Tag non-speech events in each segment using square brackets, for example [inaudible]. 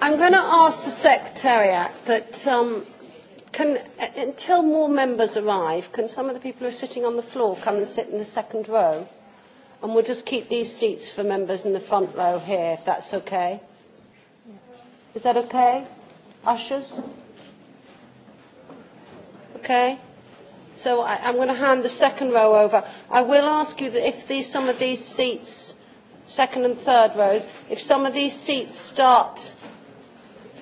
I'm going to ask the Secretariat that um, can, uh, until more members arrive, can some of the people who are sitting on the floor come and sit in the second row? And we'll just keep these seats for members in the front row here, if that's okay. Is that okay? Ushers? Okay. So I, I'm going to hand the second row over. I will ask you that if these, some of these seats, second and third rows, if some of these seats start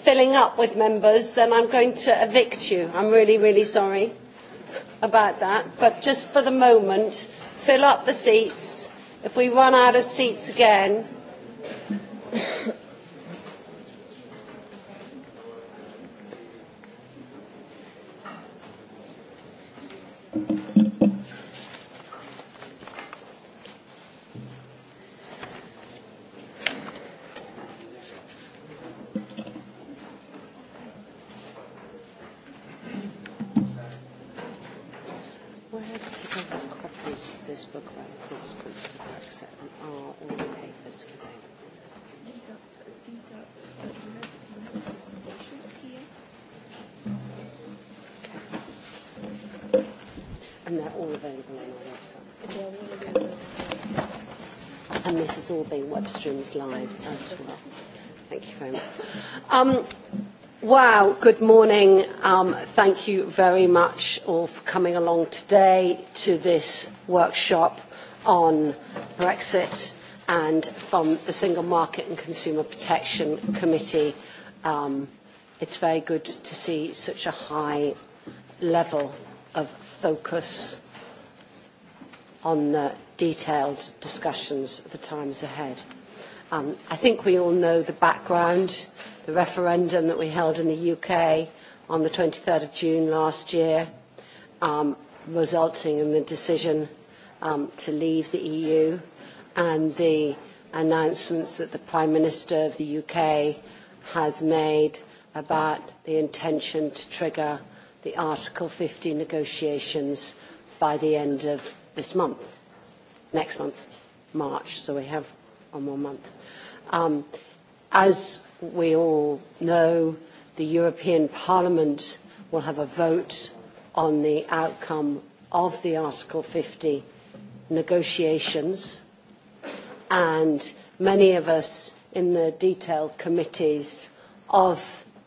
filling up with members, then I'm going to evict you. I'm really, really sorry about that. But just for the moment, fill up the seats. If we run out of seats again, webstream live as well. Thank you very much. Um, wow, good morning. Um, thank you very much all for coming along today to this workshop on Brexit and from the Single Market and Consumer Protection Committee. Um, it's very good to see such a high level of focus on the detailed discussions of the times ahead. Um, I think we all know the background, the referendum that we held in the UK on the 23rd of June last year, um, resulting in the decision um, to leave the EU and the announcements that the Prime Minister of the UK has made about the intention to trigger the Article 50 negotiations by the end of this month, next month, March, so we have one more month. Um, as we all know, the European Parliament will have a vote on the outcome of the Article 50 negotiations, and many of us in the detailed committees of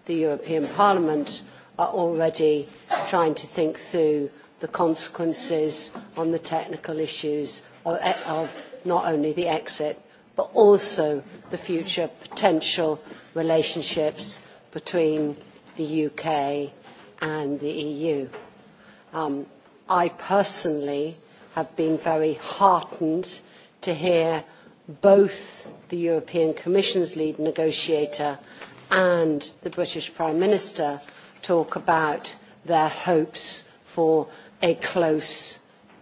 the European Parliament are already trying to think through the consequences on the technical issues of, of not only the exit but also the future potential relationships between the UK and the EU. Um, I personally have been very heartened to hear both the European Commission's lead negotiator and the British Prime Minister talk about their hopes for a close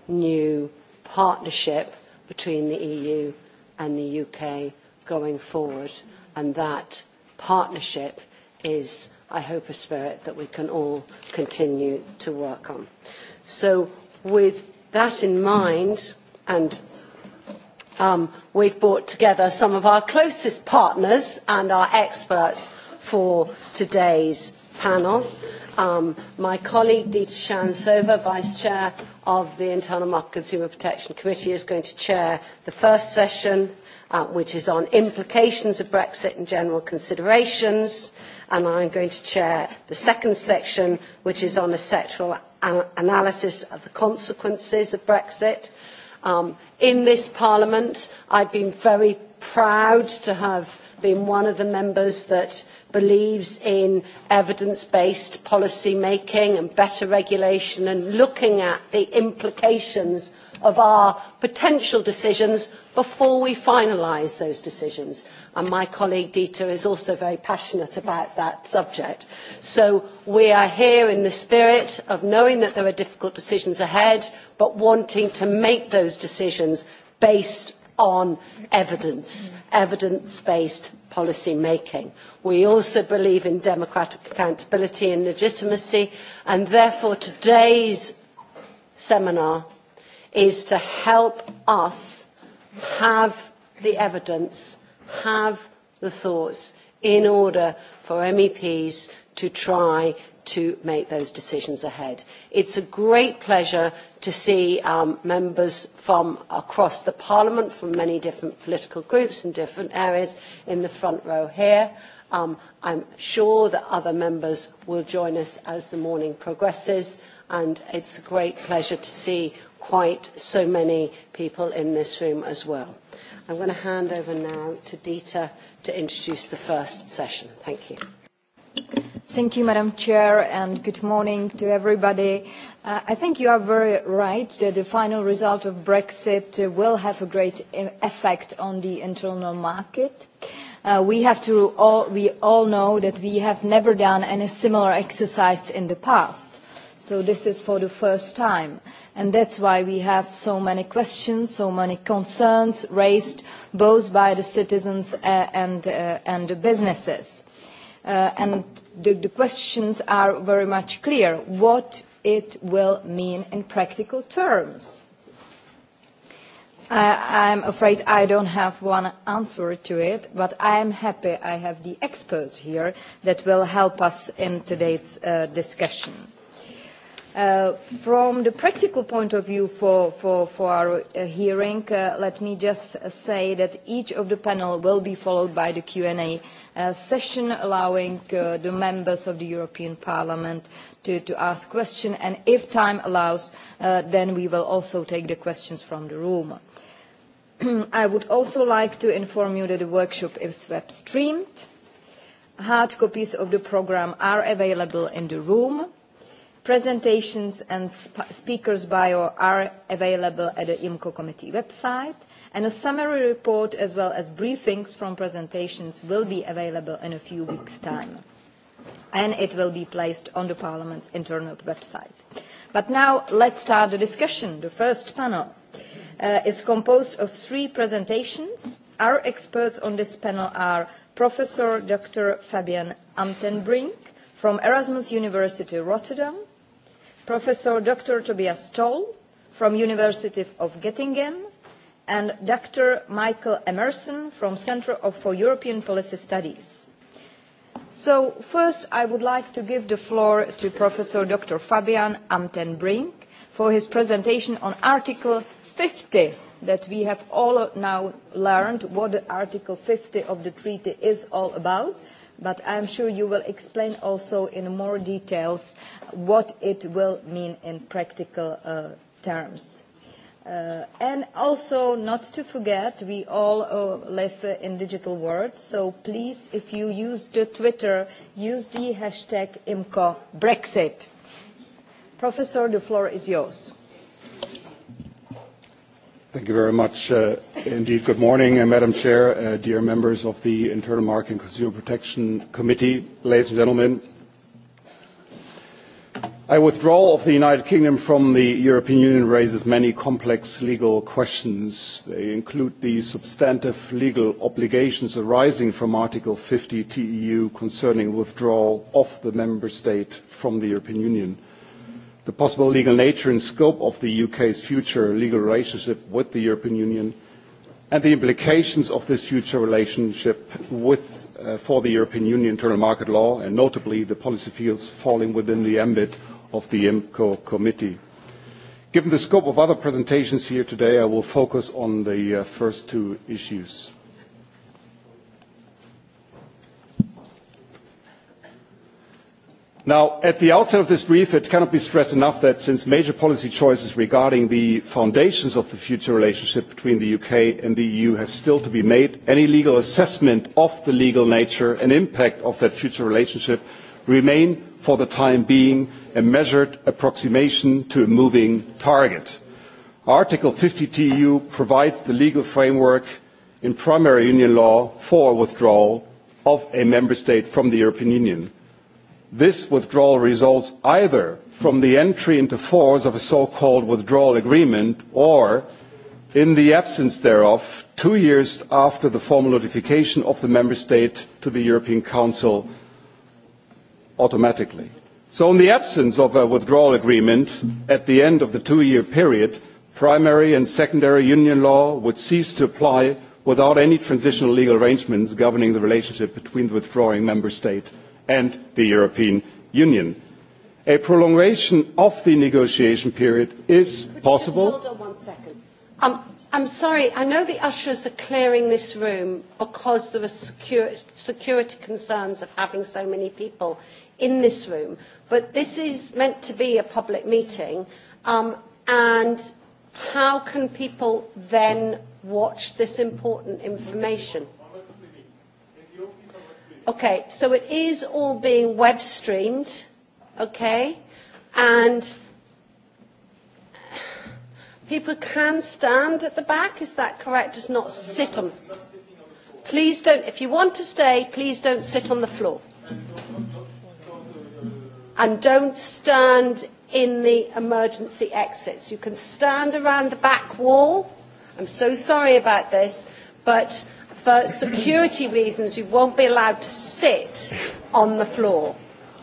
new partnership between the EU and the UK going forward. And that partnership is, I hope, a spirit that we can all continue to work on. So with that in mind, and um, we've brought together some of our closest partners and our experts for today's panel. Um, my colleague Dita Shansova, Vice Chair of the Internal Market Consumer Protection Committee, is going to chair the first session, uh, which is on implications of Brexit and general considerations. And I'm going to chair the second section, which is on a sectoral an analysis of the consequences of Brexit. Um, in this Parliament, I've been very proud to have been one of the members that believes in evidence-based policy making and better regulation and looking at the implications of our potential decisions before we finalise those decisions. And my colleague Dieter is also very passionate about that subject. So we are here in the spirit of knowing that there are difficult decisions ahead, but wanting to make those decisions based on evidence, evidence-based policy making. We also believe in democratic accountability and legitimacy, and therefore today's seminar is to help us have the evidence, have the thoughts, in order for MEPs to try to make those decisions ahead. It's a great pleasure to see um, members from across the Parliament, from many different political groups and different areas in the front row here. Um, I'm sure that other members will join us as the morning progresses, and it's a great pleasure to see quite so many people in this room as well. I'm going to hand over now to Dita to introduce the first session. Thank you. Thank you, Madam Chair, and good morning to everybody. Uh, I think you are very right that the final result of Brexit uh, will have a great uh, effect on the internal market. Uh, we have to all, we all know that we have never done any similar exercise in the past. So this is for the first time. And that's why we have so many questions, so many concerns raised both by the citizens uh, and, uh, and the businesses. Uh, and the, the questions are very much clear what it will mean in practical terms. I, I'm afraid I don't have one answer to it, but I am happy I have the experts here that will help us in today's uh, discussion. Uh, from the practical point of view for, for, for our uh, hearing, uh, let me just say that each of the panel will be followed by the Q&A session allowing uh, the members of the European Parliament to, to ask questions and if time allows uh, then we will also take the questions from the room. [clears throat] I would also like to inform you that the workshop is web streamed. Hard copies of the programme are available in the room. Presentations and sp speakers' bio are available at the IMCO committee website and a summary report as well as briefings from presentations will be available in a few weeks' time and it will be placed on the Parliament's internal website. But now let's start the discussion. The first panel uh, is composed of three presentations. Our experts on this panel are Professor Dr. Fabian Amtenbrink from Erasmus University Rotterdam, Professor Dr. Tobias Stoll from University of Göttingen, and Dr. Michael Emerson from Centre for European Policy Studies. So first, I would like to give the floor to Professor Dr. Fabian Amtenbrink for his presentation on Article 50 that we have all now learned what Article 50 of the treaty is all about but I am sure you will explain also in more details what it will mean in practical uh, terms. Uh, and also, not to forget, we all uh, live uh, in digital world, so please, if you use the Twitter, use the hashtag IMCOBrexit. Professor, the floor is yours. Thank you very much. Uh, indeed, good morning, uh, Madam Chair, uh, dear members of the Internal Market and Consumer Protection Committee, ladies and gentlemen. A withdrawal of the United Kingdom from the European Union raises many complex legal questions. They include the substantive legal obligations arising from Article 50 TEU concerning withdrawal of the member state from the European Union, the possible legal nature and scope of the UK's future legal relationship with the European Union, and the implications of this future relationship with, uh, for the European Union internal market law, and notably the policy fields falling within the ambit of the IMCO committee. Given the scope of other presentations here today, I will focus on the uh, first two issues. Now, at the outset of this brief, it cannot be stressed enough that since major policy choices regarding the foundations of the future relationship between the UK and the EU have still to be made, any legal assessment of the legal nature and impact of that future relationship remain, for the time being, a measured approximation to a moving target. Article 50 TU provides the legal framework in primary union law for withdrawal of a member state from the European Union. This withdrawal results either from the entry into force of a so-called withdrawal agreement or, in the absence thereof, two years after the formal notification of the member state to the European Council automatically. So in the absence of a withdrawal agreement at the end of the two-year period, primary and secondary union law would cease to apply without any transitional legal arrangements governing the relationship between the withdrawing member state and the European Union. A prolongation of the negotiation period is possible. Just hold um, I'm sorry, I know the ushers are clearing this room because there are security concerns of having so many people in this room. But this is meant to be a public meeting, um, and how can people then watch this important information? Okay, so it is all being web streamed, okay? And people can stand at the back, is that correct? Just not sit on. Please don't, if you want to stay, please don't sit on the floor and don't stand in the emergency exits. You can stand around the back wall. I'm so sorry about this, but for security reasons, you won't be allowed to sit on the floor.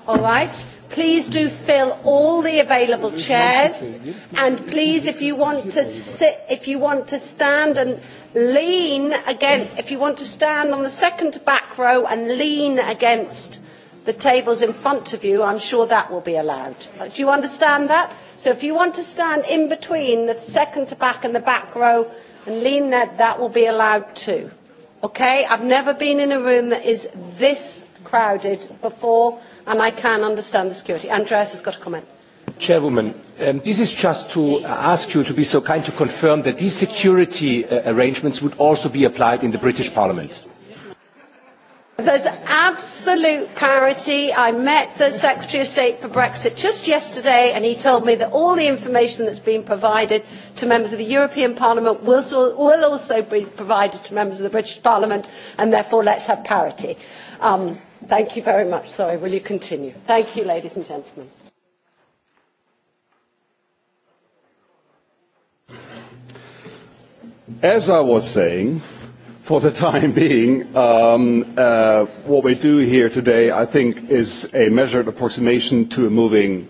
All right? Please do fill all the available chairs, and please, if you want to sit, if you want to stand and lean again, if you want to stand on the second back row and lean against the tables in front of you, I'm sure that will be allowed. Uh, do you understand that? So if you want to stand in between the second to back and the back row and lean there, that will be allowed too. Okay? I've never been in a room that is this crowded before, and I can understand the security. Andreas has got a comment. Chairwoman, um, this is just to uh, ask you to be so kind to confirm that these security uh, arrangements would also be applied in the British Parliament. There's absolute parity. I met the Secretary of State for Brexit just yesterday, and he told me that all the information that's been provided to members of the European Parliament will, also be provided to members of the British Parliament, and therefore let's have parity. Um, thank you very much. Sorry, will you continue? Thank you, ladies and gentlemen. As I was saying, for the time being, um, uh, what we do here today, I think, is a measured approximation to a moving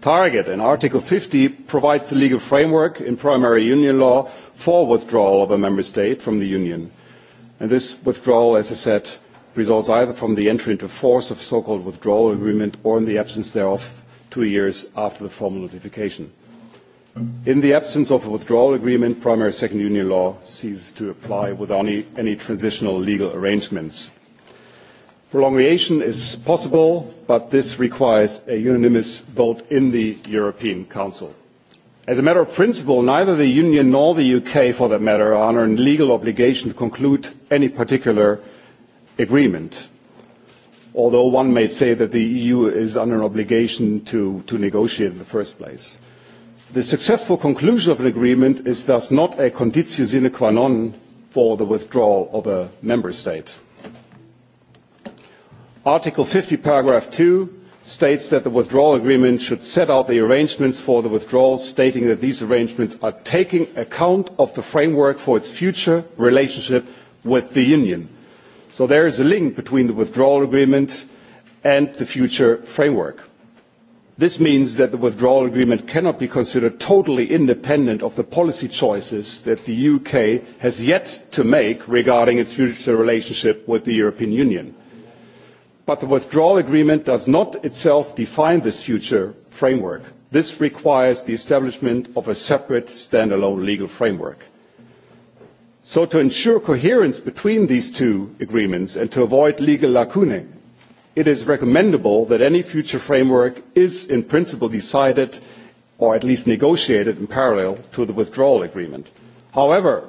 target. And Article 50 provides the legal framework in primary union law for withdrawal of a member state from the union. And this withdrawal, as I said, results either from the entry into force of so-called withdrawal agreement or in the absence thereof two years after the formal notification. In the absence of a withdrawal agreement, primary second union law ceases to apply without any, any transitional legal arrangements. Prolongation is possible, but this requires a unanimous vote in the European Council. As a matter of principle, neither the Union nor the UK, for that matter, are under a legal obligation to conclude any particular agreement. Although one may say that the EU is under an obligation to, to negotiate in the first place. The successful conclusion of an agreement is thus not a conditio sine qua non for the withdrawal of a member state. Article 50, paragraph 2 states that the withdrawal agreement should set out the arrangements for the withdrawal, stating that these arrangements are taking account of the framework for its future relationship with the Union. So there is a link between the withdrawal agreement and the future framework. This means that the withdrawal agreement cannot be considered totally independent of the policy choices that the UK has yet to make regarding its future relationship with the European Union. But the withdrawal agreement does not itself define this future framework. This requires the establishment of a separate standalone legal framework. So to ensure coherence between these two agreements and to avoid legal lacunae, it is recommendable that any future framework is in principle decided or at least negotiated in parallel to the withdrawal agreement. However,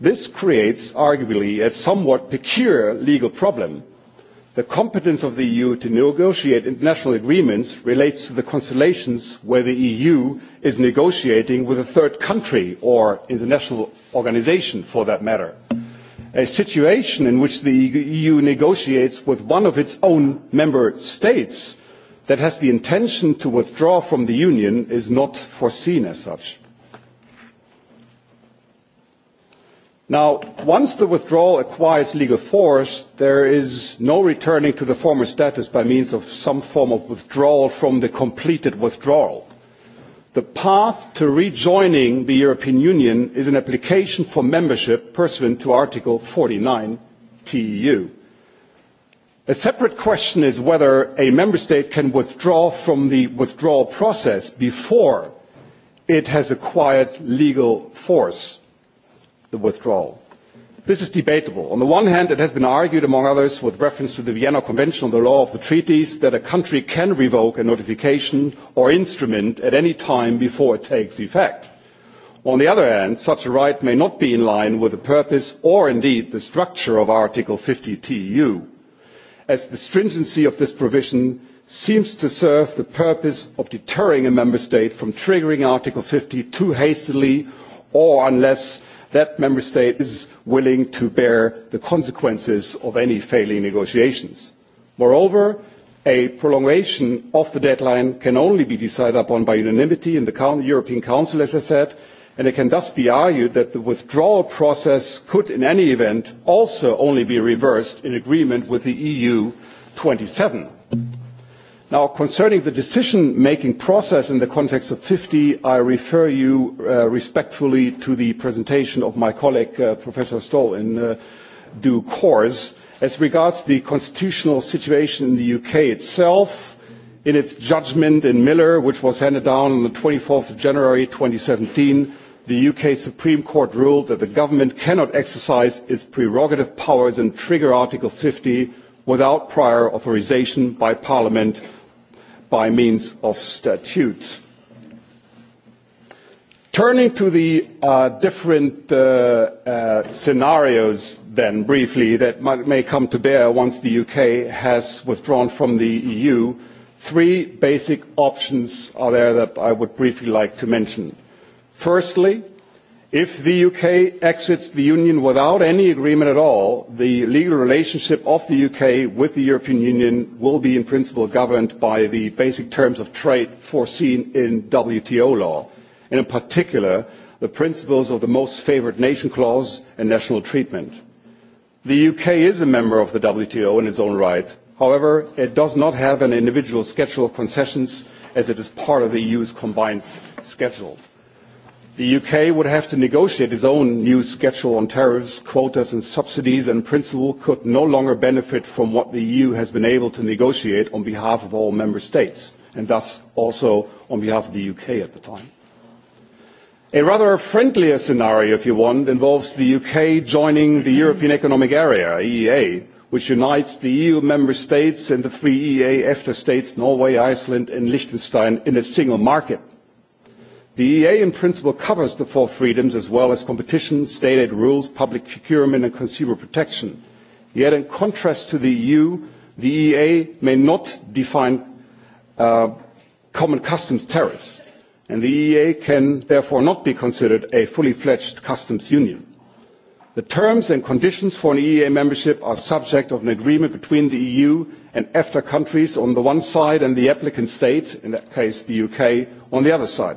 this creates arguably a somewhat peculiar legal problem. The competence of the EU to negotiate international agreements relates to the constellations where the EU is negotiating with a third country or international organisation for that matter a situation in which the EU negotiates with one of its own member states that has the intention to withdraw from the Union is not foreseen as such. Now, once the withdrawal acquires legal force, there is no returning to the former status by means of some form of withdrawal from the completed withdrawal. The path to rejoining the European Union is an application for membership pursuant to Article 49 TEU. A separate question is whether a member state can withdraw from the withdrawal process before it has acquired legal force, the withdrawal. This is debatable. On the one hand, it has been argued, among others, with reference to the Vienna Convention on the Law of the Treaties, that a country can revoke a notification or instrument at any time before it takes effect. On the other hand, such a right may not be in line with the purpose or indeed the structure of Article 50 TEU, as the stringency of this provision seems to serve the purpose of deterring a member state from triggering Article 50 too hastily or unless that member state is willing to bear the consequences of any failing negotiations. Moreover, a prolongation of the deadline can only be decided upon by unanimity in the European Council, as I said, and it can thus be argued that the withdrawal process could, in any event, also only be reversed in agreement with the EU 27. Now, concerning the decision-making process in the context of 50, I refer you uh, respectfully to the presentation of my colleague, uh, Professor Stoll, in uh, due course. As regards the constitutional situation in the UK itself, in its judgment in Miller, which was handed down on the 24th of January 2017, the UK Supreme Court ruled that the government cannot exercise its prerogative powers and trigger Article 50 without prior authorization by Parliament by means of statutes. Turning to the uh, different uh, uh, scenarios then briefly that might, may come to bear once the UK has withdrawn from the EU, three basic options are there that I would briefly like to mention. Firstly, If the UK exits the Union without any agreement at all, the legal relationship of the UK with the European Union will be in principle governed by the basic terms of trade foreseen in WTO law, and in particular, the principles of the most favoured nation clause and national treatment. The UK is a member of the WTO in its own right. However, it does not have an individual schedule of concessions as it is part of the EU's combined schedule. The UK would have to negotiate its own new schedule on tariffs, quotas and subsidies and in principle could no longer benefit from what the EU has been able to negotiate on behalf of all member states and thus also on behalf of the UK at the time. A rather friendlier scenario, if you want, involves the UK joining the European Economic Area, EEA, which unites the EU member states and the three EEA EFTA states, Norway, Iceland and Liechtenstein in a single market The EA in principle covers the four freedoms as well as competition, state aid rules, public procurement and consumer protection. Yet in contrast to the EU, the EA may not define uh, common customs tariffs, and the EA can therefore not be considered a fully fledged customs union. The terms and conditions for an EEA membership are subject of an agreement between the EU and EFTA countries on the one side and the applicant state, in that case the UK, on the other side.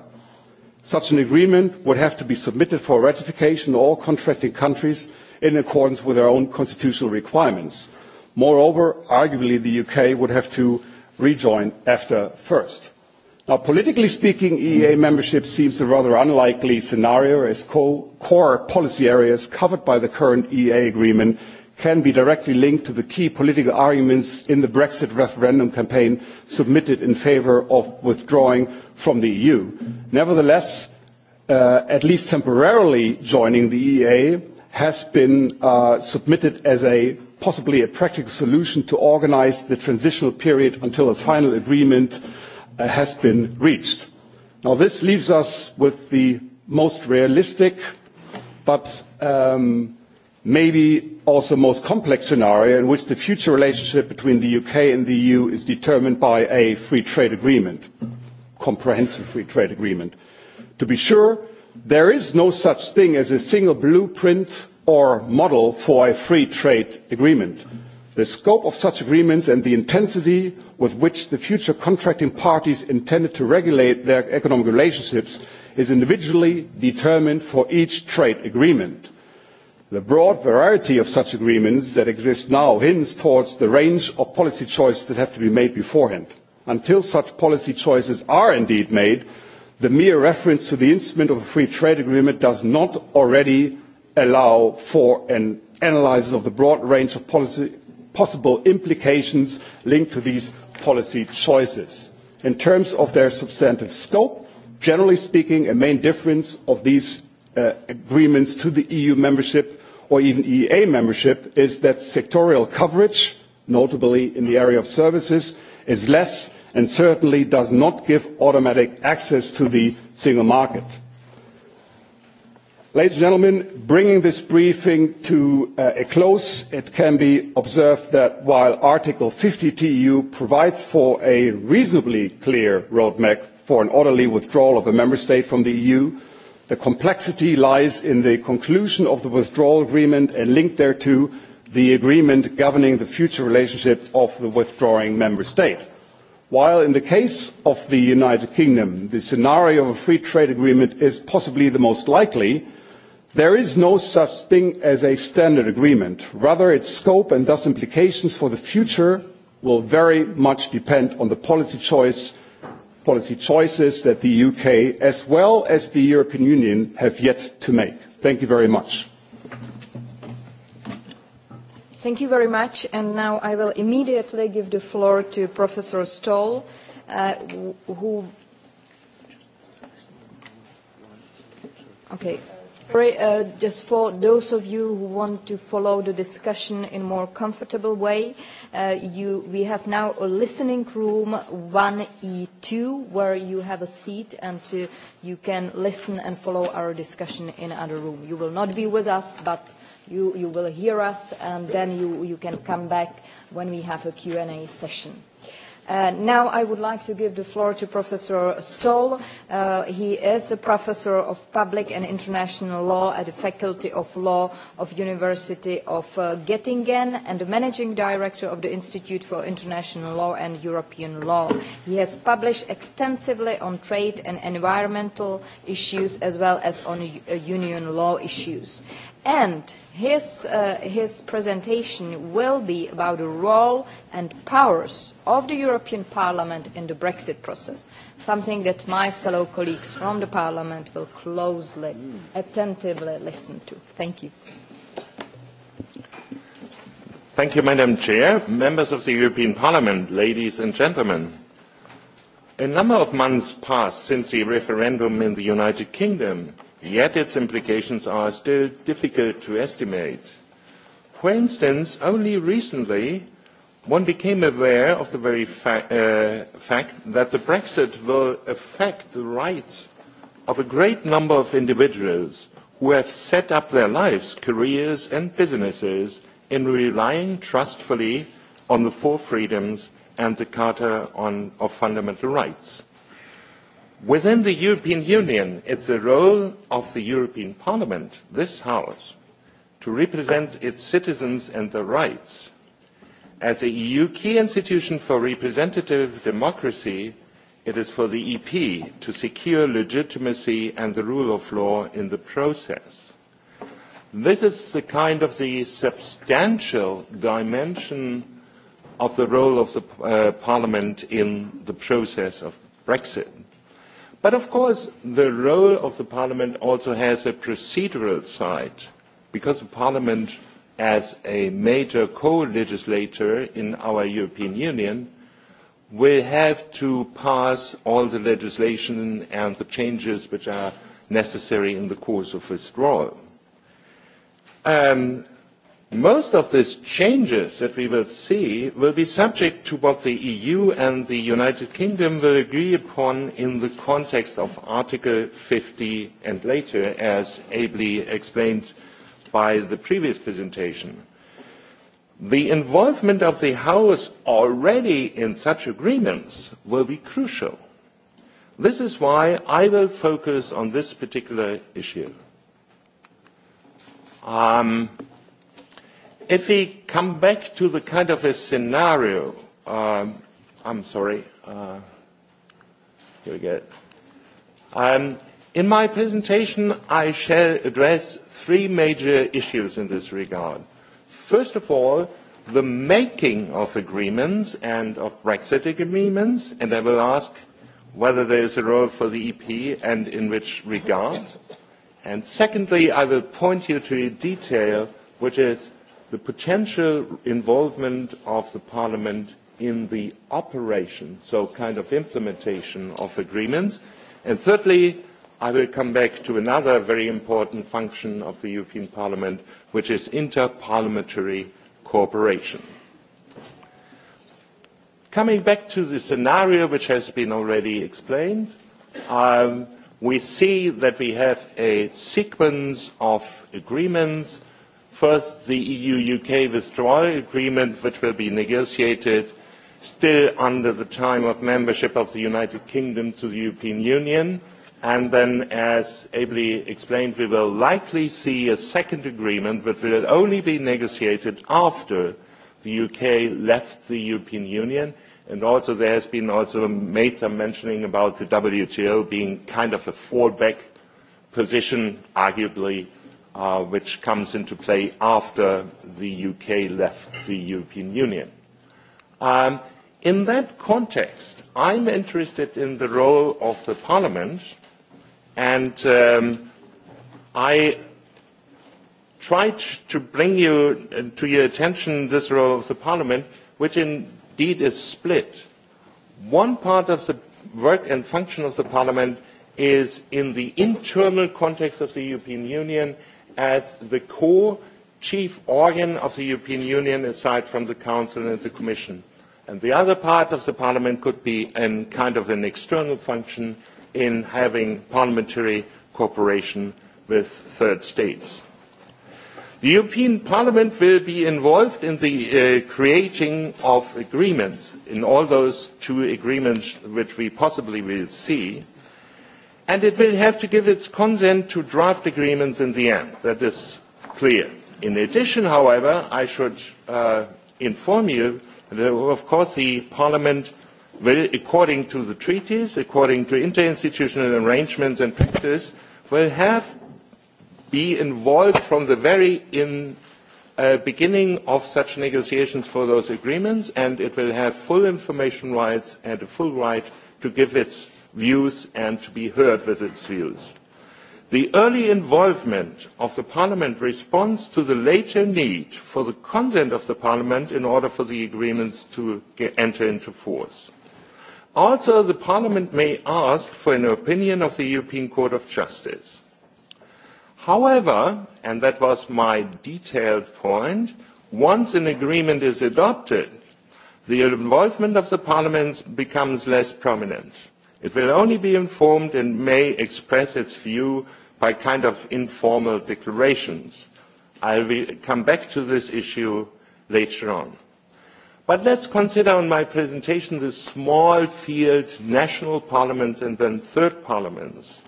Such an agreement would have to be submitted for ratification to all contracting countries in accordance with their own constitutional requirements. Moreover, arguably the UK would have to rejoin after first. Now, politically speaking, EEA membership seems a rather unlikely scenario as co core policy areas covered by the current EEA agreement can be directly linked to the key political arguments in the Brexit referendum campaign submitted in favour of withdrawing from the EU. Nevertheless, uh, at least temporarily joining the EEA has been uh, submitted as a possibly a practical solution to organise the transitional period until a final agreement uh, has been reached. Now this leaves us with the most realistic but um, maybe also most complex scenario in which the future relationship between the UK and the EU is determined by a free trade agreement, comprehensive free trade agreement. To be sure, there is no such thing as a single blueprint or model for a free trade agreement. The scope of such agreements and the intensity with which the future contracting parties intended to regulate their economic relationships is individually determined for each trade agreement The broad variety of such agreements that exist now hints towards the range of policy choices that have to be made beforehand. Until such policy choices are indeed made, the mere reference to the instrument of a free trade agreement does not already allow for an analysis of the broad range of policy, possible implications linked to these policy choices. In terms of their substantive scope, generally speaking, a main difference of these uh, agreements to the EU membership or even EEA membership is that sectorial coverage, notably in the area of services, is less and certainly does not give automatic access to the single market. Ladies and gentlemen, bringing this briefing to uh, a close, it can be observed that while Article 50 TEU provides for a reasonably clear roadmap for an orderly withdrawal of a member state from the EU, The complexity lies in the conclusion of the withdrawal agreement and linked thereto the agreement governing the future relationship of the withdrawing member state. While in the case of the United Kingdom, the scenario of a free trade agreement is possibly the most likely, there is no such thing as a standard agreement. Rather, its scope and thus implications for the future will very much depend on the policy choice policy choices that the UK, as well as the European Union, have yet to make. Thank you very much. Thank you very much. And now I will immediately give the floor to Professor Stoll, uh, who... Okay, Uh, just for those of you who want to follow the discussion in a more comfortable way, uh, you, we have now a listening room 1E2 where you have a seat and uh, you can listen and follow our discussion in another room. You will not be with us, but you, you will hear us and then you, you can come back when we have a Q&A session. Uh, now I would like to give the floor to Professor Stoll. Uh, he is a professor of public and international law at the Faculty of Law of University of uh, Göttingen and the managing director of the Institute for International Law and European Law. He has published extensively on trade and environmental issues as well as on uh, union law issues and his, uh, his presentation will be about the role and powers of the European Parliament in the Brexit process, something that my fellow colleagues from the Parliament will closely, attentively listen to. Thank you. Thank you, Madam Chair, members of the European Parliament, ladies and gentlemen. A number of months passed since the referendum in the United Kingdom yet its implications are still difficult to estimate. For instance, only recently one became aware of the very fa uh, fact that the Brexit will affect the rights of a great number of individuals who have set up their lives, careers and businesses in relying trustfully on the four freedoms and the Charter on, of Fundamental Rights. Within the European Union, it's the role of the European Parliament, this House, to represent its citizens and their rights. As a EU key institution for representative democracy, it is for the EP to secure legitimacy and the rule of law in the process. This is the kind of the substantial dimension of the role of the uh, Parliament in the process of Brexit But of course, the role of the Parliament also has a procedural side, because the Parliament, as a major co-legislator in our European Union, will have to pass all the legislation and the changes which are necessary in the course of withdrawal. Um, most of these changes that we will see will be subject to what the EU and the United Kingdom will agree upon in the context of Article 50 and later, as ably explained by the previous presentation. The involvement of the House already in such agreements will be crucial. This is why I will focus on this particular issue. Um, if we come back to the kind of a scenario, um, I'm sorry, uh, here we go. Um, in my presentation, I shall address three major issues in this regard. First of all, the making of agreements and of Brexit agreements, and I will ask whether there is a role for the EP and in which regard. And secondly, I will point you to a detail which is the potential involvement of the Parliament in the operation, so kind of implementation of agreements. And thirdly, I will come back to another very important function of the European Parliament, which is interparliamentary cooperation. Coming back to the scenario which has been already explained, um, we see that we have a sequence of agreements First, the EU-UK withdrawal agreement, which will be negotiated still under the time of membership of the United Kingdom to the European Union. And then, as ably explained, we will likely see a second agreement which will only be negotiated after the UK left the European Union. And also there has been also made some mentioning about the WTO being kind of a fallback position, arguably, uh, which comes into play after the UK left the European Union. Um, in that context, I'm interested in the role of the Parliament, and um, I tried to bring you uh, to your attention this role of the Parliament, which indeed is split. One part of the work and function of the Parliament is in the internal context of the European Union as the core chief organ of the European Union aside from the Council and the Commission. And the other part of the Parliament could be a kind of an external function in having parliamentary cooperation with third states. The European Parliament will be involved in the uh, creating of agreements, in all those two agreements which we possibly will see, and it will have to give its consent to draft agreements in the end. That is clear. In addition, however, I should uh, inform you that, of course, the Parliament will, according to the treaties, according to interinstitutional arrangements and practice, will have be involved from the very in, uh, beginning of such negotiations for those agreements, and it will have full information rights and a full right to give its views and to be heard with its views. The early involvement of the Parliament responds to the later need for the consent of the Parliament in order for the agreements to get, enter into force. Also, the Parliament may ask for an opinion of the European Court of Justice. However, and that was my detailed point, once an agreement is adopted, the involvement of the Parliament becomes less prominent. It will only be informed and may express its view by kind of informal declarations. I will come back to this issue later on. But let's consider in my presentation the small field national parliaments and then third parliaments.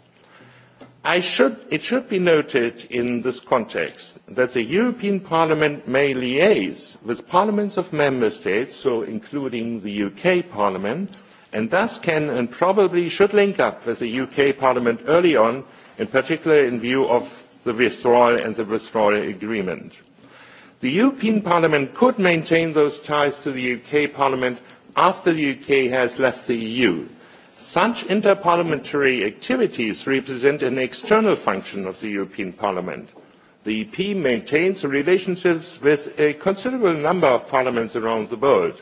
I should, it should be noted in this context that the European Parliament may liaise with parliaments of member states, so including the UK Parliament, and thus can and probably should link up with the UK Parliament early on, in particular in view of the withdrawal and the withdrawal agreement. The European Parliament could maintain those ties to the UK Parliament after the UK has left the EU. Such interparliamentary activities represent an external function of the European Parliament. The EP maintains relationships with a considerable number of parliaments around the world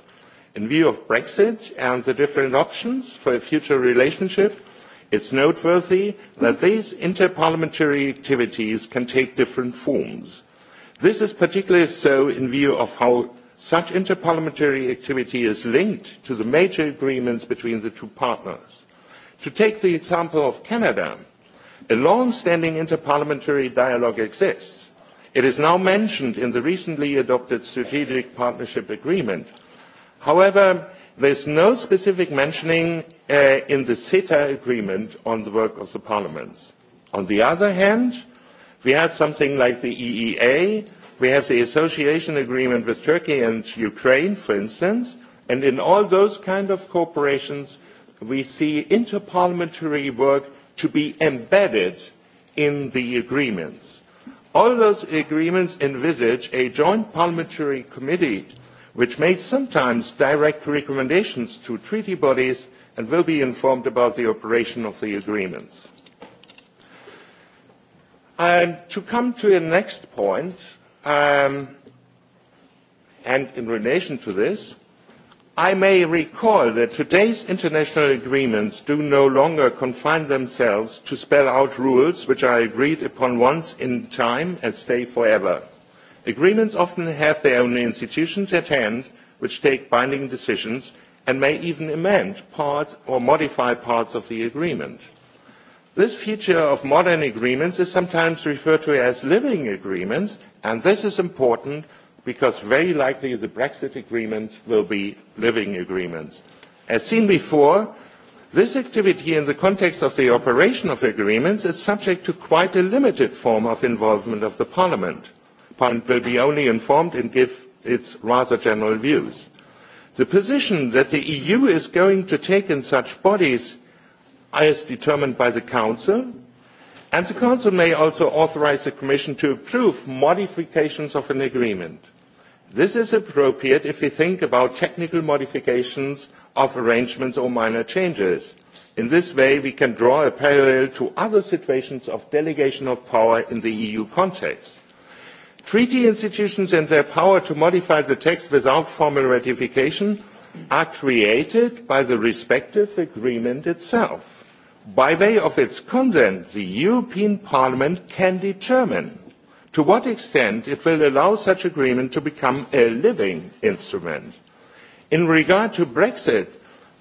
In view of Brexit and the different options for a future relationship, it's noteworthy that these interparliamentary activities can take different forms. This is particularly so in view of how such interparliamentary activity is linked to the major agreements between the two partners. To take the example of Canada, a long-standing interparliamentary dialogue exists. It is now mentioned in the recently adopted Strategic Partnership Agreement – however there is no specific mentioning uh, in the ceta agreement on the work of the parliaments. on the other hand we have something like the eea we have the association agreement with turkey and ukraine for instance and in all those kind of cooperation we see interparliamentary work to be embedded in the agreements. all those agreements envisage a joint parliamentary committee which made sometimes direct recommendations to treaty bodies and will be informed about the operation of the agreements. And to come to the next point, um, and in relation to this, I may recall that today's international agreements do no longer confine themselves to spell out rules which are agreed upon once in time and stay forever. Agreements often have their own institutions at hand which take binding decisions and may even amend parts or modify parts of the agreement. This feature of modern agreements is sometimes referred to as living agreements, and this is important because very likely the Brexit agreement will be living agreements. As seen before, this activity in the context of the operation of agreements is subject to quite a limited form of involvement of the Parliament. Parliament will be only informed and give its rather general views. The position that the EU is going to take in such bodies is determined by the Council, and the Council may also authorize the Commission to approve modifications of an agreement. This is appropriate if we think about technical modifications of arrangements or minor changes. In this way, we can draw a parallel to other situations of delegation of power in the EU context. Treaty institutions and their power to modify the text without formal ratification are created by the respective agreement itself. By way of its consent, the European Parliament can determine to what extent it will allow such agreement to become a living instrument. In regard to Brexit,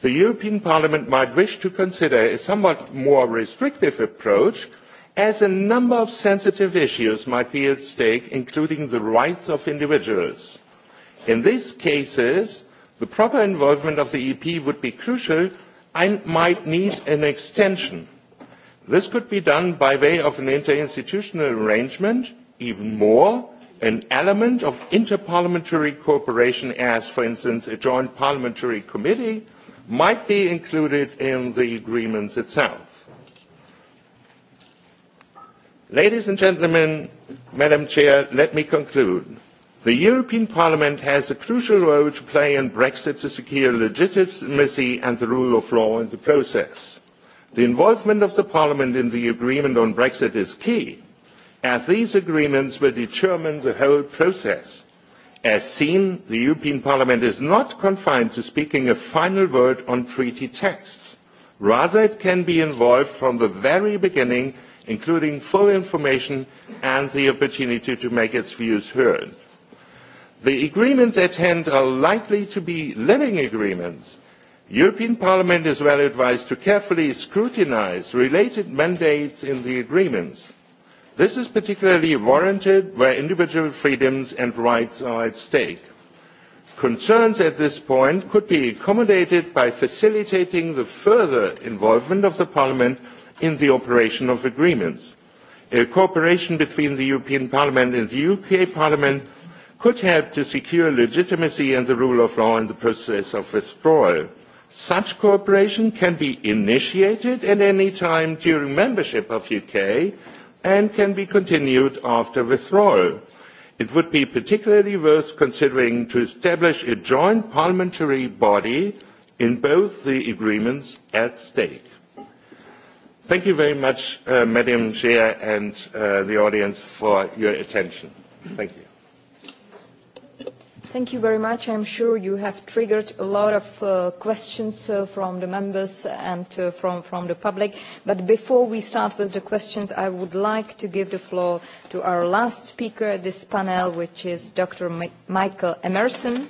the European Parliament might wish to consider a somewhat more restrictive approach – as a number of sensitive issues might be at stake, including the rights of individuals. In these cases, the proper involvement of the EP would be crucial and might need an extension. This could be done by way of an interinstitutional arrangement, even more, an element of interparliamentary cooperation as, for instance, a joint parliamentary committee might be included in the agreements itself. Ladies and gentlemen, Madam Chair, let me conclude. The European Parliament has a crucial role to play in Brexit to secure legitimacy and the rule of law in the process. The involvement of the Parliament in the agreement on Brexit is key, as these agreements will determine the whole process. As seen, the European Parliament is not confined to speaking a final word on treaty texts. Rather, it can be involved from the very beginning including full information and the opportunity to make its views heard. The agreements at hand are likely to be living agreements. European Parliament is well advised to carefully scrutinise related mandates in the agreements. This is particularly warranted where individual freedoms and rights are at stake. Concerns at this point could be accommodated by facilitating the further involvement of the Parliament in the operation of agreements. cooperation between the European Parliament and the UK Parliament could help to secure legitimacy and the rule of law in the process of withdrawal. Such cooperation can be initiated at any time during membership of UK and can be continued after withdrawal. It would be particularly worth considering to establish a joint parliamentary body in both the agreements at stake. Thank you very much, uh, Madam Chair and uh, the audience for your attention. Thank you. Thank you very much. I'm sure you have triggered a lot of uh, questions uh, from the members and uh, from, from the public. But before we start with the questions, I would like to give the floor to our last speaker at this panel, which is Dr. M Michael Emerson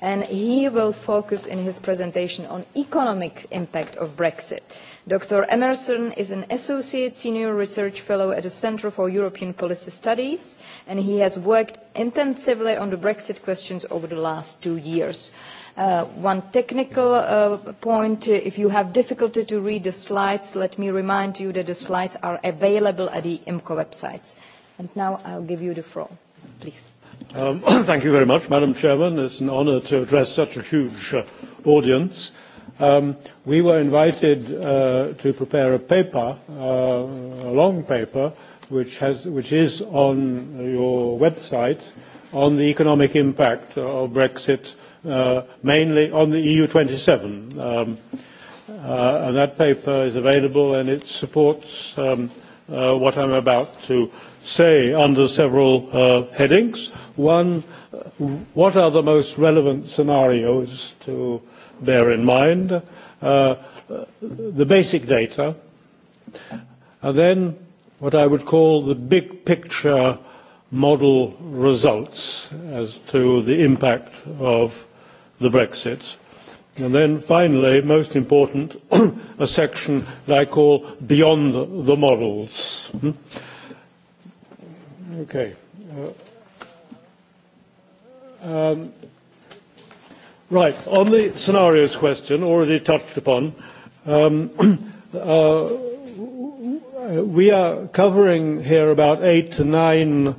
and he will focus in his presentation on economic impact of Brexit. Dr. Emerson is an Associate Senior Research Fellow at the Centre for European Policy Studies, and he has worked intensively on the Brexit questions over the last two years. Uh, one technical uh, point, if you have difficulty to read the slides, let me remind you that the slides are available at the IMCO website. And now I'll give you the floor, please. Um, [coughs] thank you very much, Madam Chairman. It's an honour to address such a huge uh, audience. Um, we were invited uh, to prepare a paper, uh, a long paper, which, has, which is on your website, on the economic impact of Brexit, uh, mainly on the EU27. Um, uh, and that paper is available and it supports um, uh, what I'm about to say under several uh, headings. One, uh, what are the most relevant scenarios to uh, bear in mind uh, the basic data, and then what I would call the big picture model results as to the impact of the Brexit. And then finally, most important, [clears throat] a section that I call Beyond the Models. Hmm? Okay. Uh, um, Right. On the scenarios question, already touched upon, um, [clears throat] uh, we are covering here about eight to nine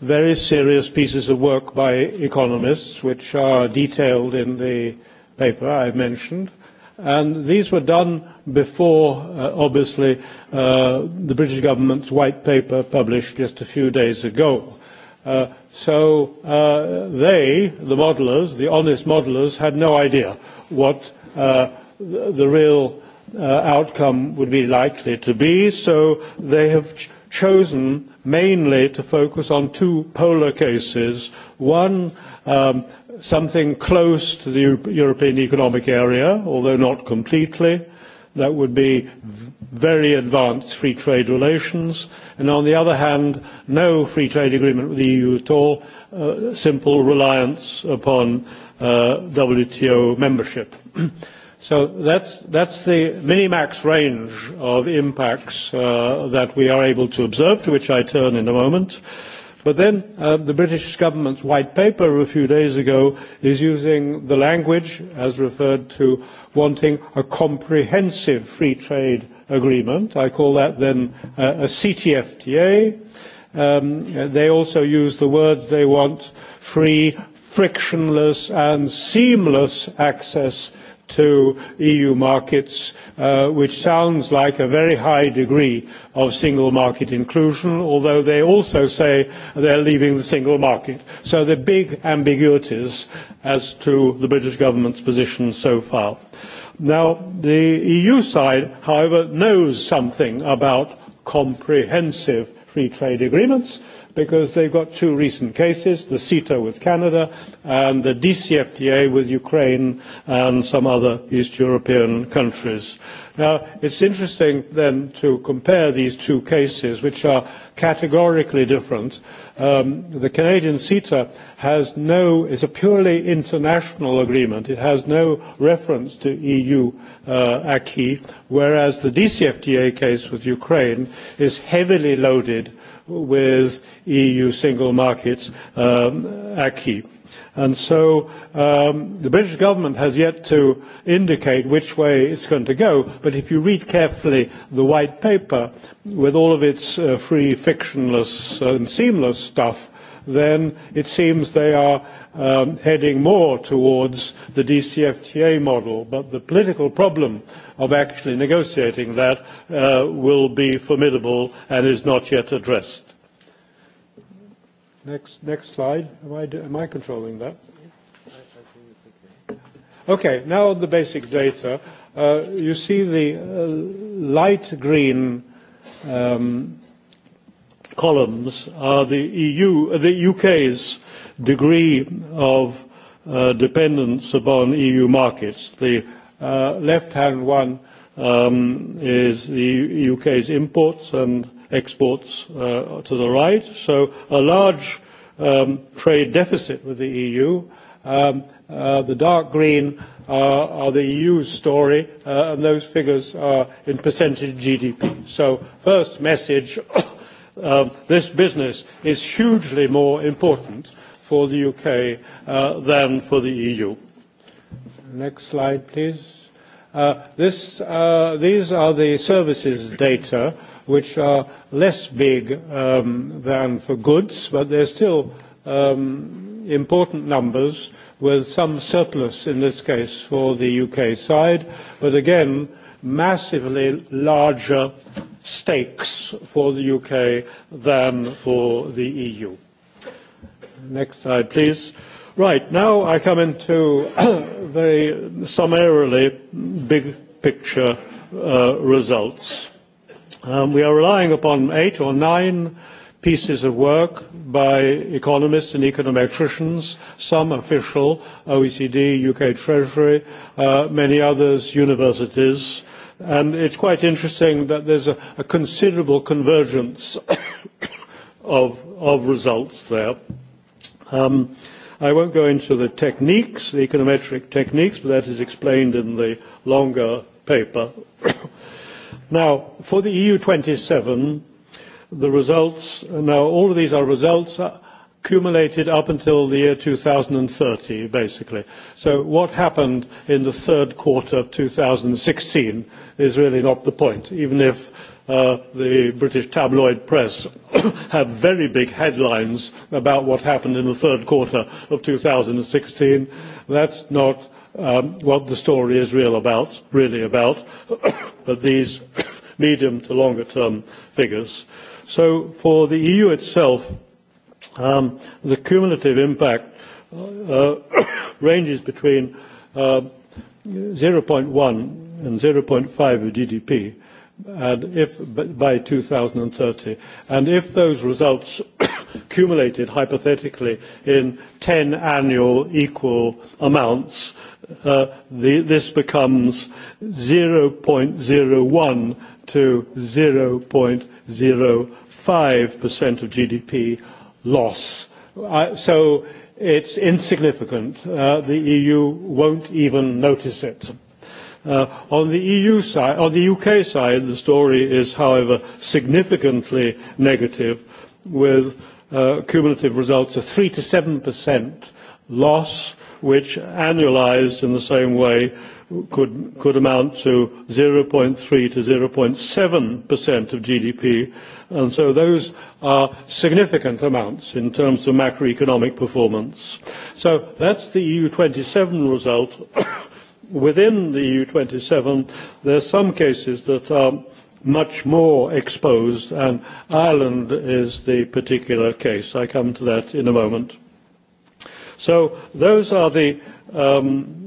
very serious pieces of work by economists, which are detailed in the paper I've mentioned. And these were done before, uh, obviously, uh, the British government's white paper published just a few days ago. Uh, so uh, they, the modelers, the honest modelers, had no idea what uh, the, the real uh, outcome would be likely to be, so they have ch- chosen mainly to focus on two polar cases. One, um, something close to the Euro- European Economic Area, although not completely, that would be very advanced free trade relations, and on the other hand, no free trade agreement with the EU at all, uh, simple reliance upon uh, WTO membership. [clears throat] so that's, that's the minimax range of impacts uh, that we are able to observe, to which I turn in a moment. But then uh, the British government's white paper a few days ago is using the language, as referred to wanting a comprehensive free trade agreement. I call that then uh, a CTFTA. Um, they also use the words they want free, frictionless and seamless access to EU markets, uh, which sounds like a very high degree of single market inclusion, although they also say they're leaving the single market. So there are big ambiguities as to the British government's position so far. Now, the EU side, however, knows something about comprehensive free trade agreements because they've got two recent cases, the CETA with Canada and the DCFTA with Ukraine and some other East European countries. Now, it's interesting then to compare these two cases, which are categorically different. Um, the Canadian CETA has no, is a purely international agreement. It has no reference to EU uh, acquis, whereas the DCFTA case with Ukraine is heavily loaded with EU single market um, acquis. And so um, the British government has yet to indicate which way it's going to go. But if you read carefully the white paper with all of its uh, free, fictionless, and seamless stuff, then it seems they are um, heading more towards the DCFTA model. But the political problem of actually negotiating that uh, will be formidable and is not yet addressed. Next, next slide. Am I, am I controlling that? Okay, now the basic data. Uh, you see the uh, light green um, columns are the EU, uh, the UK's degree of uh, dependence upon EU markets. The uh, left-hand one um, is the UK's imports and exports uh, to the right. So a large um, trade deficit with the EU. Um, uh, the dark green uh, are the EU story, uh, and those figures are in percentage GDP. So first message, uh, [coughs] this business is hugely more important for the UK uh, than for the EU. Next slide, please. Uh, this, uh, these are the services data which are less big um, than for goods, but they're still um, important numbers with some surplus in this case for the UK side, but again, massively larger stakes for the UK than for the EU. Next slide, please. Right, now I come into [coughs] very summarily big picture uh, results. Um, we are relying upon eight or nine pieces of work by economists and econometricians, some official, OECD, UK Treasury, uh, many others, universities. And it's quite interesting that there's a, a considerable convergence [coughs] of, of results there. Um, I won't go into the techniques, the econometric techniques, but that is explained in the longer paper. [coughs] Now, for the EU27, the results, now all of these are results uh, accumulated up until the year 2030, basically. So what happened in the third quarter of 2016 is really not the point, even if uh, the British tabloid press [coughs] have very big headlines about what happened in the third quarter of 2016. That's not um, what the story is real about, really about, [coughs] but these medium to longer term figures. So for the EU itself, um, the cumulative impact uh, [coughs] ranges between uh, 0.1 and 0.5 of GDP and if by 2030, and if those results [coughs] accumulated hypothetically in 10 annual equal amounts, uh, the, this becomes 0.01 to 0.05% of GDP loss. I, so it's insignificant. Uh, the EU won't even notice it. Uh, on the EU side, on the UK side, the story is, however, significantly negative, with uh, cumulative results of three to seven percent loss, which annualised in the same way could, could amount to 0.3 to 0.7% of GDP. And so those are significant amounts in terms of macroeconomic performance. So that's the EU27 result. [coughs] Within the EU27, there are some cases that are much more exposed, and Ireland is the particular case. I come to that in a moment. So those are the um,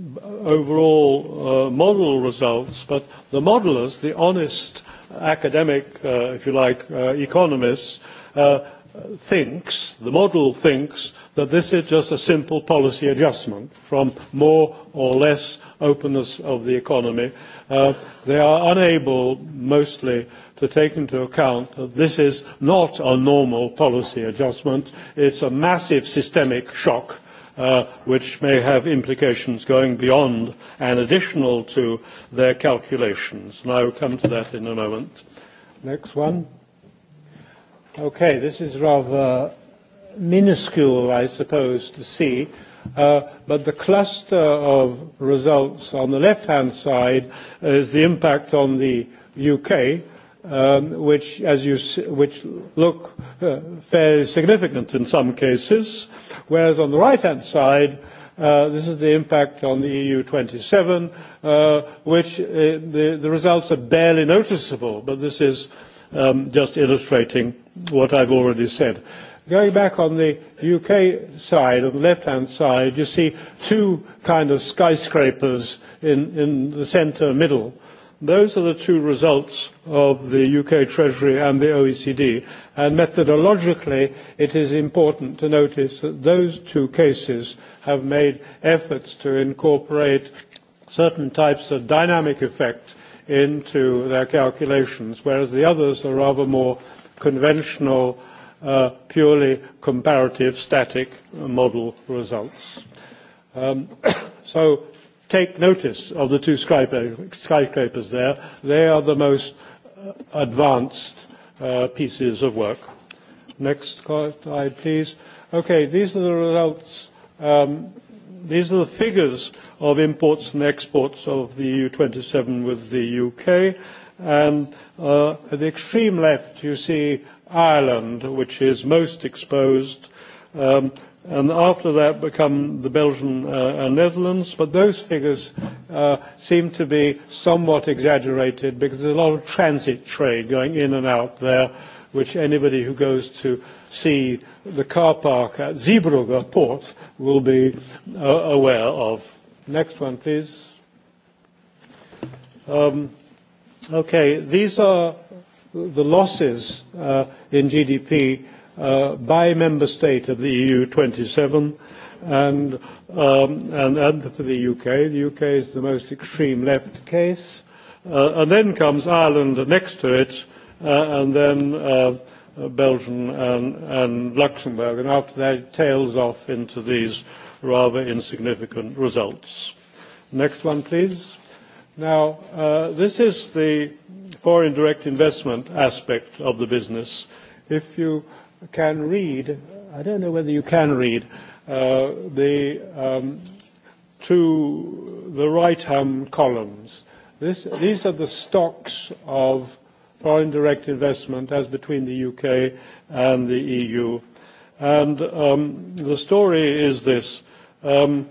overall uh, model results, but the modelers, the honest academic, uh, if you like, uh, economists, uh, thinks, the model thinks, that this is just a simple policy adjustment from more or less openness of the economy. Uh, they are unable mostly to take into account that this is not a normal policy adjustment. It's a massive systemic shock Uh, which may have implications going beyond and additional to their calculations. And I will come to that in a moment. Next one. Okay, this is rather minuscule, I suppose, to see, uh, but the cluster of results on the left-hand side is the impact on the UK, Um, which, as you, which look uh, fairly significant in some cases, whereas on the right-hand side, uh, this is the impact on the EU27, uh, which uh, the, the results are barely noticeable, but this is um, just illustrating what I've already said. Going back on the UK side, on the left-hand side, you see two kind of skyscrapers in, in the centre middle Those are the two results of the UK Treasury and the OECD, and methodologically it is important to notice that those two cases have made efforts to incorporate certain types of dynamic effect into their calculations, whereas the others are rather more conventional, uh, purely comparative, static model results. Um, [coughs] so take notice of the two skyscrapers there. They are the most uh, advanced uh, pieces of work. Next slide, please. Okay, these are the results. Um, these are the figures of imports and exports of the EU27 with the UK. And uh, at the extreme left, you see Ireland, which is most exposed. Um, and after that become the Belgian uh, and Netherlands. But those figures uh, seem to be somewhat exaggerated because there's a lot of transit trade going in and out there, which anybody who goes to see the car park at Zeebrugge port will be uh, aware of. Next one, please. Um, okay, these are the losses uh, in GDP uh, by member state of the EU 27 and, um, and, and for the UK. The UK is the most extreme left case. Uh, and then comes Ireland next to it, uh, and then uh, Belgium and, and Luxembourg. And after that, it tails off into these rather insignificant results. Next one, please. Now, uh, this is the foreign direct investment aspect of the business. If you can read, I don't know whether you can read, uh, the um, to the right-hand columns. This, these are the stocks of foreign direct investment as between the UK and the EU. And um, the story is this. Um,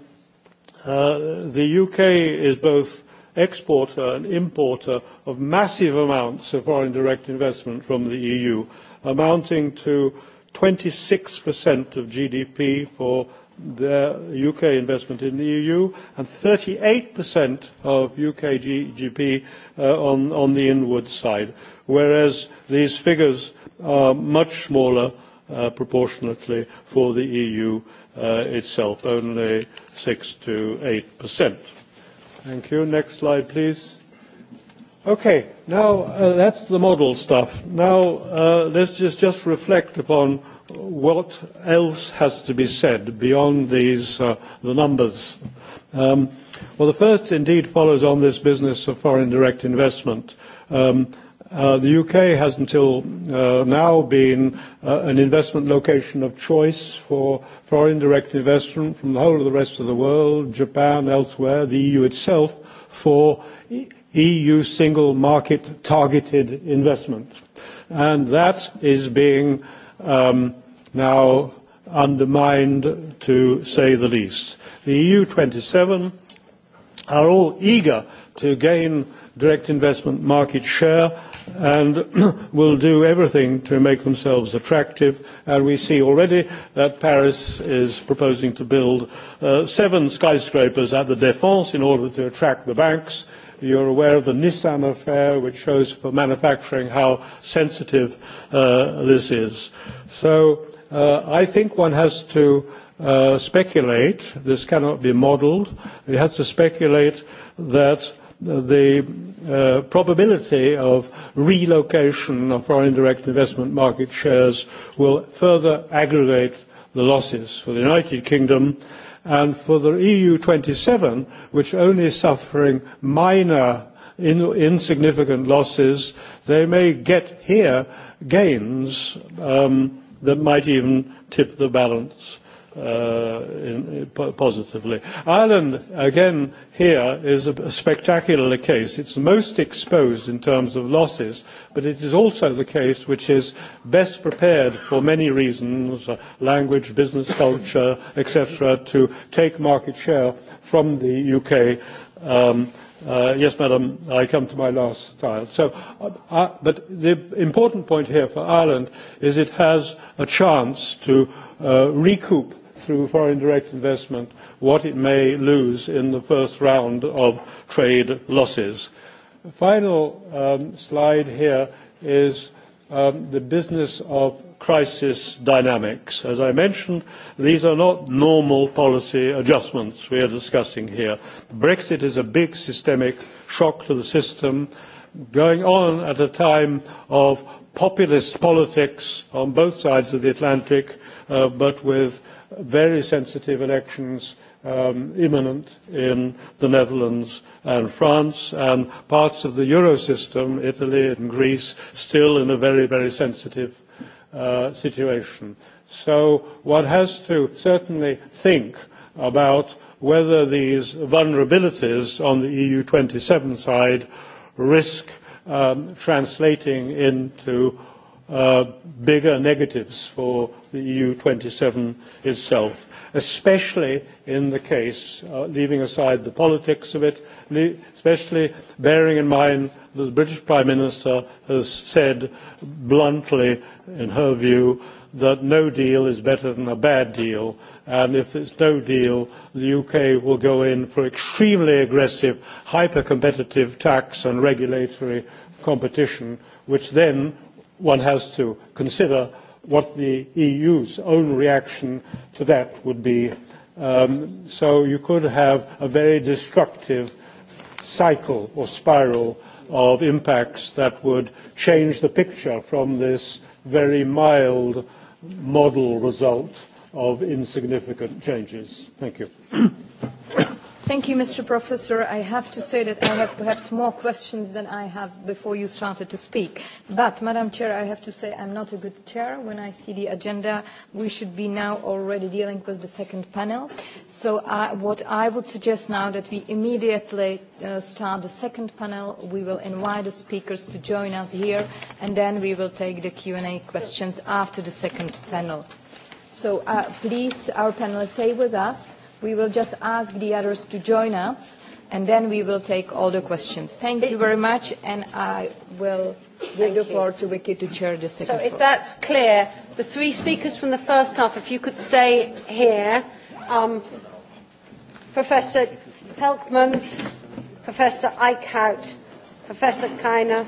uh, the UK is both exporter and importer of massive amounts of foreign direct investment from the EU amounting to 26% of GDP for their UK investment in the EU and 38% of UK GDP uh, on, on the inward side, whereas these figures are much smaller uh, proportionately for the EU uh, itself, only 6 to 8%. Thank you. Next slide, please. Okay, now uh, that's the model stuff. Now uh, let's just, just reflect upon what else has to be said beyond these uh, the numbers. Um, well, the first indeed follows on this business of foreign direct investment. Um, uh, the UK has until uh, now been uh, an investment location of choice for foreign direct investment from the whole of the rest of the world, Japan, elsewhere, the EU itself, for EU single market targeted investment. And that is being um, now undermined, to say the least. The EU 27 are all eager to gain direct investment market share and [clears throat] will do everything to make themselves attractive. And we see already that Paris is proposing to build uh, seven skyscrapers at the Défense in order to attract the banks. You're aware of the Nissan affair, which shows for manufacturing how sensitive uh, this is. So uh, I think one has to uh, speculate, this cannot be modeled, we have to speculate that the uh, probability of relocation of foreign direct investment market shares will further aggregate the losses for the United Kingdom And for the EU27, which only suffering minor in, insignificant losses, they may get here gains um, that might even tip the balance. Uh, in, uh, positively. Ireland, again, here is a, spectacular case. It's most exposed in terms of losses, but it is also the case which is best prepared for many reasons, uh, language, business culture, etc., to take market share from the UK. Um, Uh, yes, madam, I come to my last slide. So, uh, uh, but the important point here for Ireland is it has a chance to uh, recoup through foreign direct investment what it may lose in the first round of trade losses. The final um, slide here is um, the business of crisis dynamics. As I mentioned, these are not normal policy adjustments we are discussing here. Brexit is a big systemic shock to the system going on at a time of populist politics on both sides of the Atlantic, uh, but with very sensitive elections um, imminent in the Netherlands and France and parts of the euro system, Italy and Greece, still in a very, very sensitive uh, situation. So one has to certainly think about whether these vulnerabilities on the EU 27 side risk um, translating into uh, bigger negatives for the EU27 itself, especially in the case, uh, leaving aside the politics of it, especially bearing in mind that the British Prime Minister has said bluntly, in her view, that no deal is better than a bad deal, and if there's no deal, the UK will go in for extremely aggressive, hyper-competitive tax and regulatory competition, which then one has to consider what the EU's own reaction to that would be. Um, so you could have a very destructive cycle or spiral of impacts that would change the picture from this very mild model result of insignificant changes. Thank you. [coughs] Thank you, Mr. Professor. I have to say that I have perhaps more questions than I have before you started to speak. But, Madam Chair, I have to say I'm not a good chair. When I see the agenda, we should be now already dealing with the second panel. So uh, what I would suggest now that we immediately uh, start the second panel. We will invite the speakers to join us here, and then we will take the Q&A questions after the second panel. So uh, please, our panel, stay with us We will just ask the others to join us, and then we will take all the questions. Thank you very much, and I will give the floor to Vicky to chair the second. So if that's clear, the three speakers from the first half, if you could stay here, um, Professor Pelkmans, Professor Eichhout, Professor Kiner.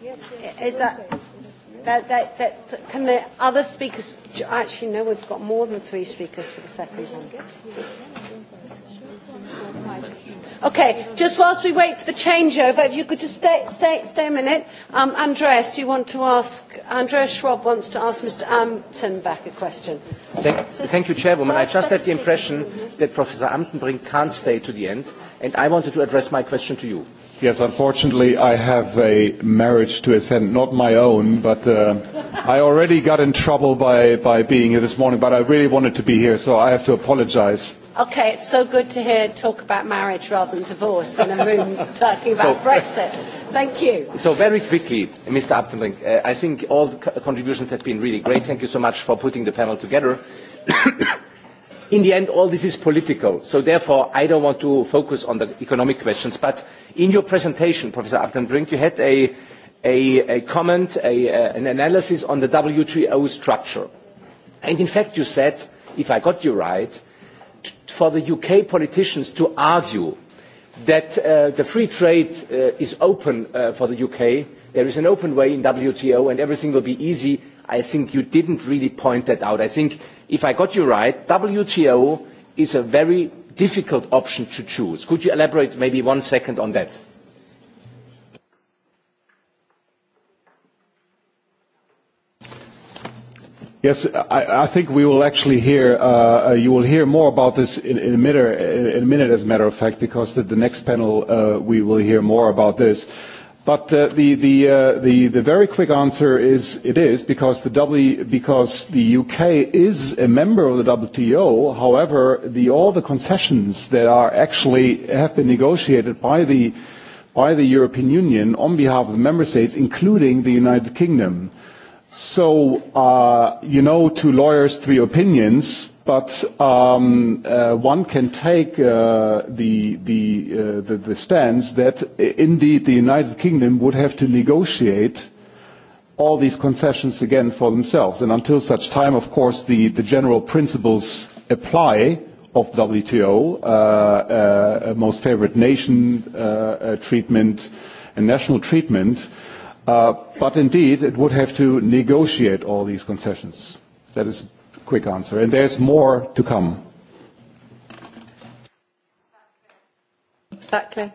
Yes, yes, Is that... Say. That, that, that, can the other speakers actually no we've got more than three speakers for the second one okay just whilst we wait for the changeover if you could just stay stay stay a minute um, andreas you want to ask andreas schwab wants to ask mr amten back a question thank, so, thank you chairwoman i just had the impression that professor amtenbrink can't stay to the end and i wanted to address my question to you Yes, unfortunately, I have a marriage to attend, not my own, but uh, I already got in trouble by, by being here this morning, but I really wanted to be here, so I have to apologize. Okay, it's so good to hear talk about marriage rather than divorce in a room [laughs] talking about so, Brexit. Thank you. So very quickly, Mr. Upton, uh, I think all the contributions have been really great. Thank you so much for putting the panel together. [coughs] in the end, all this is political. So therefore, I don't want to focus on the economic questions. But in your presentation, Professor Abdenbrink, you had a, a, a comment, a, an analysis on the WTO structure. And in fact, you said, if I got you right, for the UK politicians to argue that uh, the free trade uh, is open uh, for the UK, there is an open way in WTO and everything will be easy, I think you didn't really point that out. I think if I got you right, WTO is a very difficult option to choose. Could you elaborate maybe one second on that? Yes, I, I think we will actually hear, uh, uh you will hear more about this in, in, a minute, in a minute, as a matter of fact, because the, the next panel, uh, we will hear more about this. But uh, the, the, uh, the, the very quick answer is it is because the, w, because the UK is a member of the WTO. However, the, all the concessions that are actually have been negotiated by the, by the European Union on behalf of the member states, including the United Kingdom. So, uh, you know, to lawyers, three opinions But um, uh, one can take uh, the, the, uh, the, the stance that indeed the United Kingdom would have to negotiate all these concessions again for themselves. And until such time, of course, the, the general principles apply of WTO, uh, uh, most favored nation uh, uh, treatment and national treatment. Uh, but indeed, it would have to negotiate all these concessions. That is quick answer. And there's more to come. Exactly.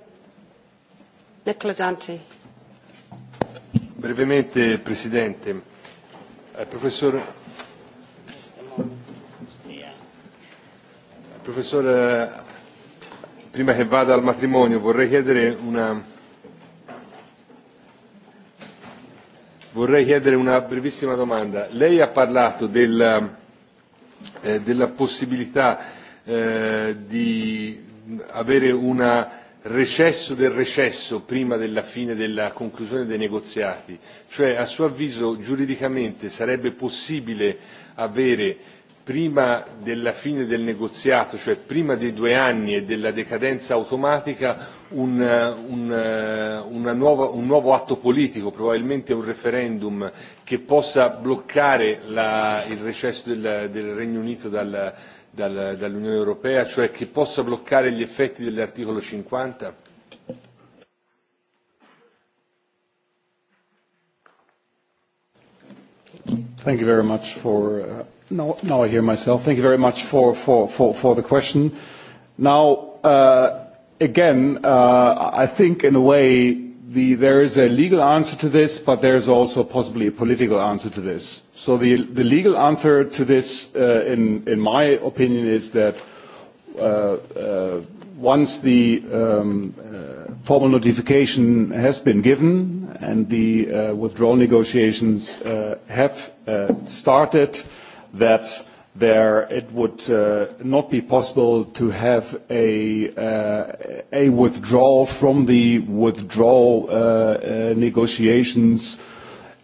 Nicola Dante. Brevemente, Presidente. Al eh, professor, al professor, eh, prima che vada al matrimonio vorrei chiedere una, vorrei chiedere una brevissima domanda. Lei ha parlato del eh, della possibilità eh, di avere un recesso del recesso prima della fine della conclusione dei negoziati, cioè a suo avviso giuridicamente sarebbe possibile avere prima della fine del negoziato, cioè prima dei due anni e della decadenza automatica, un, eh, un, eh, una nuova, un nuovo atto politico, probabilmente un referendum che possa bloccare la, il recesso del, del Regno Unito dal, dal, dall'Unione Europea, cioè che possa bloccare gli effetti dell'articolo 50? Thank you very much for uh, now, now I hear myself. Thank you very much for, for, for, for the question. Now, uh, again, uh, I think in a way the, there is a legal answer to this, but there is also possibly a political answer to this. So the, the legal answer to this, uh, in, in my opinion, is that uh, uh, once the um, uh, formal notification has been given and the uh, withdrawal negotiations uh, have uh, started, that there it would uh, not be possible to have a, uh, withdrawal from the withdrawal uh, negotiations,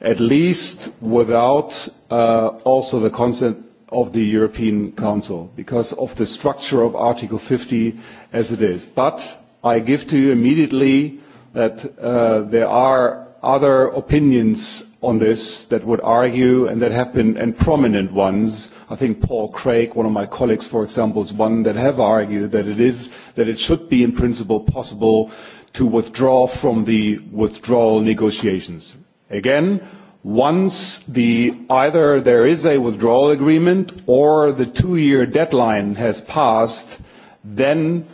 at least without also the consent of the European Council, because of the structure of Article 50 as it is. But I give to you immediately that there are other opinions on this that would argue and that have been and prominent ones. I think Paul Craig, one of my colleagues, for example, is one that have argued that it is that it should be in principle possible to withdraw from the withdrawal negotiations. Again, once the either there is a withdrawal agreement or the two year deadline has passed, then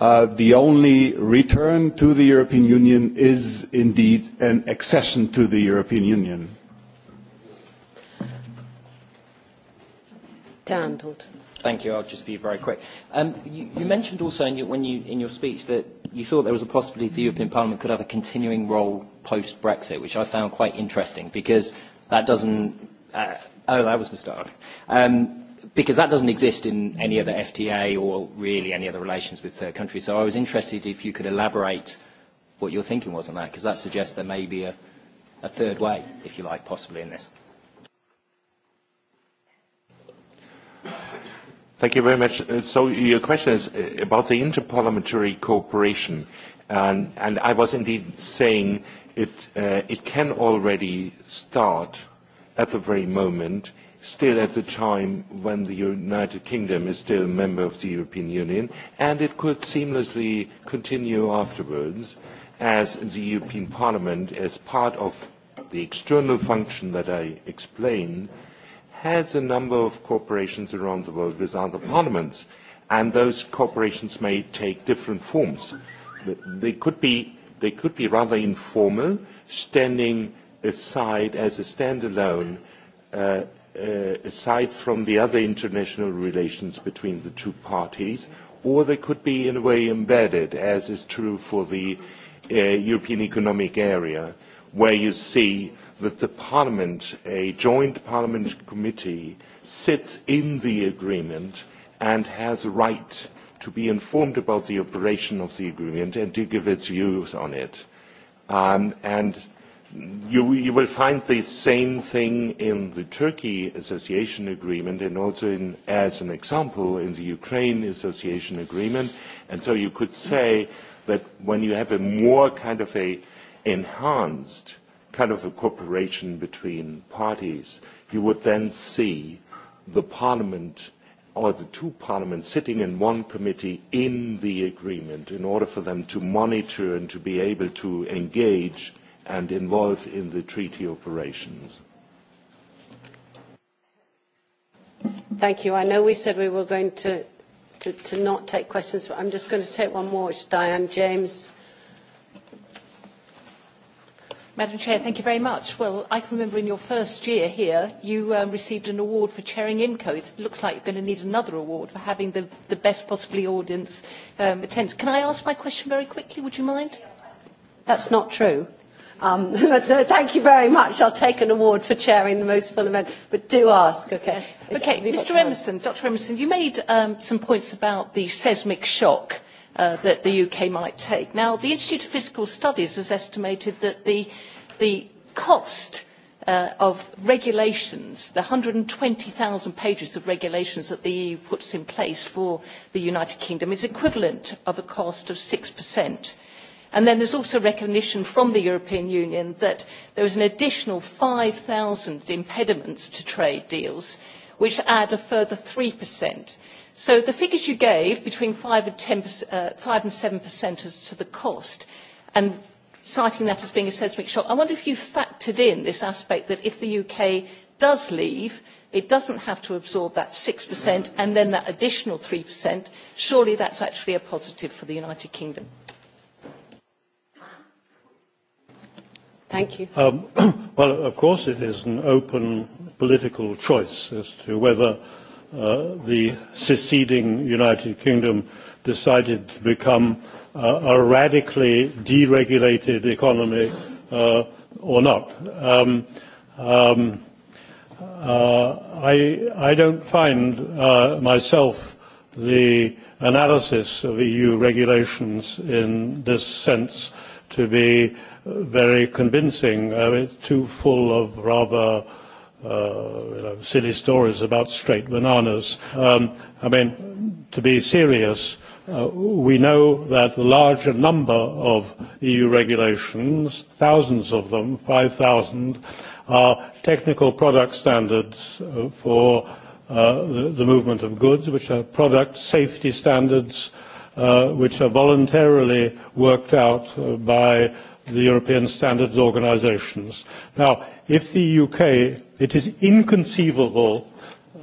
Uh, the only return to the European Union is indeed an accession to the European Union. Dan Thank you. I'll just be very quick. Um, you, you mentioned also in your, when you, in your speech that you thought there was a possibility the European Parliament could have a continuing role post-Brexit, which I found quite interesting because that doesn't... Uh, oh, that was Mr. Um, because that doesn't exist in any other FTA or really any other relations with third countries. So I was interested if you could elaborate what your thinking was on that, because that suggests there may be a, a third way, if you like, possibly in this. Thank you very much. Uh, so your question is uh, about the interparliamentary cooperation, and, and I was indeed saying it, uh, it can already start at the very moment still at the time when the United Kingdom is still a member of the European Union, and it could seamlessly continue afterwards as the European Parliament, as part of the external function that I explained, has a number of corporations around the world with other parliaments, and those corporations may take different forms. They could be, they could be rather informal, standing aside as a standalone uh, uh, aside from the other international relations between the two parties, or they could be in a way embedded, as is true for the uh, European Economic Area, where you see that the Parliament, a joint Parliament committee, sits in the agreement and has a right to be informed about the operation of the agreement and to give its views on it. Um, and You, you will find the same thing in the Turkey Association Agreement and also in, as an example in the Ukraine Association Agreement. And so you could say that when you have a more kind of a enhanced kind of a cooperation between parties, you would then see the parliament or the two parliaments sitting in one committee in the agreement in order for them to monitor and to be able to engage and involved in the treaty operations. Thank you. I know we said we were going to, to, to not take questions, but I'm just going to take one more. It's Diane James. Madam Chair, thank you very much. Well, I can remember in your first year here, you um, received an award for chairing inco. It looks like you're going to need another award for having the, the best possibly audience um, attend. Can I ask my question very quickly? Would you mind? That's not true. Um, [laughs] thank you very much. I'll take an award for chairing the most full event, but do ask, okay? Yes. Okay, Mr. Emerson, Dr. Emerson, you made um, some points about the seismic shock. Uh, that the UK might take. Now, the Institute of Physical Studies has estimated that the, the cost uh, of regulations, the 120,000 pages of regulations that the EU puts in place for the United Kingdom is equivalent of a cost of 6% And then there's also recognition from the European Union that there is an additional 5,000 impediments to trade deals, which add a further 3%. So the figures you gave, between 5 and, 10, uh, 5 and 7% as to the cost, and citing that as being a seismic shock, I wonder if you factored in this aspect that if the UK does leave, it doesn't have to absorb that 6% and then that additional 3%. Surely that's actually a positive for the United Kingdom. Thank you. Um, [clears throat] well, of course, it is an open political choice as to whether uh, the seceding United Kingdom decided to become uh, a radically deregulated economy uh, or not. Um, um, uh, I, I don't find uh, myself the analysis of EU regulations in this sense to be very convincing. mean, it's too full of rather uh, you know, silly stories about straight bananas. Um, I mean, to be serious, uh, we know that the larger number of EU regulations, thousands of them, 5,000, are technical product standards uh, for uh, the, the movement of goods, which are product safety standards, uh, which are voluntarily worked out uh, by the European standards organizations. Now, if the UK, it is inconceivable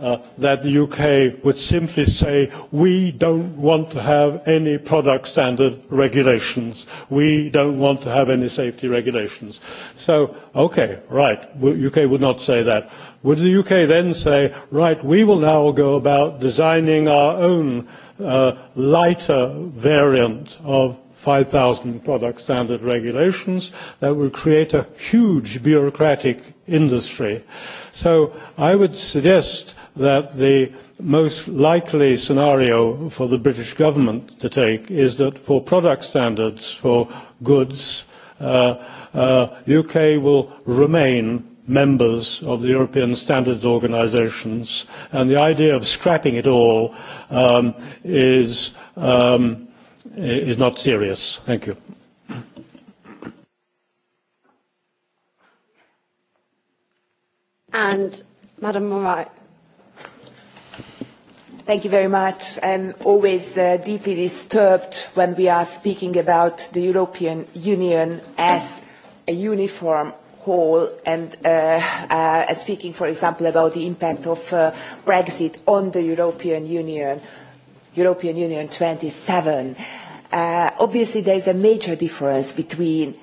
uh, that the UK would simply say, we don't want to have any product standard regulations. We don't want to have any safety regulations. So, okay, right, UK would not say that. Would the UK then say, right, we will now go about designing our own uh, lighter variant of 5,000 product standard regulations that will create a huge bureaucratic industry. So I would suggest that the most likely scenario for the British government to take is that for product standards for goods, uh, uh, UK will remain members of the European standards organisations, and the idea of scrapping it all um, is um, is not serious. Thank you. And Madam Murray, Thank you very much. I'm always uh, deeply disturbed when we are speaking about the European Union as a uniform whole and, uh, uh, and speaking, for example, about the impact of uh, Brexit on the European Union, European Union 27. Uh, obviously, there is a major difference between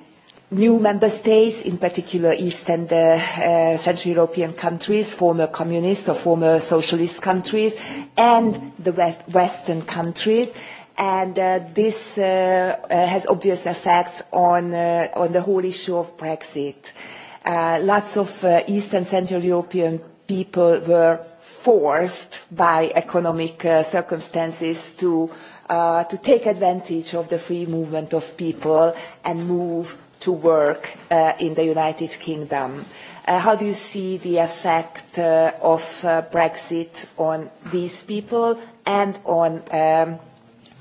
new member states, in particular East and uh, uh, Central European countries, former communist or former socialist countries, and the West Western countries. And uh, this uh, uh, has obvious effects on, uh, on the whole issue of Brexit. Uh, lots of uh, East and Central European people were forced by economic uh, circumstances to uh, Uh, to take advantage of the free movement of people and move to work uh, in the United Kingdom. Uh, how do you see the effect uh, of uh, Brexit on these people and on um,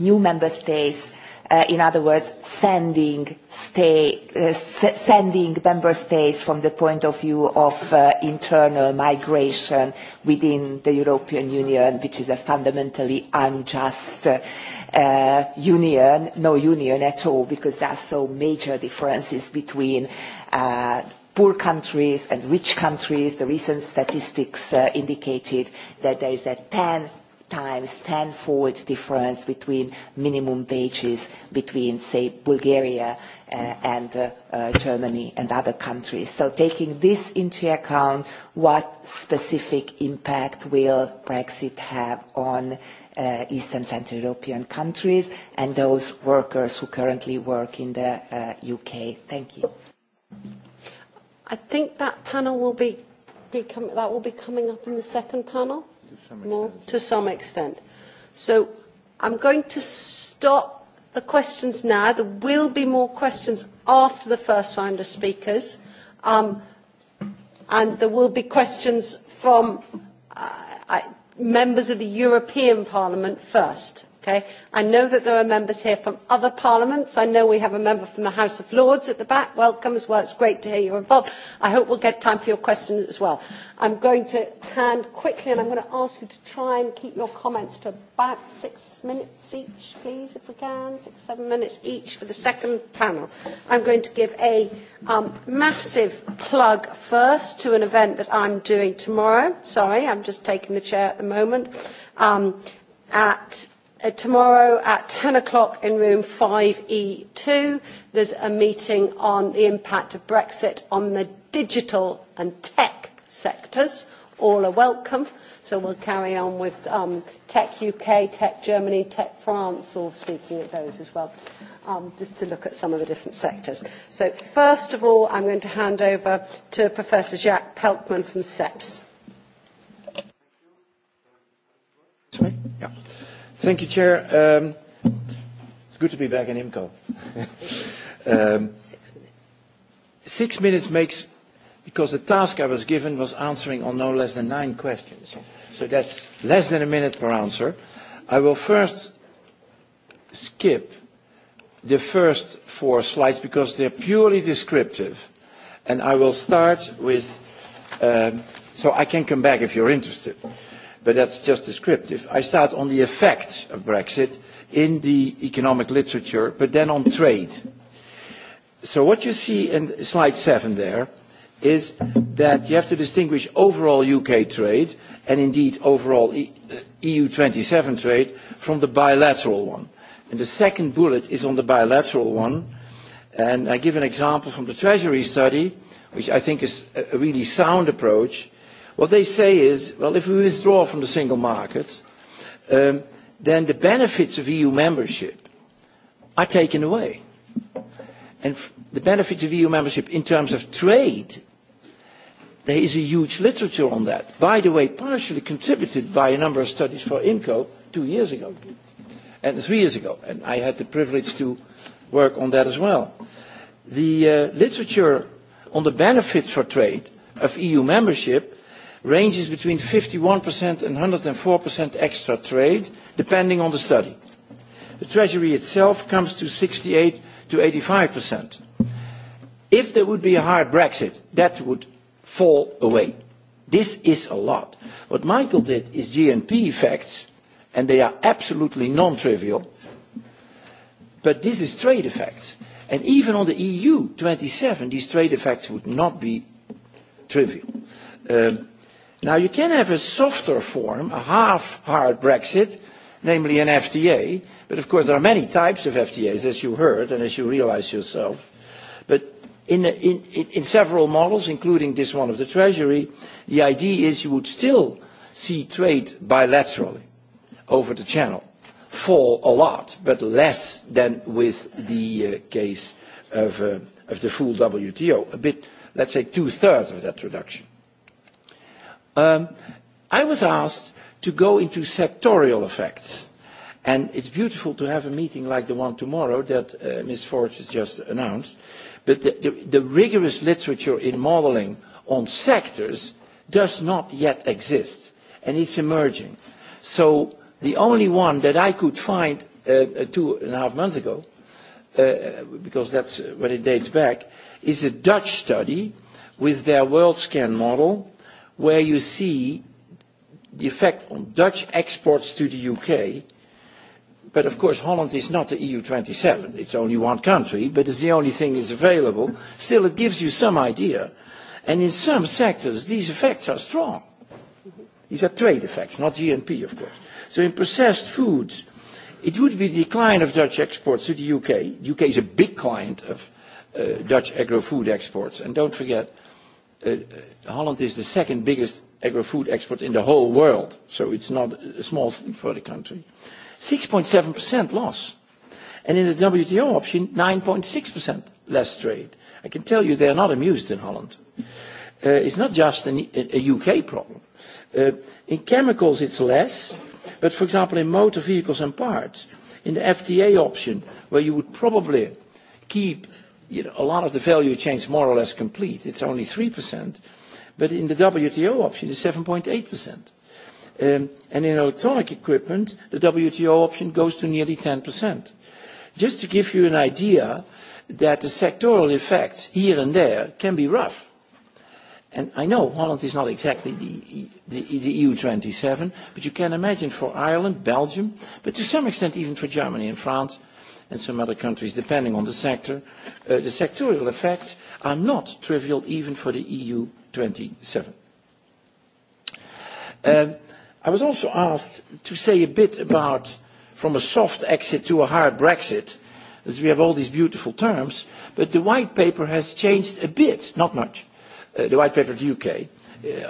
new member states? Uh, in other words, sending, stay, uh, s- sending member states from the point of view of uh, internal migration within the European Union, which is a fundamentally unjust uh, uh, union, no union at all, because there are so major differences between uh, poor countries and rich countries. The recent statistics uh, indicated that there is a 10 times tenfold difference between minimum wages between, say, Bulgaria uh, and uh, uh, Germany and other countries. So taking this into account, what specific impact will Brexit have on uh, uh, and Central European countries and those workers who currently work in the uh, UK. Thank you. I think that panel will be, be com- that will be coming up in the second panel. To some extent. More, to some extent. So I'm going to stop the questions now. There will be more questions after the first round of speakers. Um, and there will be questions from, uh, I, members of the European Parliament first I know that there are members here from other parliaments. I know we have a member from the House of Lords at the back. Welcome as well. It's great to hear are involved. I hope we'll get time for your questions as well. I'm going to hand quickly and I'm going to ask you to try and keep your comments to about six minutes each, please, if we can, six, seven minutes each for the second panel. I'm going to give a um, massive plug first to an event that I'm doing tomorrow. Sorry, I'm just taking the chair at the moment. Um, at Uh, tomorrow at 10 o'clock in room 5E2, there's a meeting on the impact of Brexit on the digital and tech sectors. All are welcome. So we'll carry on with um, Tech UK, Tech Germany, Tech France, all speaking at those as well, um, just to look at some of the different sectors. So first of all, I'm going to hand over to Professor Jacques Pelkman from SEPS. Sorry? Yeah. Thank you, Chair. Um, it's good to be back in IMCO. [laughs] um, six minutes. Six minutes makes, because the task I was given was answering on no less than nine questions. So that's less than a minute per answer. I will first skip the first four slides because they're purely descriptive. And I will start with, um, so I can come back if you're interested but that's just descriptive. I start on the effects of Brexit in the economic literature, but then on trade. So what you see in slide seven there is that you have to distinguish overall UK trade and indeed overall EU27 uh, trade from the bilateral one. And the second bullet is on the bilateral one. And I give an example from the Treasury study, which I think is a really sound approach What they say is, well, if we withdraw from the single market, um, then the benefits of EU membership are taken away. And the benefits of EU membership in terms of trade, there is a huge literature on that. By the way, partially contributed by a number of studies for INCO two years ago, and three years ago, and I had the privilege to work on that as well. The uh, literature on the benefits for trade of EU membership ranges between 51% and 104% extra trade, depending on the study. The Treasury itself comes to 68 to 85%. If there would be a hard Brexit, that would fall away. This is a lot. What Michael did is GNP effects, and they are absolutely non-trivial, but this is trade effects. And even on the EU 27, these trade effects would not be trivial. Um, Now, you can have a softer form, a half-hard Brexit, namely an FTA, but of course there are many types of FTAs, as you heard and as you realize yourself. But in, in, in several models, including this one of the Treasury, the idea is you would still see trade bilaterally over the channel fall a lot, but less than with the uh, case of, uh, of the full WTO, a bit, let's say, two-thirds of that reduction. Um, I was asked to go into sectorial effects. And it's beautiful to have a meeting like the one tomorrow that uh, Ms. Forbes has just announced. But the, the, the rigorous literature in modeling on sectors does not yet exist. And it's emerging. So the only one that I could find uh, uh two and a half months ago, uh, because that's uh, when it dates back, is a Dutch study with their WorldScan model where you see the effect on Dutch exports to the U.K. But of course, Holland is not the EU27. It's only one country, but it's the only thing that's available. Still, it gives you some idea. And in some sectors, these effects are strong. These are trade effects, not GNP, of course. So in processed foods, it would be the decline of Dutch exports to the U.K. The U.K. is a big client of uh, Dutch agro-food exports. And don't forget, uh, Holland is the second biggest agri-food export in the whole world, so it's not a small thing for the country. 6.7% loss. And in the WTO option, 9.6% less trade. I can tell you they're not amused in Holland. Uh, it's not just an, a, a UK problem. Uh, in chemicals, it's less, but for example, in motor vehicles and parts, in the FTA option, where you would probably keep you know, a lot of the value chains more or less complete, it's only 3% but in the WTO option is 7.8%. Um, and in electronic equipment, the WTO option goes to nearly 10%. Just to give you an idea that the sectoral effects here and there can be rough. And I know Holland is not exactly the, the, the EU 27, but you can imagine for Ireland, Belgium, but to some extent even for Germany and France and some other countries, depending on the sector, uh, the sectorial effects are not trivial even for the EU 27. Um, I was also asked to say a bit about from a soft exit to a hard Brexit, as we have all these beautiful terms, but the white paper has changed a bit, not much, uh, the white paper of the UK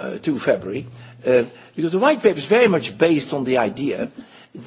uh, to February, uh, because the white paper is very much based on the idea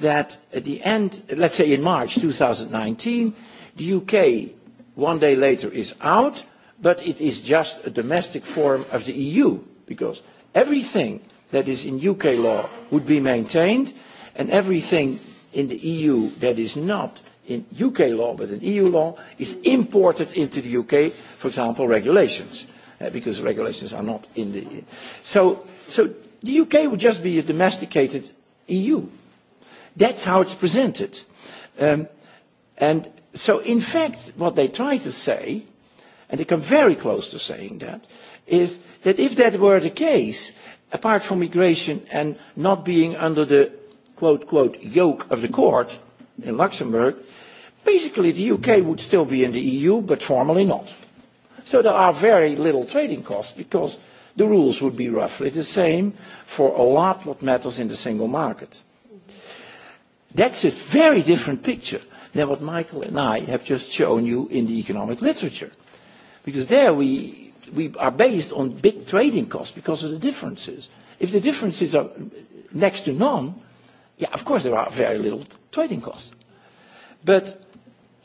that at the end, let's say in March 2019, the UK one day later is out, but it is just a domestic form of the EU because everything that is in UK law would be maintained and everything in the EU that is not in UK law but in EU law is imported into the UK, for example, regulations, eh, because regulations are not in the... So, so the UK would just be a domesticated EU. That's how it's presented. Um, and so in fact, what they try to say and they come very close to saying that, is that if that were the case, apart from migration and not being under the quote, quote, yoke of the court in Luxembourg, basically the UK would still be in the EU, but formally not. So there are very little trading costs because the rules would be roughly the same for a lot what matters in the single market. That's a very different picture than what Michael and I have just shown you in the economic literature. Because there we, we are based on big trading costs because of the differences. If the differences are next to none, yeah, of course there are very little trading costs. But,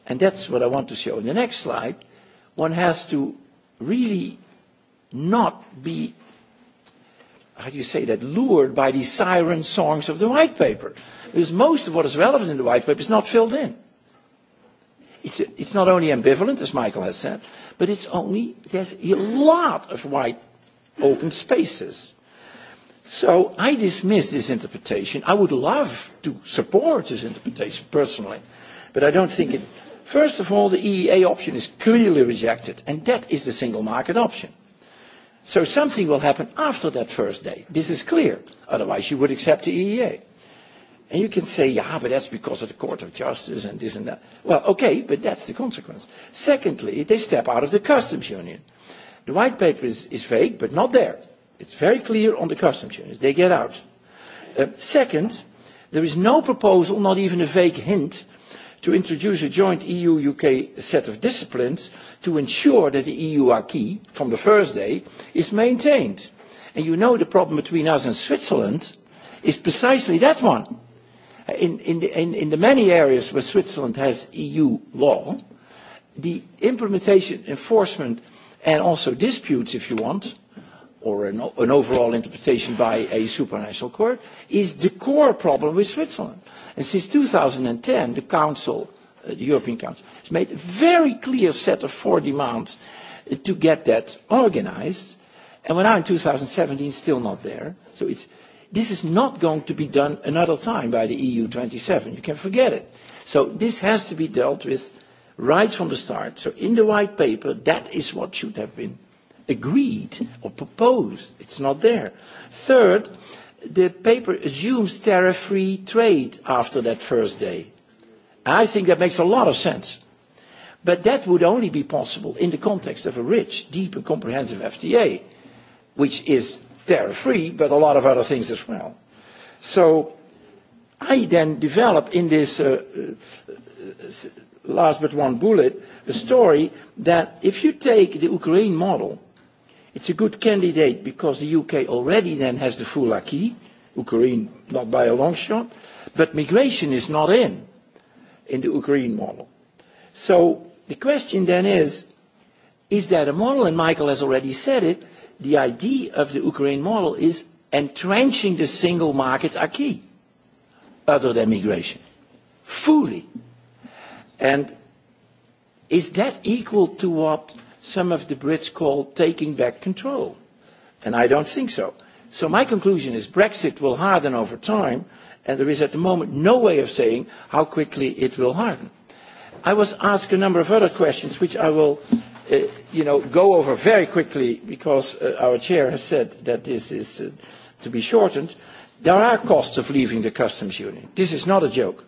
and that's what I want to show in the next slide, one has to really not be, how do you say that, lured by the siren songs of the white paper. Because most of what is relevant in the white paper is not filled in it's, a, it's not only ambivalent, as Michael has said, but it's only, there's a lot of wide open spaces. So I dismiss this interpretation. I would love to support this interpretation personally, but I don't think it. First of all, the EEA option is clearly rejected, and that is the single market option. So something will happen after that first day. This is clear. Otherwise, you would accept the EEA. And you can say, yeah, but that's because of the Court of Justice and this and that. Well, okay, but that's the consequence. Secondly, they step out of the customs union. The white paper is, is vague, but not there. It's very clear on the customs union. They get out. Uh, second, there is no proposal, not even a vague hint, to introduce a joint EU-UK set of disciplines to ensure that the EU acquis from the first day is maintained. And you know the problem between us and Switzerland is precisely that one in, in, the, in, in the many areas where Switzerland has EU law, the implementation, enforcement, and also disputes, if you want, or an, an overall interpretation by a supranational court, is the core problem with Switzerland. And since 2010, the Council, uh, the European Council, has made a very clear set of four demands to get that organized. And we're now in 2017, still not there. So it's This is not going to be done another time by the EU27. You can forget it. So this has to be dealt with right from the start. So in the white paper, that is what should have been agreed or proposed. It's not there. Third, the paper assumes tariff-free trade after that first day. I think that makes a lot of sense. But that would only be possible in the context of a rich, deep and comprehensive FTA, which is tariff-free, but a lot of other things as well. So I then developed in this uh, uh last but one bullet a story that if you take the Ukraine model, it's a good candidate because the UK already then has the full acquis, Ukraine not by a long shot, but migration is not in, in the Ukraine model. So the question then is, is that a model? And Michael has already said it, the idea of the Ukraine model is entrenching the single market acquis, other than migration, fully. And is that equal to what some of the Brits call taking back control? And I don't think so. So my conclusion is Brexit will harden over time, and there is at the moment no way of saying how quickly it will harden. I was asked a number of other questions, which I will Uh, you know, go over very quickly because uh, our chair has said that this is uh, to be shortened. There are costs of leaving the customs union. This is not a joke.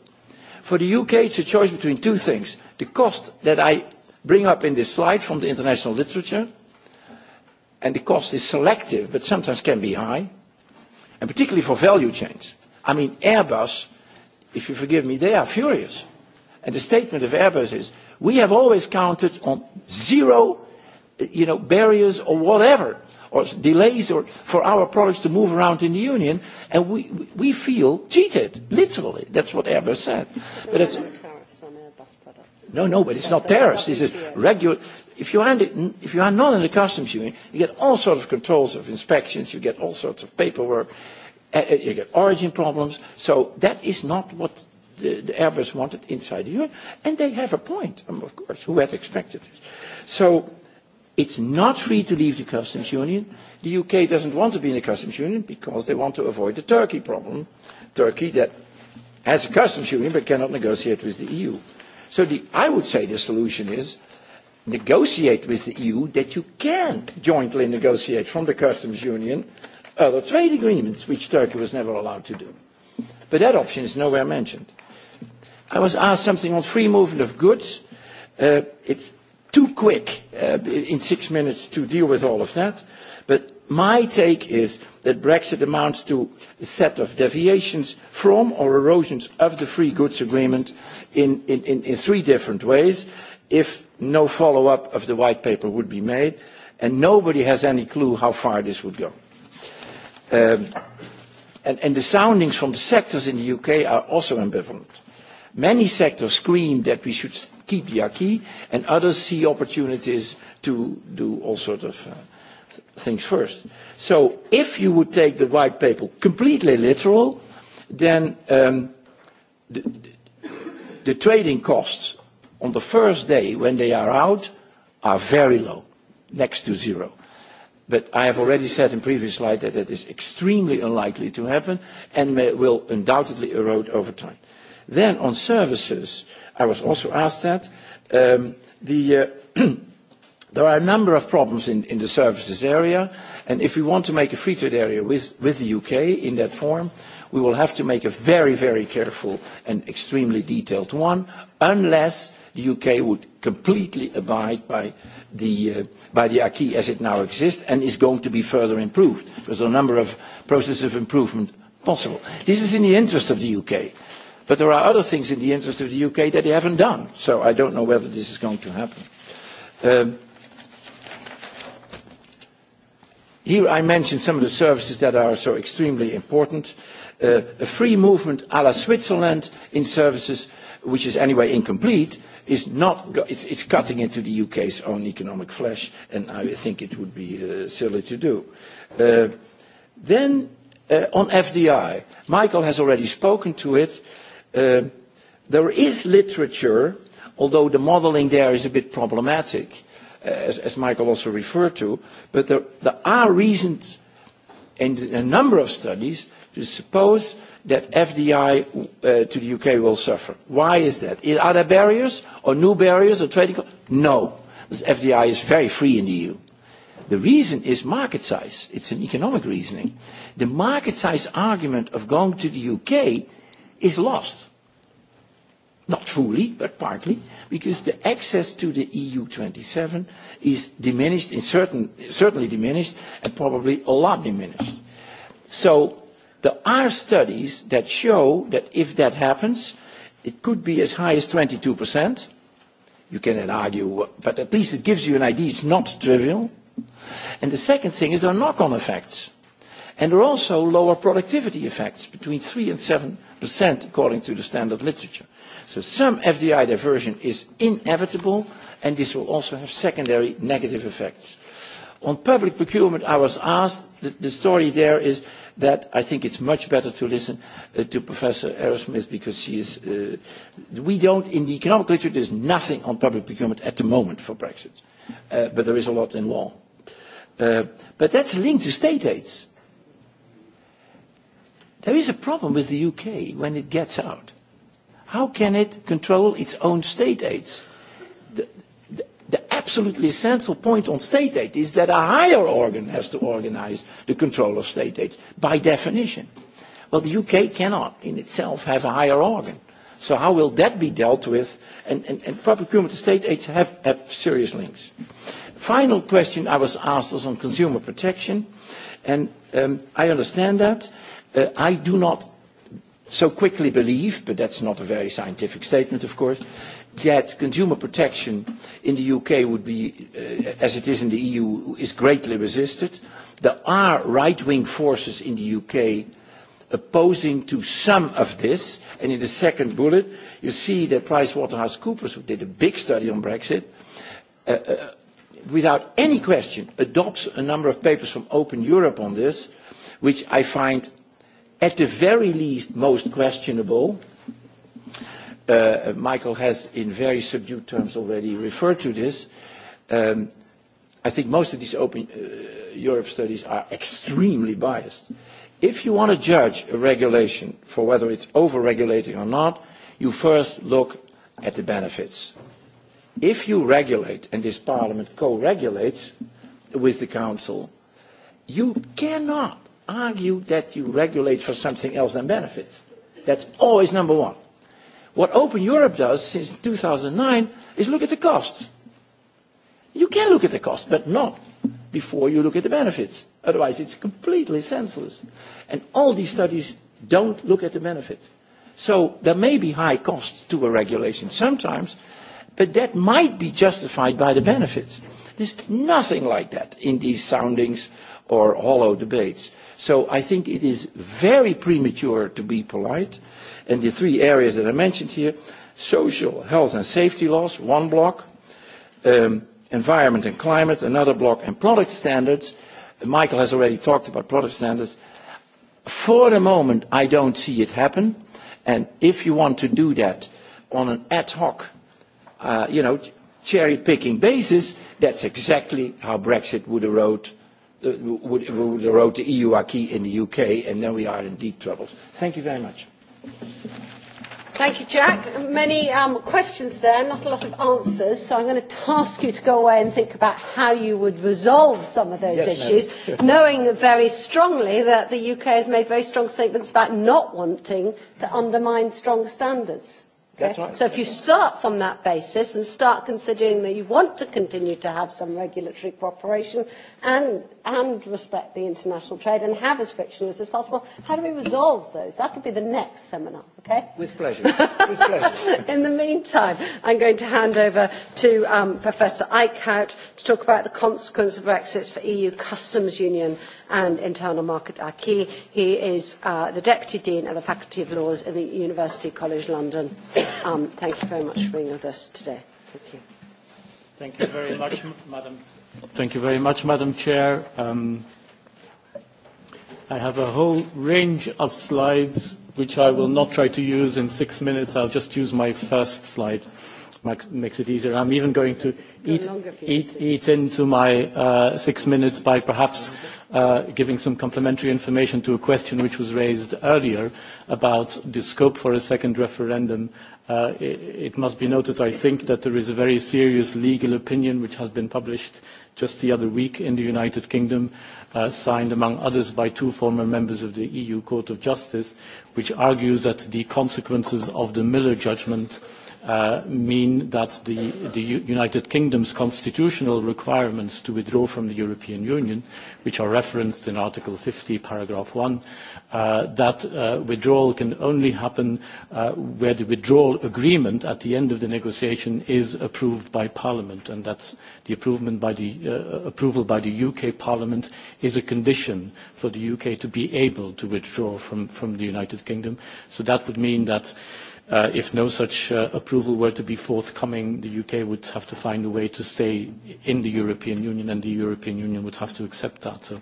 For the UK, it's a choice between two things. The cost that I bring up in this slide from the international literature, and the cost is selective, but sometimes can be high, and particularly for value chains. I mean, Airbus, if you forgive me, they are furious. And the statement of Airbus is, We have always counted on zero you know, barriers or whatever, or delays or for our products to move around in the Union, and we, we feel cheated, literally. That's what Airbus said. But, but it's, tariffs on Airbus products. No, no, but it's not tariffs. It's a regular. If you, are in, if you are not in the customs union, you get all sorts of controls of inspections, you get all sorts of paperwork, eh, eh, you get origin problems. So that is not what the, the Airbus wanted inside Europe, and they have a point, um, of course, who had expected this. So it's not free to leave the customs union. The UK doesn't want to be in the customs union because they want to avoid the Turkey problem, Turkey that has a customs union but cannot negotiate with the EU. So the, I would say the solution is negotiate with the EU that you can jointly negotiate from the customs union other trade agreements, which Turkey was never allowed to do. But that option is nowhere mentioned. I was asked something on free movement of goods. Uh, it's too quick uh, in six minutes to deal with all of that. But my take is that Brexit amounts to a set of deviations from or erosions of the free goods agreement in, in, in, in three different ways if no follow-up of the white paper would be made. And nobody has any clue how far this would go. Um, and, and the soundings from the sectors in the UK are also ambivalent. Many sectors scream that we should keep the acquis, and others see opportunities to do all sorts of uh, things first. So if you would take the white paper completely literal, then um, the, the trading costs on the first day when they are out are very low, next to zero. But I have already said in previous slide that it is extremely unlikely to happen and will undoubtedly erode over time. Then on services, I was also asked that. Um, the, uh, [clears throat] there are a number of problems in, in the services area, and if we want to make a free trade area with, with the UK in that form, we will have to make a very, very careful and extremely detailed one, unless the UK would completely abide by the, uh, by the acquis as it now exists and is going to be further improved. There's a number of processes of improvement possible. This is in the interest of the UK But there are other things in the interest of the UK that they haven't done. So I don't know whether this is going to happen. Um, here I mentioned some of the services that are so extremely important. Uh, a free movement a la Switzerland in services, which is anyway incomplete, is not, it's, it's cutting into the UK's own economic flesh, and I think it would be uh, silly to do. Uh, then uh, on FDI, Michael has already spoken to it. Uh, Uh, there is literature, although the modeling there is a bit problematic, uh, as, as Michael also referred to, but there, there are reasons in a number of studies to suppose that FDI uh, to the UK will suffer. Why is that? Are there barriers or new barriers or trading? No, because FDI is very free in the EU. The reason is market size. It's an economic reasoning. The market size argument of going to the UK is lost. Not fully, but partly, because the access to the EU27 is diminished, in certain, certainly diminished, and probably a lot diminished. So there are studies that show that if that happens, it could be as high as 22%. You can then argue, but at least it gives you an idea it's not trivial. And the second thing is there are knock-on effects. And there are also lower productivity effects, between 3 and seven. 5% according to the standard literature. So some FDI diversion is inevitable, and this will also have secondary negative effects. On public procurement, I was asked, the, the story there is that I think it's much better to listen uh, to Professor Aerosmith because she is, uh, we don't, in the economic literature, there's nothing on public procurement at the moment for Brexit, uh, but there is a lot in law. Uh, but that's linked to state aids. There is a problem with the UK when it gets out. How can it control its own state aids? The, the, the absolutely central point on state aid is that a higher organ has to organise the control of state aids, by definition. Well, the UK cannot in itself have a higher organ. So how will that be dealt with? And, and, and public procurement and state aids have, have serious links. Final question I was asked was on consumer protection, and um, I understand that. Uh, I do not so quickly believe, but that's not a very scientific statement, of course, that consumer protection in the UK would be, uh, as it is in the EU, is greatly resisted. There are right-wing forces in the UK opposing to some of this, and in the second bullet, you see that PricewaterhouseCoopers, who did a big study on Brexit, uh, uh, without any question adopts a number of papers from Open Europe on this, which I find at the very least most questionable. Uh, Michael has in very subdued terms already referred to this. Um, I think most of these open uh, Europe studies are extremely biased. If you want to judge a regulation for whether it's over-regulating or not, you first look at the benefits. If you regulate, and this parliament co-regulates with the council, you cannot argue that you regulate for something else than benefits. That's always number one. What Open Europe does since 2009 is look at the costs. You can look at the costs, but not before you look at the benefits. Otherwise, it's completely senseless. And all these studies don't look at the benefit. So there may be high costs to a regulation sometimes, but that might be justified by the benefits. There's nothing like that in these soundings or hollow debates. So I think it is very premature to be polite. And the three areas that I mentioned here, social, health and safety laws, one block, um, environment and climate, another block, and product standards. Michael has already talked about product standards. For the moment, I don't see it happen. And if you want to do that on an ad hoc, uh, you know, cherry-picking basis, that's exactly how Brexit would erode Uh, would, would erode the EU acquis in the UK, and then we are in deep trouble. Thank you very much. Thank you, Jack. Many um, questions there, not a lot of answers. So I'm going to task you to go away and think about how you would resolve some of those yes, issues, knowing very strongly that the UK has made very strong statements about not wanting to undermine strong standards. Okay? That's right. So if you start from that basis and start considering that you want to continue to have some regulatory cooperation, and, and respect the international trade and have as frictionless as possible. How do we resolve those? That could be the next seminar, okay? With pleasure. With pleasure. [laughs] In the meantime, I'm going to hand over to um, Professor Eichhout to talk about the consequence of Brexit for EU customs union and internal market acquis. He is uh, the Deputy Dean of the Faculty of Laws in the University College London. Um, thank you very much for being with us today. Thank you. Thank you very much, Madam Thank you very much, Madam Chair. Um, I have a whole range of slides which I will not try to use in six minutes. I'll just use my first slide. Makes it easier. I'm even going to eat, eat, eat into my uh, six minutes by perhaps uh, giving some complementary information to a question which was raised earlier about the scope for a second referendum. Uh, it, it must be noted, I think, that there is a very serious legal opinion which has been published just the other week in the United Kingdom, uh, signed among others by two former members of the EU Court of Justice, which argues that the consequences of the Miller judgment uh, mean that the, the United Kingdom's constitutional requirements to withdraw from the European Union, which are referenced in Article 50, paragraph 1, Uh, that uh, withdrawal can only happen uh, where the withdrawal agreement at the end of the negotiation is approved by Parliament, and that's the uh, uh, approval by the, approval by the UK Parliament is a condition for the UK to be able to withdraw from, from the United Kingdom. So that would mean that Uh, if no such uh, approval were to be forthcoming, the UK would have to find a way to stay in the European Union, and the European Union would have to accept that. So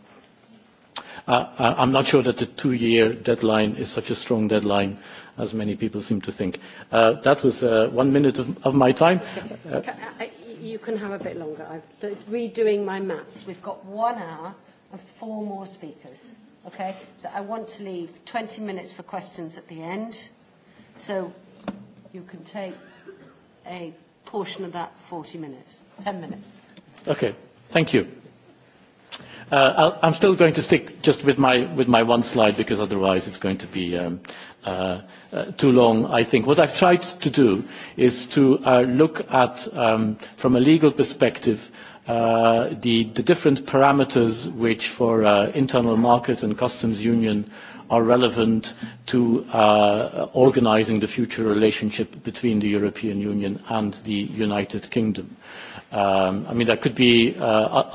I'm not sure that the two-year deadline is such a strong deadline as many people seem to think. Uh, that was uh, one minute of, of my time. [laughs] Uh, you can have a bit longer. I'm redoing my maths. We've got one hour and four more speakers. Okay, so I want to leave 20 minutes for questions at the end. So you can take a portion of that 40 minutes, 10 minutes. Okay, thank you. Uh, I'm still going to stick just with my, with my one slide because otherwise it's going to be um, uh, uh, too long, I think. What I've tried to do is to uh, look at, um, from a legal perspective, uh, the, the different parameters which for internal market and customs union are relevant to uh, organising the future relationship between the European Union and the United Kingdom. Um, I mean, there could be, uh,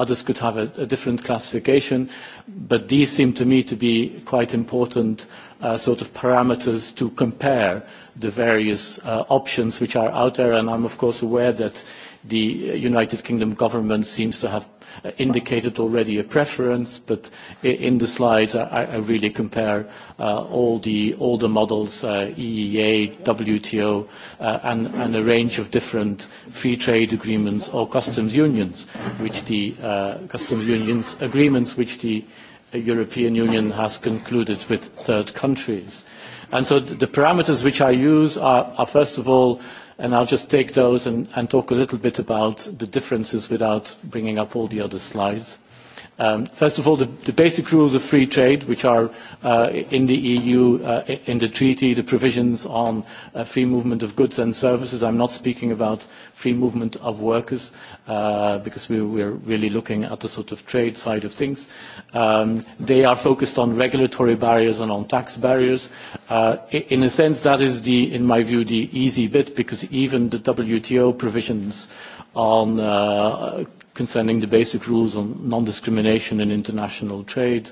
others could have a, a different classification, but these seem to me to be quite important uh, sort of parameters to compare the various uh, options which are out there, and I'm of course aware that the United Kingdom government seems to have Uh, indicated already a preference, but in the slides I, I really compare uh, all, the, all the models, uh, EEA, WTO, uh, and, and a range of different free trade agreements or customs unions, which the uh, customs unions agreements which the European Union has concluded with third countries. Uh, And so the parameters which I use are, are first of all, and I'll just take those and, and talk a little bit about the differences without bringing up all the other slides. Um, first of all, the, the, basic rules of free trade, which are uh, in the EU, uh, in the treaty, the provisions on uh, free movement of goods and services. I'm not speaking about free movement of workers, uh, because we, we're really looking at the sort of trade side of things. Um, they are focused on regulatory barriers and on tax barriers. Uh, in a sense, that is, the, in my view, the easy bit, because even the WTO provisions on uh, concerning the basic rules on non-discrimination in international trade,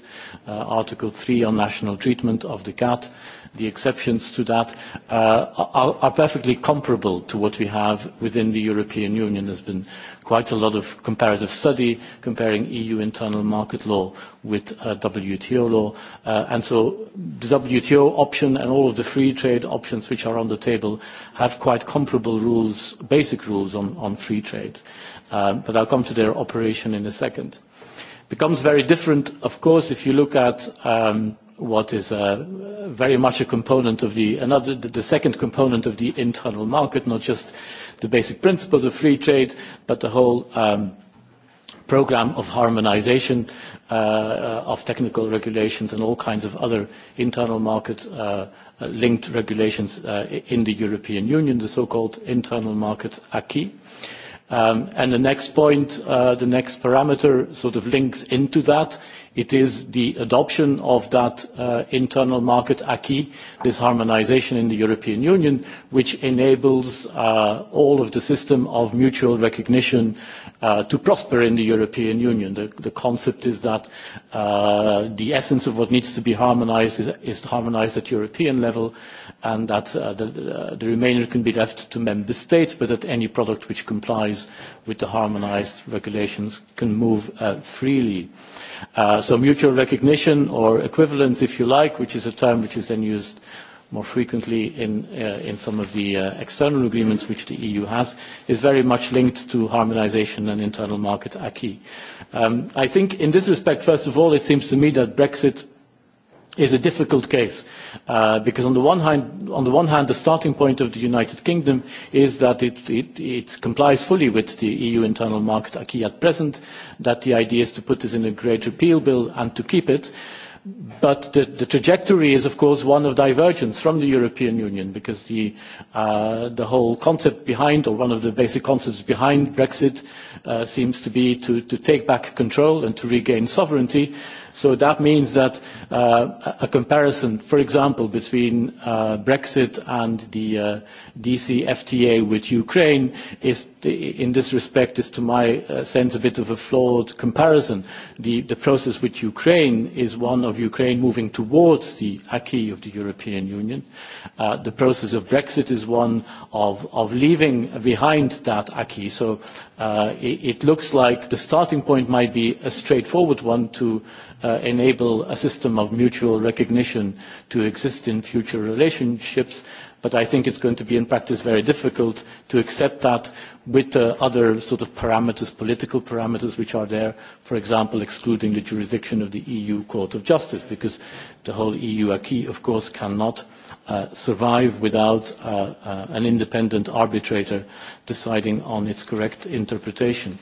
uh, Article 3 on national treatment of the CAT, the exceptions to that uh, are, are perfectly comparable to what we have within the European Union. There's been quite a lot of comparative study comparing EU internal market law with uh, WTO law. Uh, and so the WTO option and all of the free trade options which are on the table have quite comparable rules, basic rules on, on free trade. Um, but I'll come to their operation in a second. becomes very different, of course, if you look at um, what is uh, very much a component of the another the second component of the internal market, not just the basic principles of free trade, but the whole um, program of harmonization uh, of technical regulations and all kinds of other internal market uh, uh linked regulations uh, in the European Union, the so-called internal market acquis. Um, and the next point, uh, the next parameter sort of links into that It is the adoption of that uh, internal market acquis, this harmonization in the European Union, which enables uh, all of the system of mutual recognition uh, to prosper in the European Union. The, concept is that the essence of what needs to be harmonized is, harmonized at European level and that the, remainder can be left to member states, but that any product which complies with the harmonized regulations can move freely. Uh, so mutual recognition or equivalence, if you like, which is a term which is then used more frequently in, uh, in some of the uh, external agreements which the EU has, is very much linked to harmonization and internal market acquis. Um, I think in this respect, first of all, it seems to me that Brexit is a difficult case uh, because on the, one hand, on the one hand the starting point of the United Kingdom is that it, it, it complies fully with the EU internal market acquis at present, that the idea is to put this in a great repeal bill and to keep it. But the, the trajectory is, of course, one of divergence from the European Union because the, uh, the whole concept behind, or one of the basic concepts behind Brexit, uh, seems to be to, to take back control and to regain sovereignty So that means that uh, a comparison, for example, between uh, Brexit and the uh, DCFTA with Ukraine is, in this respect, is to my uh, sense a bit of a flawed comparison. The, the process with Ukraine is one of Ukraine moving towards the acquis of the European Union. Uh, the process of Brexit is one of, of leaving behind that acquis. So Uh, it, it looks like the starting point might be a straightforward one to uh, enable a system of mutual recognition to exist in future relationships, but I think it's going to be in practice very difficult to accept that with uh, other sort of parameters, political parameters which are there, for example, excluding the jurisdiction of the EU Court of Justice, because the whole EU acquis, of course, cannot uh, uh, survive without uh, uh, an independent arbitrator deciding on its correct interpretation.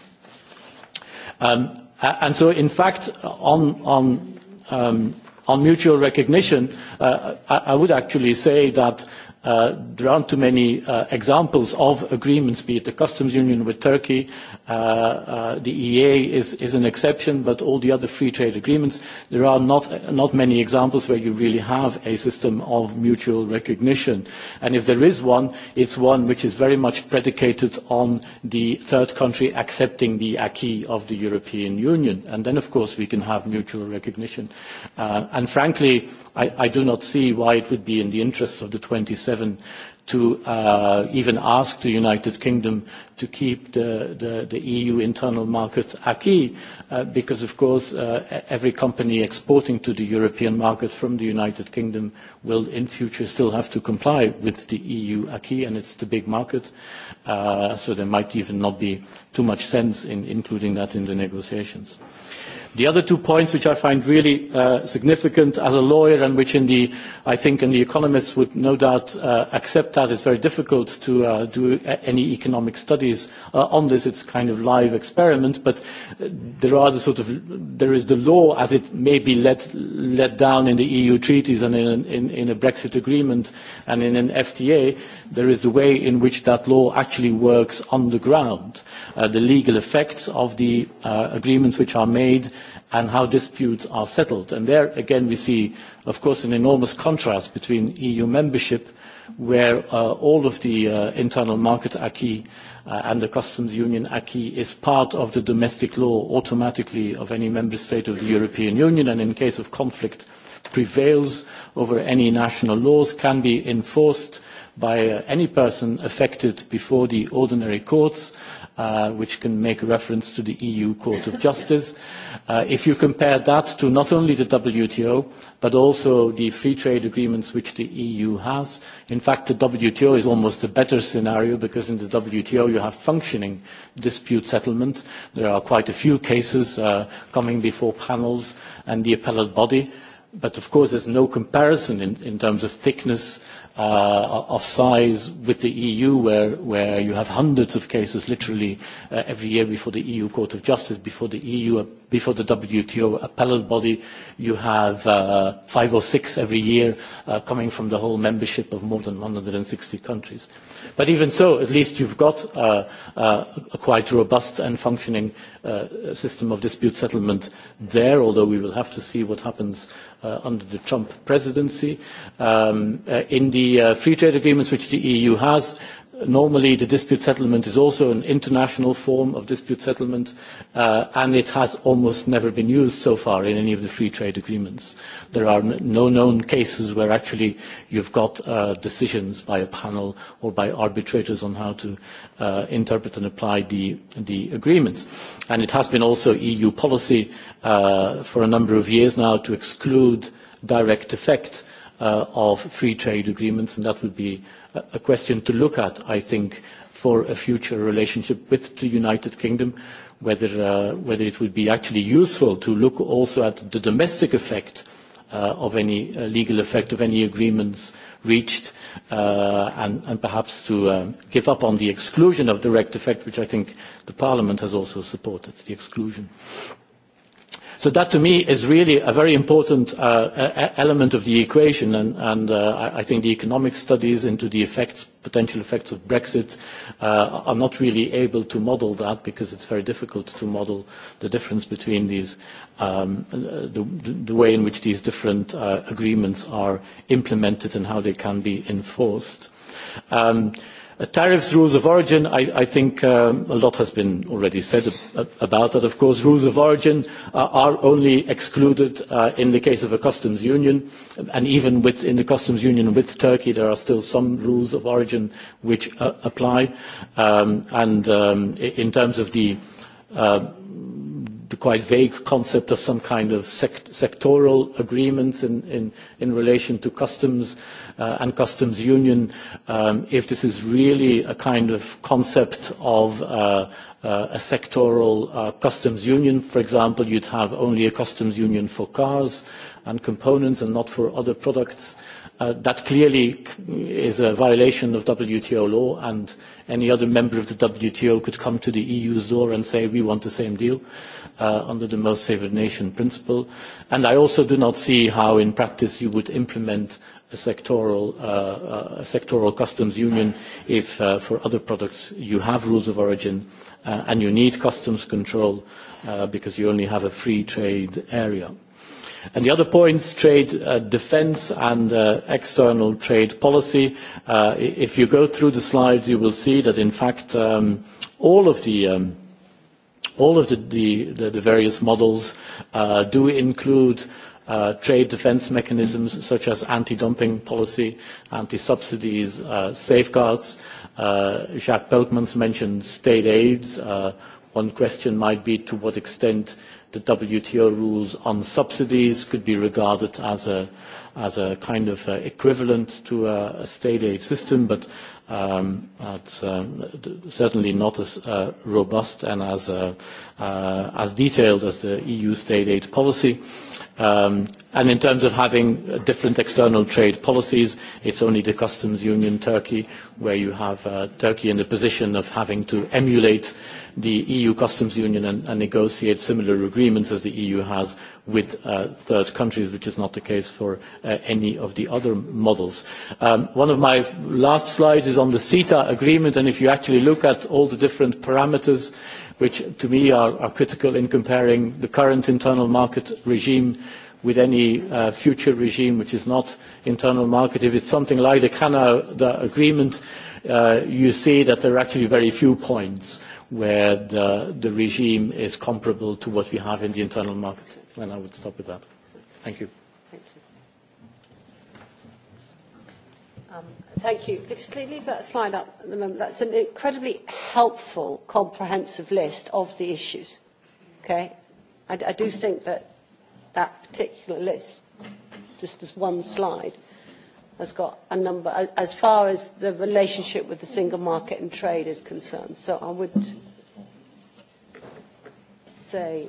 Um, and so, in fact, on, on, um, on mutual recognition, uh, I, I would actually say that Uh, there aren't too many uh, examples of agreements, be it the customs union with Turkey, uh, uh, the EA is, is an exception, but all the other free trade agreements, there are not, not many examples where you really have a system of mutual recognition. And if there is one, it's one which is very much predicated on the third country accepting the acquis of the European Union. And then, of course, we can have mutual recognition. Uh, and frankly, I, I do not see why it would be in the interests of the 27 seven to uh, even ask the United Kingdom to keep the, the, the EU internal market acquis, uh, because of course uh, every company exporting to the European market from the United Kingdom will in future still have to comply with the EU acquis, and it's the big market, uh, so there might even not be too much sense in including that in the negotiations. Uh, The other two points which I find really uh, significant as a lawyer and which in the, I think and the economists would no doubt uh, accept that it's very difficult to uh, do any economic studies uh, on this. It's kind of live experiment, but uh, there are the sort of, there is the law as it may be let, let down in the EU treaties and in, in, in a Brexit agreement and in an FTA. There is the way in which that law actually works on the ground. Uh, the legal effects of the uh, agreements which are made and how disputes are settled. And there again we see, of course, an enormous contrast between EU membership where uh, all of the uh, internal market acquis uh, and the customs union acquis is part of the domestic law automatically of any member state of the European Union and in case of conflict prevails over any national laws can be enforced by uh, any person affected before the ordinary courts Uh, which can make reference to the EU Court of Justice. Uh, if you compare that to not only the WTO, but also the free trade agreements which the EU has, in fact, the WTO is almost a better scenario because in the WTO you have functioning dispute settlement. There are quite a few cases uh, coming before panels and the appellate body. But of course, there's no comparison in, in terms of thickness uh, of size with the EU, where, where you have hundreds of cases literally uh, every year before the EU Court of Justice, before the EU, uh, before the WTO appellate body. You have uh, five or six every year uh, coming from the whole membership of more than 160 countries. But even so, at least you've got uh, uh, a quite robust and functioning uh, system of dispute settlement there, although we will have to see what happens uh, under the Trump presidency. Um, uh, in the uh, free trade agreements which the EU has, normally the dispute settlement is also an international form of dispute settlement uh, and it has almost never been used so far in any of the free trade agreements. There are no known cases where actually you've got uh, decisions by a panel or by arbitrators on how to uh, interpret and apply the, the agreements. And it has been also EU policy uh, for a number of years now to exclude direct effect uh, of free trade agreements and that would be a question to look at, I think, for a future relationship with the United Kingdom, whether, uh, whether it would be actually useful to look also at the domestic effect Uh, of any uh, legal effect of any agreements reached uh, and, and perhaps to um, give up on the exclusion of direct effect, which I think the Parliament has also supported, the exclusion. Uh, So that to me is really a very important uh, element of the equation and, and uh, I think the economic studies into the effects, potential effects of Brexit uh, are not really able to model that because it's very difficult to model the difference between these, um, the, the way in which these different uh, agreements are implemented and how they can be enforced. Um, Uh, tariffs, rules of origin, I, think uh, a lot has been already said about that. Of course, rules of origin uh, are only excluded in the case of a customs union, and even within in the customs union with Turkey, there are still some rules of origin which apply. Um, and um, in terms of the the quite vague concept of some kind of sect sectoral agreements in, in, in relation to customs uh, and customs union, um, if this is really a kind of concept of uh, uh, a sectoral uh, customs union, for example, you'd have only a customs union for cars and components and not for other products. Uh, that clearly is a violation of WTO law and any other member of the WTO could come to the EU's door and say we want the same deal. Uh, uh, under the most favoured nation principle. And I also do not see how in practice you would implement a sectoral, uh, uh, a sectoral customs union if uh, for other products you have rules of origin uh, and you need customs control uh, because you only have a free trade area. And the other points, trade uh, defence and uh, external trade policy. Uh, if you go through the slides, you will see that, in fact, um, all of the um, all of the, the, the various models uh, do include uh, trade defence mechanisms such as anti-dumping policy, anti-subsidies, uh, safeguards. Uh, Jacques Beltmans mentioned state aids. Uh, one question might be to what extent the WTO rules on subsidies could be regarded as a, as a kind of uh, equivalent to a, a state aid system, but um, at, um, certainly not as uh, robust and as, uh, uh, as detailed as the EU state aid policy. Um, and in terms of having different external trade policies, it's only the customs union Turkey where you have uh, Turkey in the position of having to emulate the EU customs union and, and negotiate similar agreements as the EU has with uh, third countries, which is not the case for uh, any of the other models. Um, one of my last slides is on the CETA agreement, and if you actually look at all the different parameters, uh, which to me are, are critical in comparing the current internal market regime with any uh, future regime which is not internal market. If it's something like the Canada agreement, uh, you see that there are actually very few points where the, the regime is comparable to what we have in the internal market. And I would stop with that. Thank you. Thank you. Could you just leave that slide up at the moment? That's an incredibly helpful, comprehensive list of the issues. Okay? I, I do think that that particular list, just as one slide, has got a number as far as the relationship with the single market and trade is concerned. So I would say,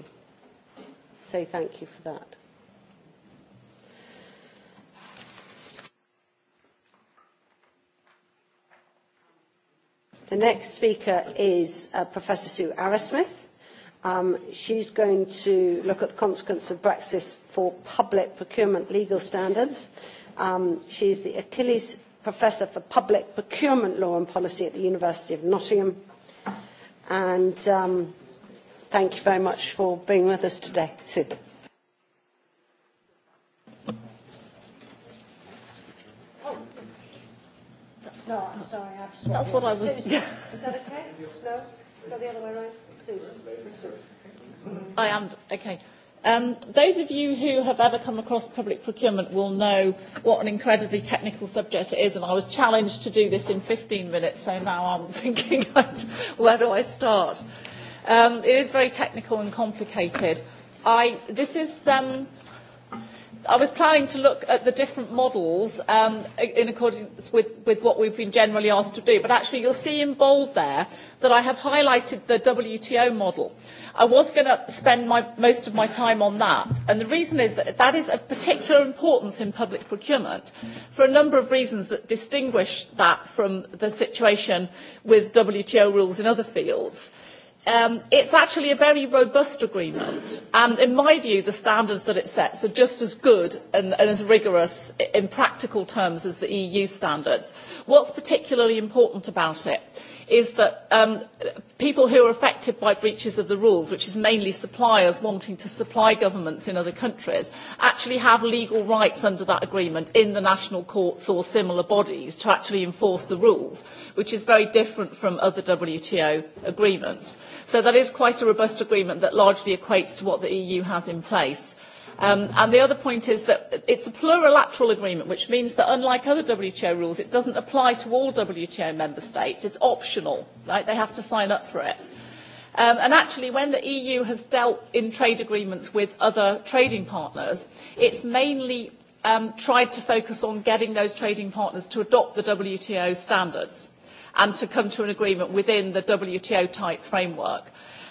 say thank you for that. The next speaker is uh, Professor Sue Arrowsmith. Um, she's going to look at the consequence of Brexit for public procurement legal standards. Um, she's the Achilles Professor for Public Procurement Law and Policy at the University of Nottingham. And um, thank you very much for being with us today, Sue. No, I'm sorry, I'm sorry. That's what I was. Susan. Is that okay? No? Go the other way around? Susan. I am, okay. Um, those of you who have ever come across public procurement will know what an incredibly technical subject it is, and I was challenged to do this in 15 minutes, so now I'm [laughs] thinking, where do I start? Um, it is very technical and complicated. I, this is um, I was planning to look at the different models um, in accordance with, with what we've been generally asked to do, but actually you'll see in bold there that I have highlighted the WTO model. I was going to spend my, most of my time on that, and the reason is that that is of particular importance in public procurement for a number of reasons that distinguish that from the situation with WTO rules in other fields it um, it's actually a very robust agreement. And um, in my view, the standards that it sets are just as good and, and as rigorous in practical terms as the EU standards. What's particularly important about it is that um, people who are affected by breaches of the rules, which is mainly suppliers wanting to supply governments in other countries, actually have legal rights under that agreement in the national courts or similar bodies to actually enforce the rules, which is very different from other WTO agreements. So that is quite a robust agreement that largely equates to what the EU has in place. Um, and the other point is that it's a plurilateral agreement, which means that unlike other WTO rules, it doesn't apply to all WTO member states. It's optional, right? They have to sign up for it. Um, and actually, when the EU has dealt in trade agreements with other trading partners, it's mainly um, tried to focus on getting those trading partners to adopt the WTO standards and to come to an agreement within the WTO type framework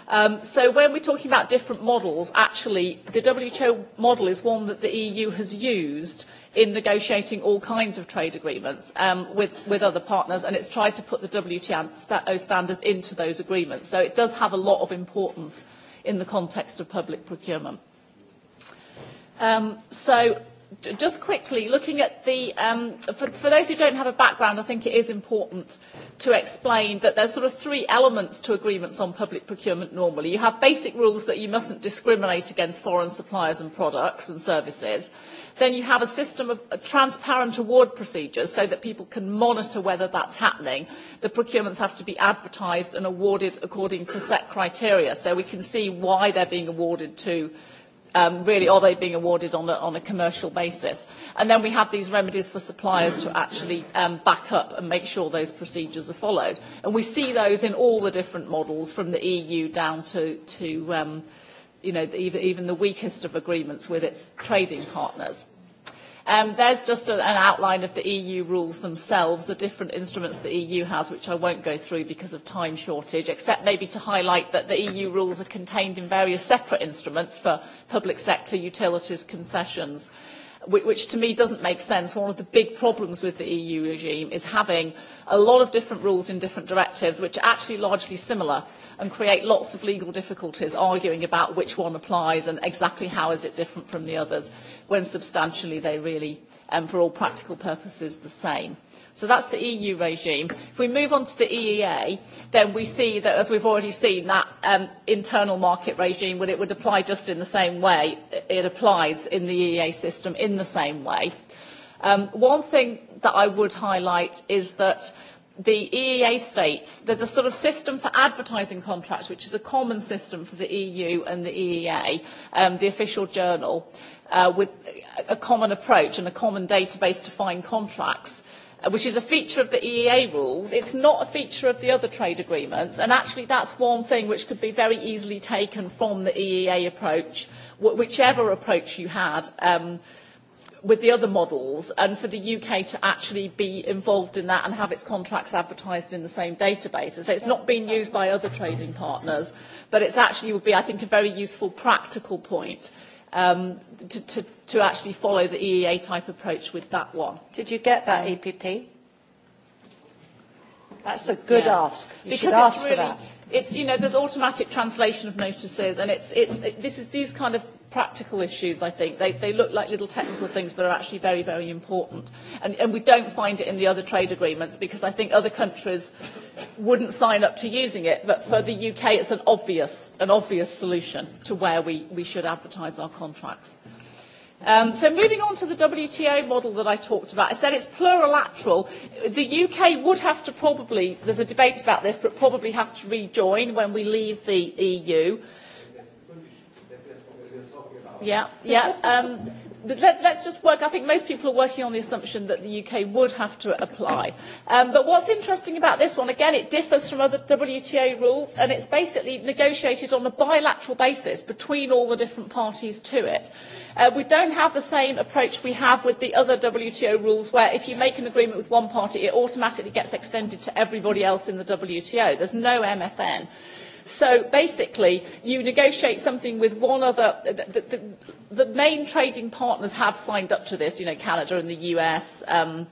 Um, so when we're talking about different models, actually the WHO model is one that the EU has used in negotiating all kinds of trade agreements um, with, with other partners, and it's tried to put the WTO standards into those agreements. So it does have a lot of importance in the context of public procurement. Um, so just quickly, looking at the, um, for, for those who don't have a background, I think it is important to explain that there's sort of three elements to agreements on public procurement normally. You have basic rules that you mustn't discriminate against foreign suppliers and products and services. Then you have a system of transparent award procedures so that people can monitor whether that's happening. The procurements have to be advertised and awarded according to set criteria so we can see why they're being awarded to um, really are they being awarded on a, on a commercial basis? And then we have these remedies for suppliers to actually um, back up and make sure those procedures are followed. And we see those in all the different models from the EU down to, to um, you know, the, even the weakest of agreements with its trading partners. Um, there's just a, an outline of the EU rules themselves, the different instruments the EU has, which I won't go through because of time shortage, except maybe to highlight that the EU rules are contained in various separate instruments for public sector utilities concessions which to me doesn't make sense. One of the big problems with the EU regime is having a lot of different rules in different directives, which are actually largely similar and create lots of legal difficulties arguing about which one applies and exactly how is it different from the others, when substantially they really, and um, for all practical purposes, the same. So that's the EU regime. If we move on to the EEA, then we see that, as we've already seen, that um, internal market regime, when it would apply just in the same way, it applies in the EEA system in the same way. Um, one thing that I would highlight is that the EEA states, there's a sort of system for advertising contracts, which is a common system for the EU and the EEA, um, the official journal, uh, with a common approach and a common database to find contracts which is a feature of the EEA rules. It's not a feature of the other trade agreements. And actually, that's one thing which could be very easily taken from the EEA approach, whichever approach you had um, with the other models, and for the UK to actually be involved in that and have its contracts advertised in the same database. So it's not being used by other trading partners, but it's actually would be, I think, a very useful practical point um, to, to to actually follow the EEA type approach with that one. Did you get that, um, EPP? That's a good yeah. ask. You because should ask it's really, for that. It's, you know, there's automatic translation of notices, and it's, it's, it, this is these kind of practical issues, I think. They, they look like little technical things, but are actually very, very important. And, and we don't find it in the other trade agreements, because I think other countries wouldn't sign up to using it, but for the UK, it's an obvious, an obvious solution to where we, we should advertise our contracts. Um, so moving on to the WTO model that I talked about, I said it's plurilateral. The UK would have to probably, there's a debate about this, but probably have to rejoin when we leave the EU. Yeah, yeah. Um, let's just work. I think most people are working on the assumption that the UK would have to apply. Um, but what's interesting about this one, again, it differs from other WTO rules, and it's basically negotiated on a bilateral basis between all the different parties to it. Uh, we don't have the same approach we have with the other WTO rules, where if you make an agreement with one party, it automatically gets extended to everybody else in the WTO. There's no MFN. So basically, you negotiate something with one other. The, the, the, the main trading partners have signed up to this, you know, Canada and the US um,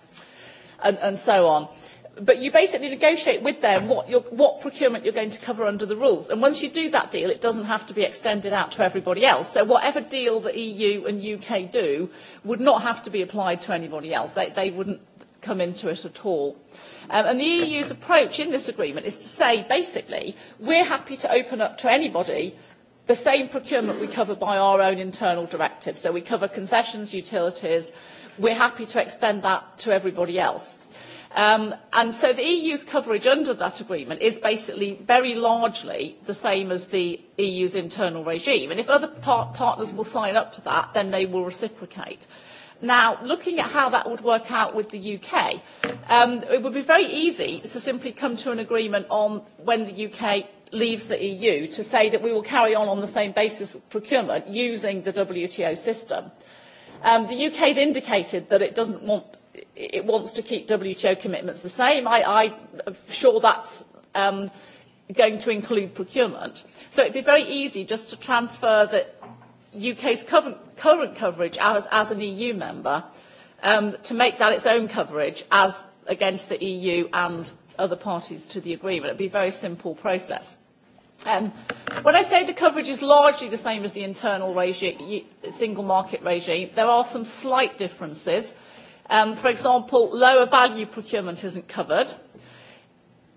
and, and so on but you basically negotiate with them what, your, what procurement you're going to cover under the rules. And once you do that deal, it doesn't have to be extended out to everybody else. So whatever deal the EU and UK do would not have to be applied to anybody else. They, they wouldn't come into it at all. Um, and the EU's approach in this agreement is to say, basically, we're happy to open up to anybody the same procurement we cover by our own internal directive. So we cover concessions, utilities. We're happy to extend that to everybody else. Um, and so the EU's coverage under that agreement is basically very largely the same as the EU's internal regime. And if other par partners will sign up to that, then they will reciprocate. Now, looking at how that would work out with the UK, um, it would be very easy to simply come to an agreement on when the UK leaves the EU to say that we will carry on on the same basis with procurement using the WTO system. Um, the UK has indicated that it doesn't want it wants to keep WTO commitments the same. I, I'm sure that's um, going to include procurement. So it'd be very easy just to transfer the UK's current coverage as, as an EU member um, to make that its own coverage as against the EU and other parties to the agreement. It would be a very simple process. Um, when I say the coverage is largely the same as the internal regime, single market regime, there are some slight differences. Um, for example, lower value procurement isn't covered.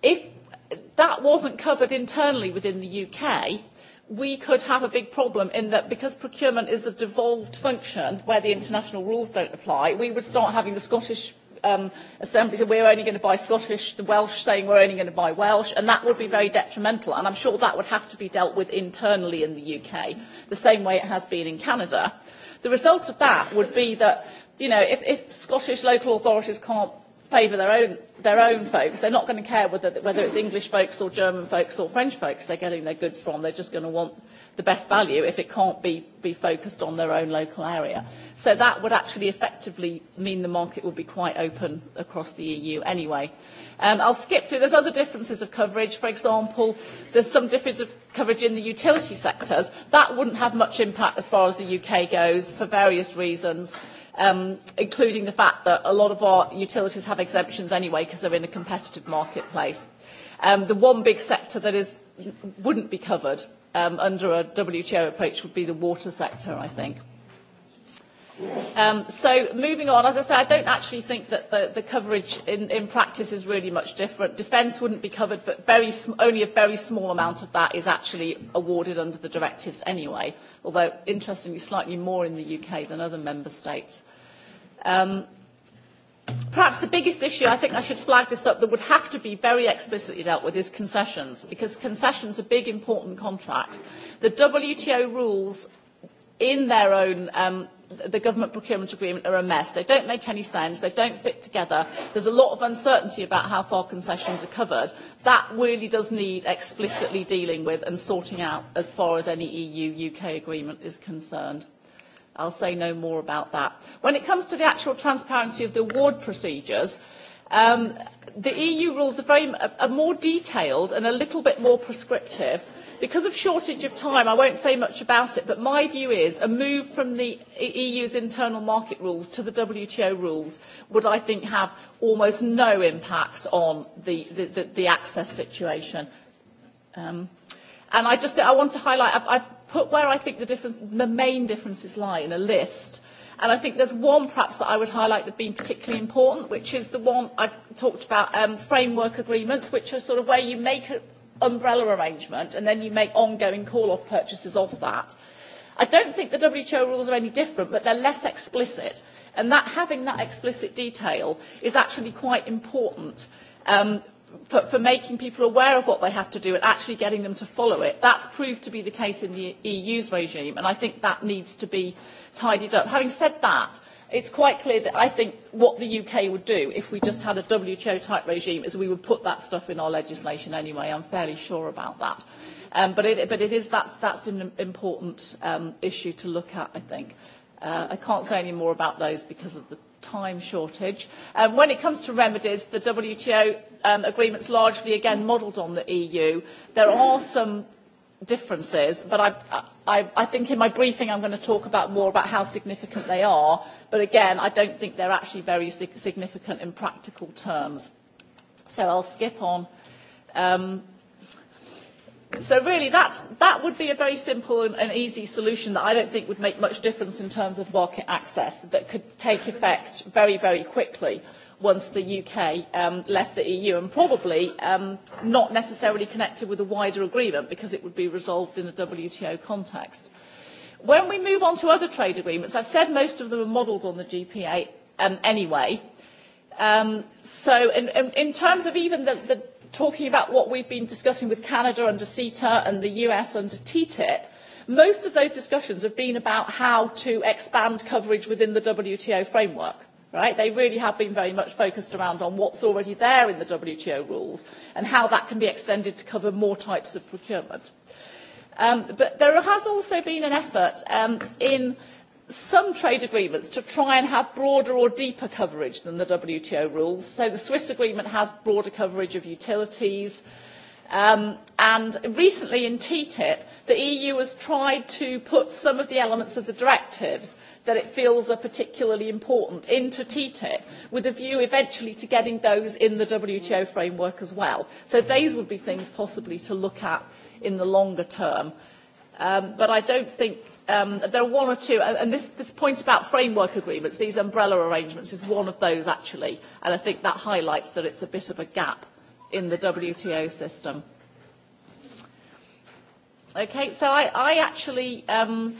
If that wasn't covered internally within the UK, we could have a big problem in that because procurement is a devolved function where the international rules don't apply, we would start having the Scottish um, assembly say we're only going to buy Scottish, the Welsh saying we're only going to buy Welsh, and that would be very detrimental. And I'm sure that would have to be dealt with internally in the UK, the same way it has been in Canada. The result of that would be that, you know, if, if Scottish local authorities can't favour their own, their own folks. They're not going to care whether, whether it's English folks or German folks or French folks they're getting their goods from. They're just going to want the best value if it can't be, be focused on their own local area. So that would actually effectively mean the market would be quite open across the EU anyway. Um, I'll skip through. There's other differences of coverage. For example, there's some difference of coverage in the utility sectors. That wouldn't have much impact as far as the UK goes for various reasons um, including the fact that a lot of our utilities have exemptions anyway because they're in a competitive marketplace. Um, the one big sector that is, wouldn't be covered um, under a WTO approach would be the water sector, I think. Um, so moving on, as I say, I don't actually think that the, the coverage in, in practice is really much different. Defence wouldn't be covered, but very only a very small amount of that is actually awarded under the directives anyway, although interestingly slightly more in the UK than other member states. Um, perhaps the biggest issue, I think I should flag this up, that would have to be very explicitly dealt with is concessions, because concessions are big, important contracts. The WTO rules in their own um, the government procurement agreement are a mess. They don't make any sense. They don't fit together. There's a lot of uncertainty about how far concessions are covered. That really does need explicitly dealing with and sorting out as far as any EU-UK agreement is concerned. I'll say no more about that. When it comes to the actual transparency of the award procedures, um, the EU rules are, very, are more detailed and a little bit more prescriptive. Because of shortage of time, I won't say much about it, but my view is a move from the EU's internal market rules to the WTO rules would, I think, have almost no impact on the, the, the, the access situation. Um, and I just I want to highlight, I, I put where I think the, difference, the main differences lie in a list. And I think there's one perhaps that I would highlight that being particularly important, which is the one I've talked about, um, framework agreements, which are sort of where you make an umbrella arrangement and then you make ongoing call-off purchases of that. I don't think the WTO rules are any different, but they're less explicit. And that having that explicit detail is actually quite important um, for, for making people aware of what they have to do and actually getting them to follow it. That's proved to be the case in the EU's regime, and I think that needs to be tidied up. Having said that, it's quite clear that I think what the UK would do if we just had a WTO type regime is we would put that stuff in our legislation anyway. I'm fairly sure about that. Um, but, it, but it is, that's, that's an important um, issue to look at, I think. Uh, I can't say any more about those because of the time shortage. Um, when it comes to remedies, the WTO um, agreement is largely, again, modelled on the EU. There are some differences, but I, I, I think in my briefing I'm going to talk about more about how significant they are. But again, I don't think they're actually very sig significant in practical terms. So I'll skip on. Um, So really, that's, that would be a very simple and, and easy solution that I don't think would make much difference in terms of market access that could take effect very, very quickly once the UK um, left the EU and probably um, not necessarily connected with a wider agreement because it would be resolved in a WTO context. When we move on to other trade agreements, I've said most of them are modelled on the GPA um, anyway. Um, so in, in, in terms of even the, the talking about what we've been discussing with Canada under CETA and the US under TTIP, most of those discussions have been about how to expand coverage within the WTO framework. Right? They really have been very much focused around on what's already there in the WTO rules and how that can be extended to cover more types of procurement. Um, but there has also been an effort um, in some trade agreements to try and have broader or deeper coverage than the WTO rules. So the Swiss agreement has broader coverage of utilities. Um, and recently in TTIP, the EU has tried to put some of the elements of the directives that it feels are particularly important into TTIP with a view eventually to getting those in the WTO framework as well. So these would be things possibly to look at in the longer term. Um, but I don't think Um, there are one or two, and this, this point about framework agreements, these umbrella arrangements, is one of those actually, and I think that highlights that it's a bit of a gap in the WTO system. Okay, so I, I actually um,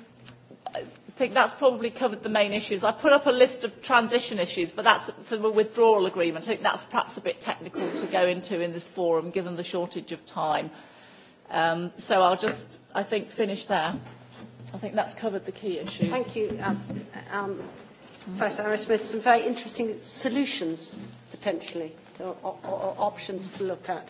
think that's probably covered the main issues. I put up a list of transition issues, but that's for the withdrawal agreement. I think that's perhaps a bit technical to go into in this forum, given the shortage of time. Um, so I'll just, I think, finish there. I think that's covered the key issues. Thank you, um, um, Professor Smith. Some very interesting solutions, potentially, or, or, or options to look at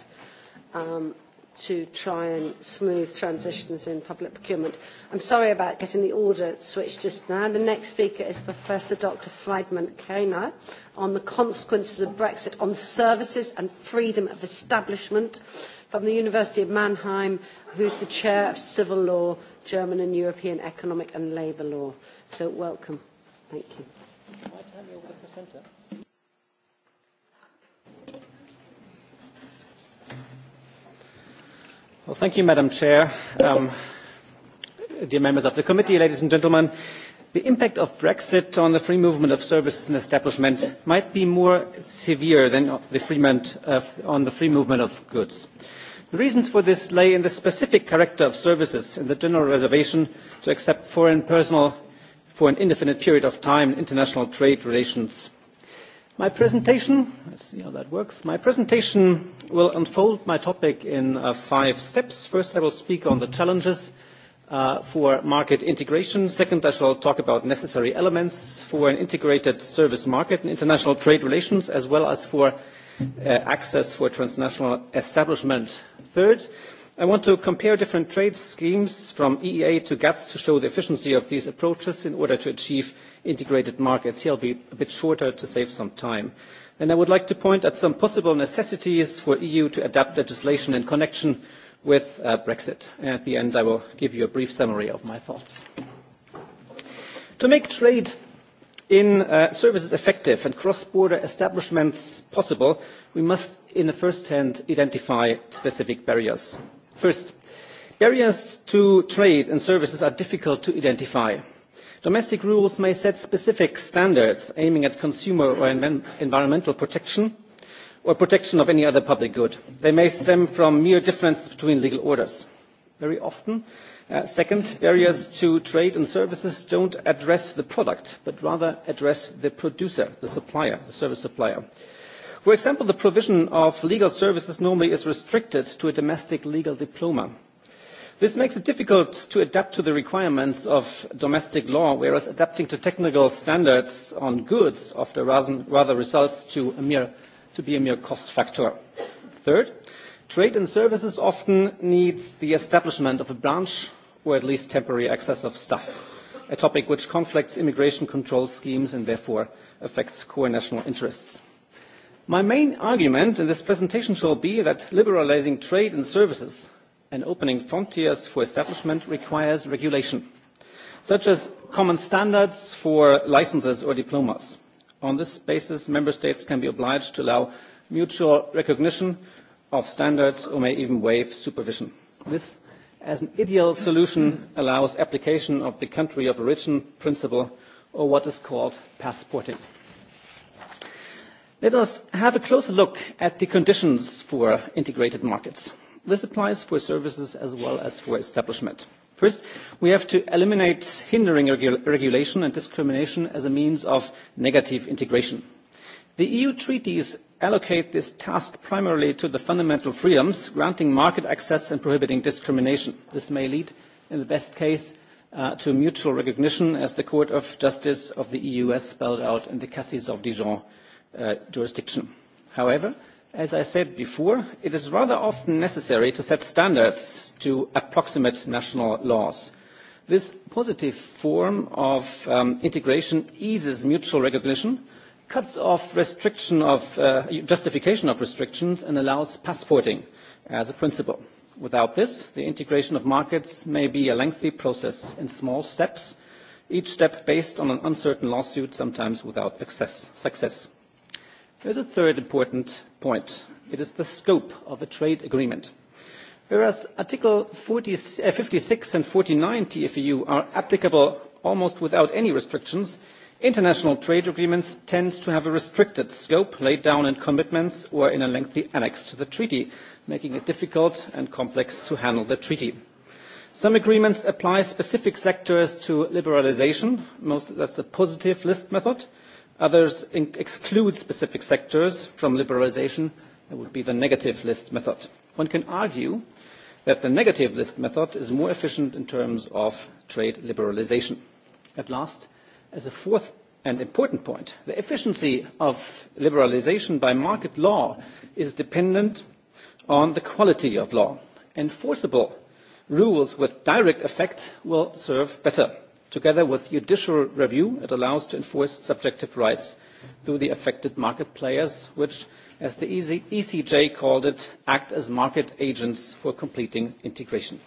um, to try and smooth transitions in public procurement. I'm sorry about getting the order switched just now. The next speaker is Professor Dr. Friedman Kena on the consequences of Brexit on services and freedom of establishment from the University of Mannheim, who's the chair of civil law German and European economic and labour law. So welcome. Thank you. Well, thank you, Madam Chair. Um, dear members of the committee, ladies and gentlemen, the impact of Brexit on the free movement of services and establishment might be more severe than the free movement of, uh, on the free movement of goods. The reasons for this lay in the specific character of services in the general reservation to accept foreign personnel for an indefinite period of time in international trade relations. My presentation, let's see how that works. My presentation will unfold my topic in uh, five steps. First, I will speak on the challenges uh, for market integration. Second, I shall talk about necessary elements for an integrated service market in international trade relations, as well as for uh, access for transnational establishment. Third, I want to compare different trade schemes from EEA to GATS to show the efficiency of these approaches in order to achieve integrated markets. Here I'll be a bit shorter to save some time. And I would like to point at some possible necessities for EU to adapt legislation in connection with uh, Brexit. And at the end, I will give you a brief summary of my thoughts. To make trade in uh, services effective and cross-border establishments possible, we must in the first hand identify specific barriers. First, barriers to trade and services are difficult to identify. Domestic rules may set specific standards aiming at consumer or en environmental protection or protection of any other public good. They may stem from mere differences between legal orders. Very often, Uh, second, barriers to trade and services do not address the product, but rather address the producer, the supplier, the service supplier. For example, the provision of legal services normally is restricted to a domestic legal diploma. This makes it difficult to adapt to the requirements of domestic law, whereas adapting to technical standards on goods often rather results to, a mere, to be a mere cost factor. Third, Trade and services often needs the establishment of a branch or at least temporary access of staff, a topic which conflicts immigration control schemes and therefore affects core national interests. My main argument in this presentation shall be that liberalising trade and services and opening frontiers for establishment requires regulation, such as common standards for licenses or diplomas. On this basis, member states can be obliged to allow mutual recognition of standards or may even waive supervision. This, as an ideal solution, allows application of the country of origin principle or what is called passporting. Let us have a closer look at the conditions for integrated markets. This applies for services as well as for establishment. First, we have to eliminate hindering regu regulation and discrimination as a means of negative integration. The EU treaties allocate this task primarily to the fundamental freedoms, granting market access and prohibiting discrimination. This may lead, in the best case, uh, to mutual recognition, as the Court of Justice of the EU has spelled out in the Cassis of Dijon uh, jurisdiction. However, as I said before, it is rather often necessary to set standards to approximate national laws. This positive form of um, integration eases mutual recognition cuts off restriction of uh, justification of restrictions and allows passporting as a principle. Without this, the integration of markets may be a lengthy process in small steps, each step based on an uncertain lawsuit, sometimes without access, success. There's a third important point. It is the scope of a trade agreement. Whereas Article 40, uh, 56 and 49 TFEU are applicable almost without any restrictions, International trade agreements tend to have a restricted scope laid down in commitments or in a lengthy annex to the treaty, making it difficult and complex to handle the treaty. Some agreements apply specific sectors to liberalisation, most, that's the positive list method. Others in, exclude specific sectors from liberalisation, that would be the negative list method. One can argue that the negative list method is more efficient in terms of trade liberalisation. At last, As a fourth and important point, the efficiency of liberalisation by market law is dependent on the quality of law. Enforceable rules with direct effect will serve better. Together with judicial review, it allows to enforce subjective rights through the affected market players, which, as the ECJ called it, act as market agents for completing integration.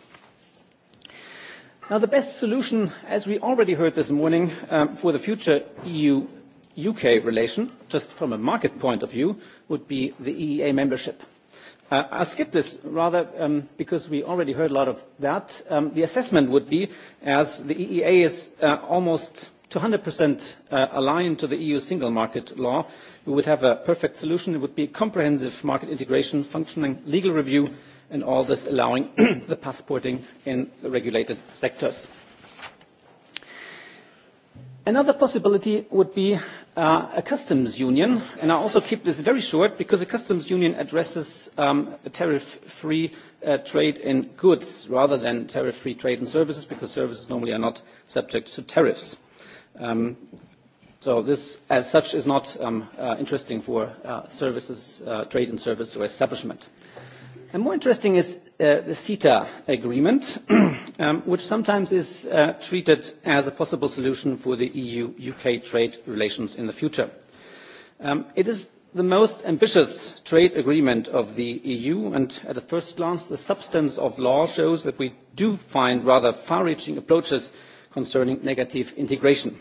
Now, the best solution, as we already heard this morning, um, for the future EU-UK relation, just from a market point of view, would be the EEA membership. Uh, I'll skip this rather um, because we already heard a lot of that. Um, the assessment would be, as the EEA is uh, almost 200% uh, aligned to the EU single market law, we would have a perfect solution. It would be comprehensive market integration, functioning legal review, and all this allowing [clears throat] the passporting in the regulated sectors. Another possibility would be uh, a customs union, and I also keep this very short because a customs union addresses um, tariff-free uh, trade in goods rather than tariff-free trade in services because services normally are not subject to tariffs. Um, so this, as such, is not um, uh, interesting for uh, services, uh, trade in service or establishment. And more interesting is uh, the CETA agreement, [clears throat] um, which sometimes is uh, treated as a possible solution for the EU-UK trade relations in the future. Um, it is the most ambitious trade agreement of the EU, and at a first glance, the substance of law shows that we do find rather far-reaching approaches concerning negative integration.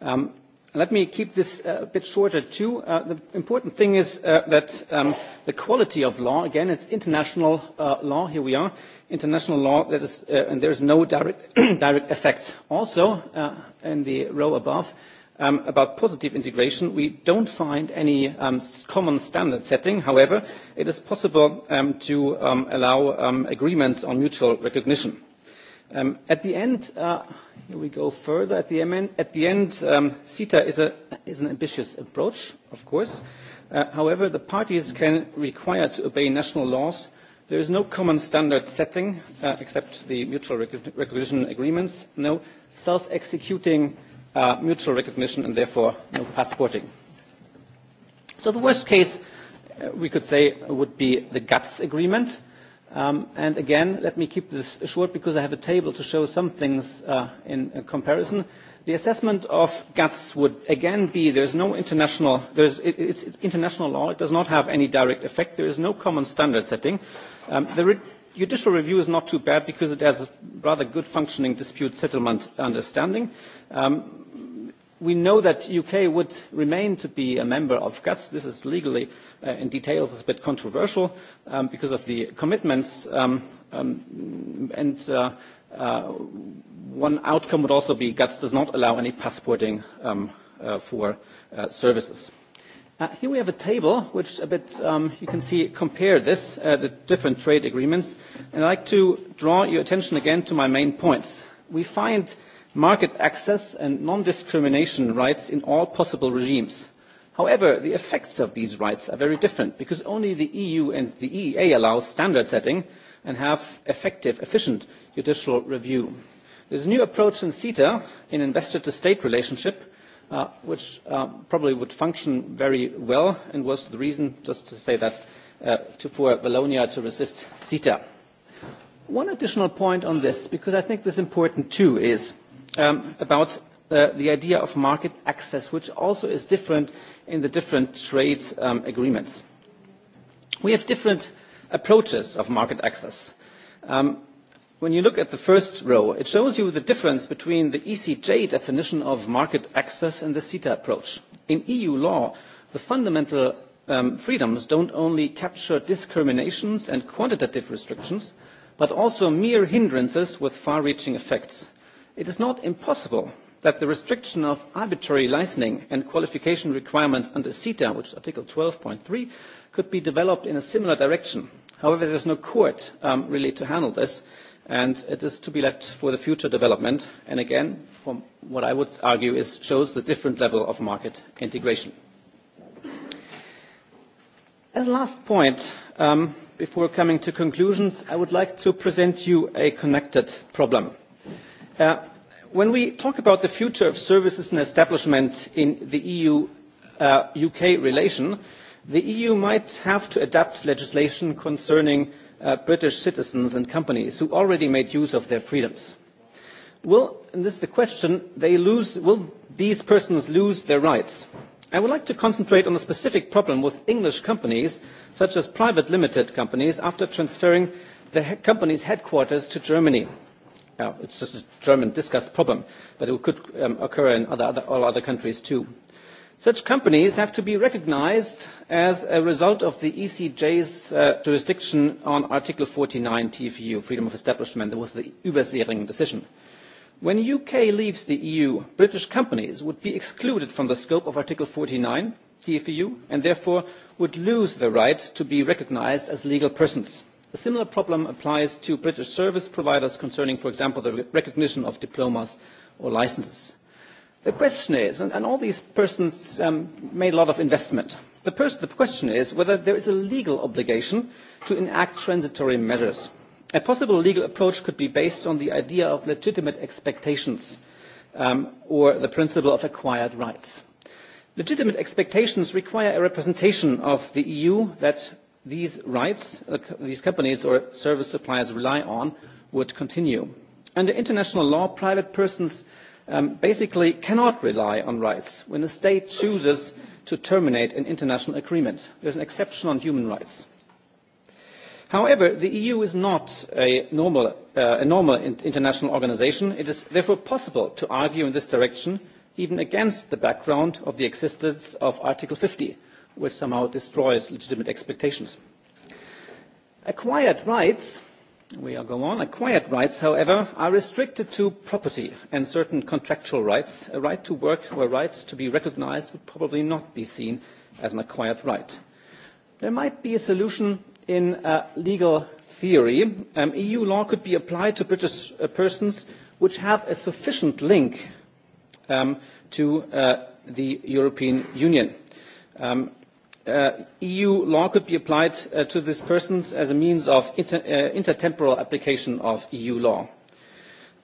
Um, let me keep this uh, a bit shorter too. Uh, the important thing is uh, that um, the quality of law, again, it's international uh, law. Here we are, international law. That is, uh, and there is no direct [clears throat] direct effect. Also, uh, in the row above, um, about positive integration, we don't find any um, common standard setting. However, it is possible um, to um, allow um, agreements on mutual recognition. Um, at the end. Uh, Here we go further. At the, end, at the end um, CETA is, a, is an ambitious approach, of course. Uh, however, the parties can require to obey national laws. There is no common standard setting uh, except the mutual recognition agreements, no self-executing uh, mutual recognition, and therefore no passporting. So the worst case, uh, we could say, would be the GATS agreement, Um, and again, let me keep this short because I have a table to show some things uh, in uh, comparison. The assessment of GATS would again be there's no international, there's, it's, it's international law, it does not have any direct effect, there is no common standard setting. Um, the re judicial review is not too bad because it has a rather good functioning dispute settlement understanding. Um, we know that UK would remain to be a member of GATS. This is legally uh, in details a bit controversial um, because of the commitments. Um, um, and uh, uh, one outcome would also be GATS does not allow any passporting for services. Uh, here we have a table which a bit um, you can see compare this, uh, the different trade agreements. And I'd like to draw your attention again to my main points. We find market access and non-discrimination rights in all possible regimes. However, the effects of these rights are very different because only the EU and the EEA allow standard setting and have effective, efficient judicial review. There is a new approach in CETA, in investor-to-state relationship, uh, which uh, probably would function very well and was the reason, just to say that, uh, to, for Wallonia to resist CETA. One additional point on this, because I think this is important too, is Um, about the, idea of market access, which also is different in the different trade um, agreements. We have different approaches of market access. Um, when you look at the first row, it shows you the difference between the ECJ definition of market access and the CETA approach. In EU law, the fundamental um, freedoms don't only capture discriminations and quantitative restrictions, but also mere hindrances with far-reaching effects it is not impossible that the restriction of arbitrary licensing and qualification requirements under ceta which is article twelve could be developed in a similar direction. however there is no court um, really to handle this and it is to be left for the future development and again from what i would argue is, shows the different level of market integration. as a last point um, before coming to conclusions i would like to present you a connected problem Uh, when we talk about the future of services and establishment in the EU uh, UK relation, the EU might have to adapt legislation concerning uh, British citizens and companies who already made use of their freedoms. Will, and this is the question, they lose, will these persons lose their rights? I would like to concentrate on a specific problem with English companies, such as private limited companies, after transferring the company's headquarters to Germany. Yeah, it's just a German discussed problem, but it could um, occur in other, other, all other countries too. Such companies have to be recognized as a result of the ECJ's uh, jurisdiction on Article 49 TFU, Freedom of Establishment. That was the Überseering decision. When UK leaves the EU, British companies would be excluded from the scope of Article 49 TFU and therefore would lose the right to be recognized as legal persons. A similar problem applies to British service providers concerning, for example, the recognition of diplomas or licenses. The question is, and, all these persons um, made a lot of investment, the, the question is whether there is a legal obligation to enact transitory measures. A possible legal approach could be based on the idea of legitimate expectations um, or the principle of acquired rights. Legitimate expectations require a representation of the EU that these rights uh, these companies or service suppliers rely on would continue. Under international law, private persons um, basically cannot rely on rights when a state chooses to terminate an international agreement. There's an exception on human rights. However, the EU is not a normal, uh, a normal international organization. It is therefore possible to argue in this direction, even against the background of the existence of Article 50, which somehow destroys legitimate expectations. Acquired rights, we are go on, acquired rights, however, are restricted to property and certain contractual rights. A right to work or a right to be recognized would probably not be seen as an acquired right. There might be a solution in uh, legal theory. Um, EU law could be applied to British uh, persons which have a sufficient link um, to uh, the European Union. Um, Uh, EU law could be applied uh, to these persons as a means of inter, uh, intertemporal application of EU law.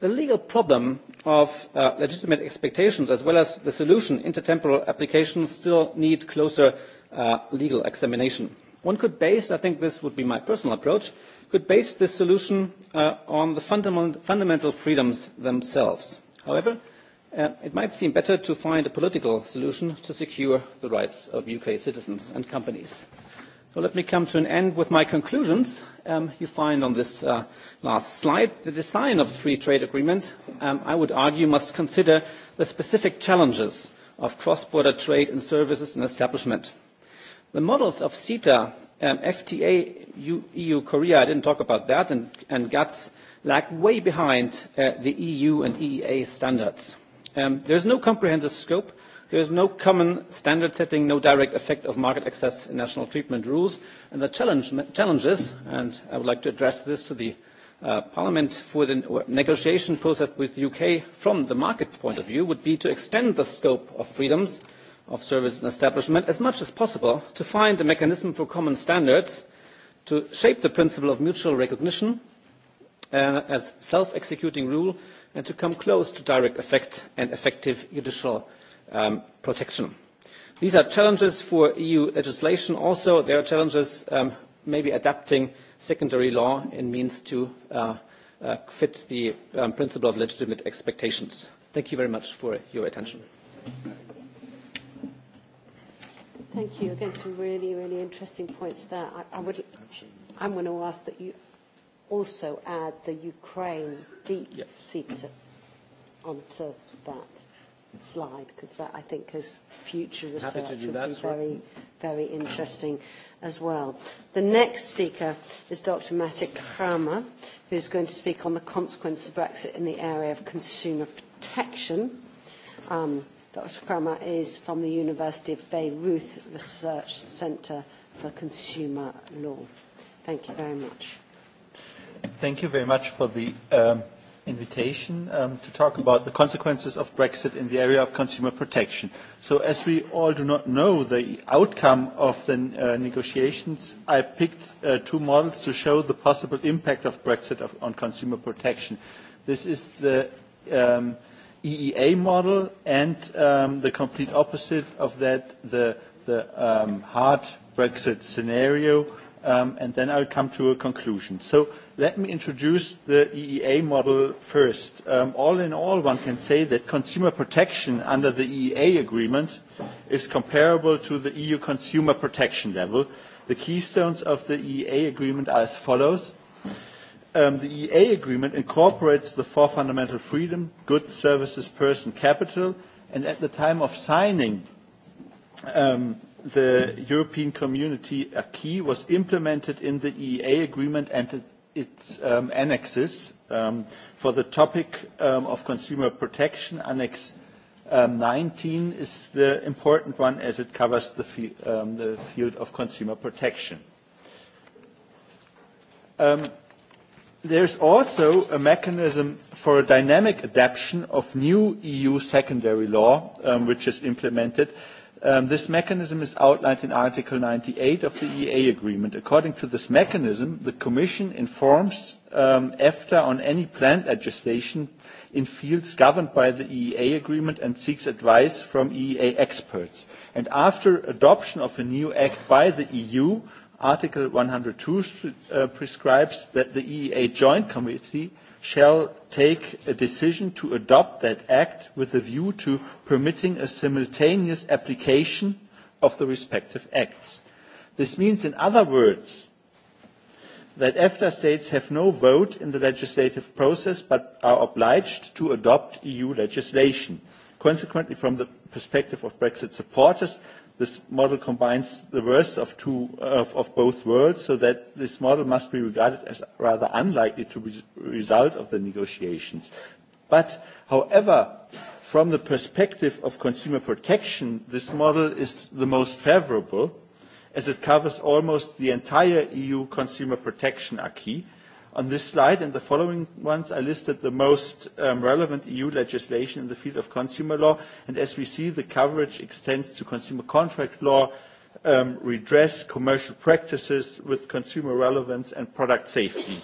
The legal problem of uh, legitimate expectations as well as the solution intertemporal applications still need closer uh, legal examination. One could base, I think this would be my personal approach, could base this solution uh, on the fundament, fundamental freedoms themselves. However, Uh, it might seem better to find a political solution to secure the rights of UK citizens and companies. So let me come to an end with my conclusions. Um, you find on this uh, last slide the design of a free trade agreement, um, I would argue, must consider the specific challenges of cross-border trade in services and establishment. The models of CETA, um, FTA, EU-Korea, I didn't talk about that, and, and GATS lag way behind uh, the EU and EEA standards. Um, there is no comprehensive scope. There is no common standard setting, no direct effect of market access in national treatment rules. And the challenge, challenges, and I would like to address this to the uh, Parliament for the negotiation process with the UK from the market point of view would be to extend the scope of freedoms of service and establishment as much as possible to find a mechanism for common standards to shape the principle of mutual recognition uh, as self-executing rule and to come close to direct effect and effective judicial um, protection. These are challenges for EU legislation. Also, there are challenges um, maybe adapting secondary law in means to uh, uh, fit the um, principle of legitimate expectations. Thank you very much for your attention. Thank you. Again, some really, really interesting points there. I, I would, I'm going to ask that you also add the Ukraine deep yes. onto that slide because that I think has future research would be sort be very, very interesting as well. The next speaker is Dr. Matic Kramer, who is going to speak on the consequence of Brexit in the area of consumer protection. Um, Dr. Kramer is from the University of Beirut Research Center for Consumer Law. Thank you very much. Thank you very much for the um, invitation um, to talk about the consequences of Brexit in the area of consumer protection. So as we all do not know the outcome of the uh, negotiations, I picked uh, two models to show the possible impact of Brexit of, on consumer protection. This is the um, EEA model and um, the complete opposite of that, the, the um, hard Brexit scenario, um, and then I'll come to a conclusion. So let me introduce the EEA model first. Um, all in all, one can say that consumer protection under the EEA agreement is comparable to the EU consumer protection level. The keystones of the EEA agreement are as follows. Um, the EEA agreement incorporates the four fundamental freedoms, goods, services, person, capital, and at the time of signing um, the European Community acquis was implemented in the EEA agreement and its um, annexes. Um, for the topic um, of consumer protection, Annex um, 19 is the important one as it covers the, um, the field of consumer protection. Um, there's also a mechanism for a dynamic adaptation of new EU secondary law, um, which is implemented Um, this mechanism is outlined in Article 98 of the EA agreement. According to this mechanism, the Commission informs um, EFTA on any planned legislation in fields governed by the EEA agreement and seeks advice from EEA experts. And after adoption of a new act by the EU, Article 102 uh, prescribes that the EEA Joint Committee shall take a decision to adopt that act with a view to permitting a simultaneous application of the respective acts. This means, in other words, that EFTA states have no vote in the legislative process but are obliged to adopt EU legislation. Consequently, from the perspective of Brexit supporters, This model combines the worst of, two, of, of both worlds, so that this model must be regarded as rather unlikely to be the result of the negotiations. But, however, from the perspective of consumer protection, this model is the most favorable, as it covers almost the entire EU consumer protection acquis, On this slide and the following ones, I listed the most um, relevant EU legislation in the field of consumer law, and as we see, the coverage extends to consumer contract law, um, redress, commercial practices with consumer relevance, and product safety.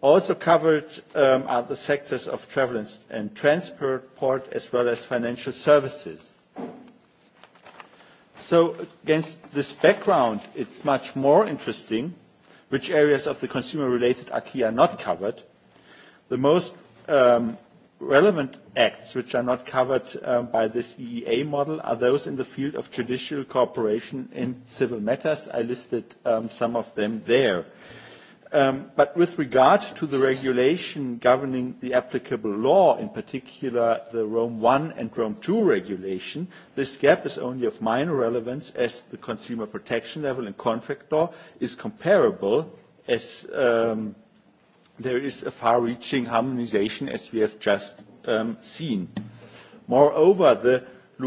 Also covered um, are the sectors of travel and transport, as well as financial services. So against this background, it's much more interesting which areas of the consumer-related acquis are not covered. The most um, relevant acts which are not covered um, by this EEA model are those in the field of judicial cooperation in civil matters. I listed um, some of them there. Um, but with regard to the regulation governing the applicable law, in particular the Rome I and Rome II regulation, this gap is only of minor relevance as the consumer protection level in contract law is comparable as um, there is a far-reaching harmonization as we have just um, seen. Moreover, the Uh,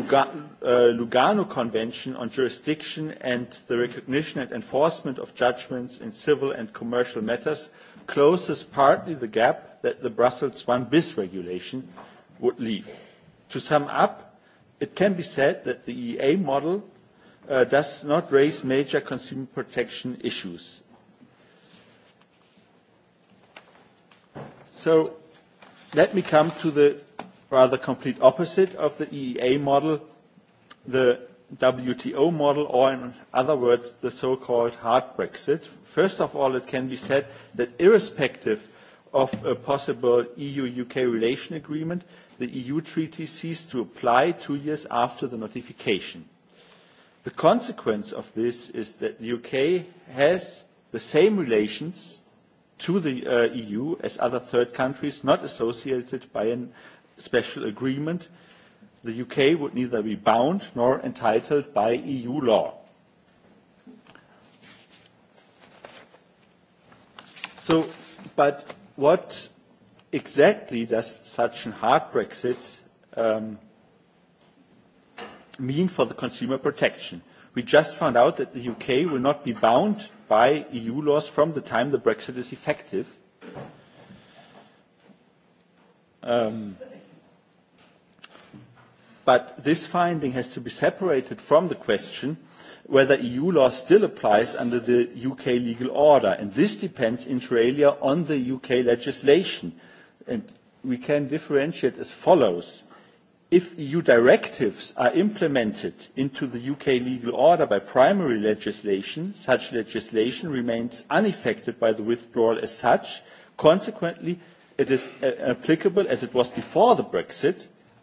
Lugano Convention on Jurisdiction and the Recognition and Enforcement of Judgments in Civil and Commercial Matters closes partly the gap that the Brussels 1 bis regulation would leave. To sum up, it can be said that the EA model uh, does not raise major consumer protection issues. So let me come to the rather complete opposite of the EEA model, the WTO model, or in other words, the so-called hard Brexit. First of all, it can be said that irrespective of a possible EU-UK relation agreement, the EU treaty ceased to apply two years after the notification. The consequence of this is that the UK has the same relations to the uh, EU as other third countries not associated by an special agreement, the UK would neither be bound nor entitled by EU law. So, but what exactly does such a hard Brexit um, mean for the consumer protection? We just found out that the UK will not be bound by EU laws from the time the Brexit is effective. Um, but this finding has to be separated from the question whether EU law still applies under the UK legal order. And this depends, inter alia, on the UK legislation. And we can differentiate as follows. If EU directives are implemented into the UK legal order by primary legislation, such legislation remains unaffected by the withdrawal as such. Consequently, it is uh, applicable as it was before the Brexit,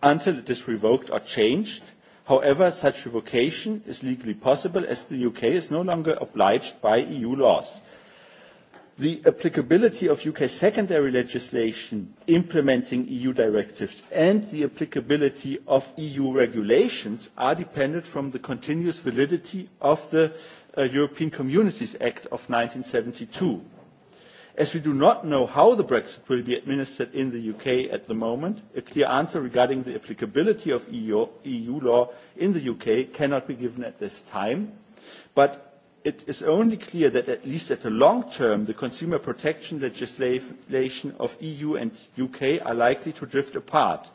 until it is revoked or changed. However, such revocation is legally possible as the UK is no longer obliged by EU laws. The applicability of UK secondary legislation implementing EU directives and the applicability of EU regulations are dependent from the continuous validity of the uh, European Communities Act of 1972 As we do not know how the Brexit will be administered in the UK at the moment, a clear answer regarding the applicability of EU, EU law in the UK cannot be given at this time. But it is only clear that at least at the long term, the consumer protection legislation of EU and UK are likely to drift apart.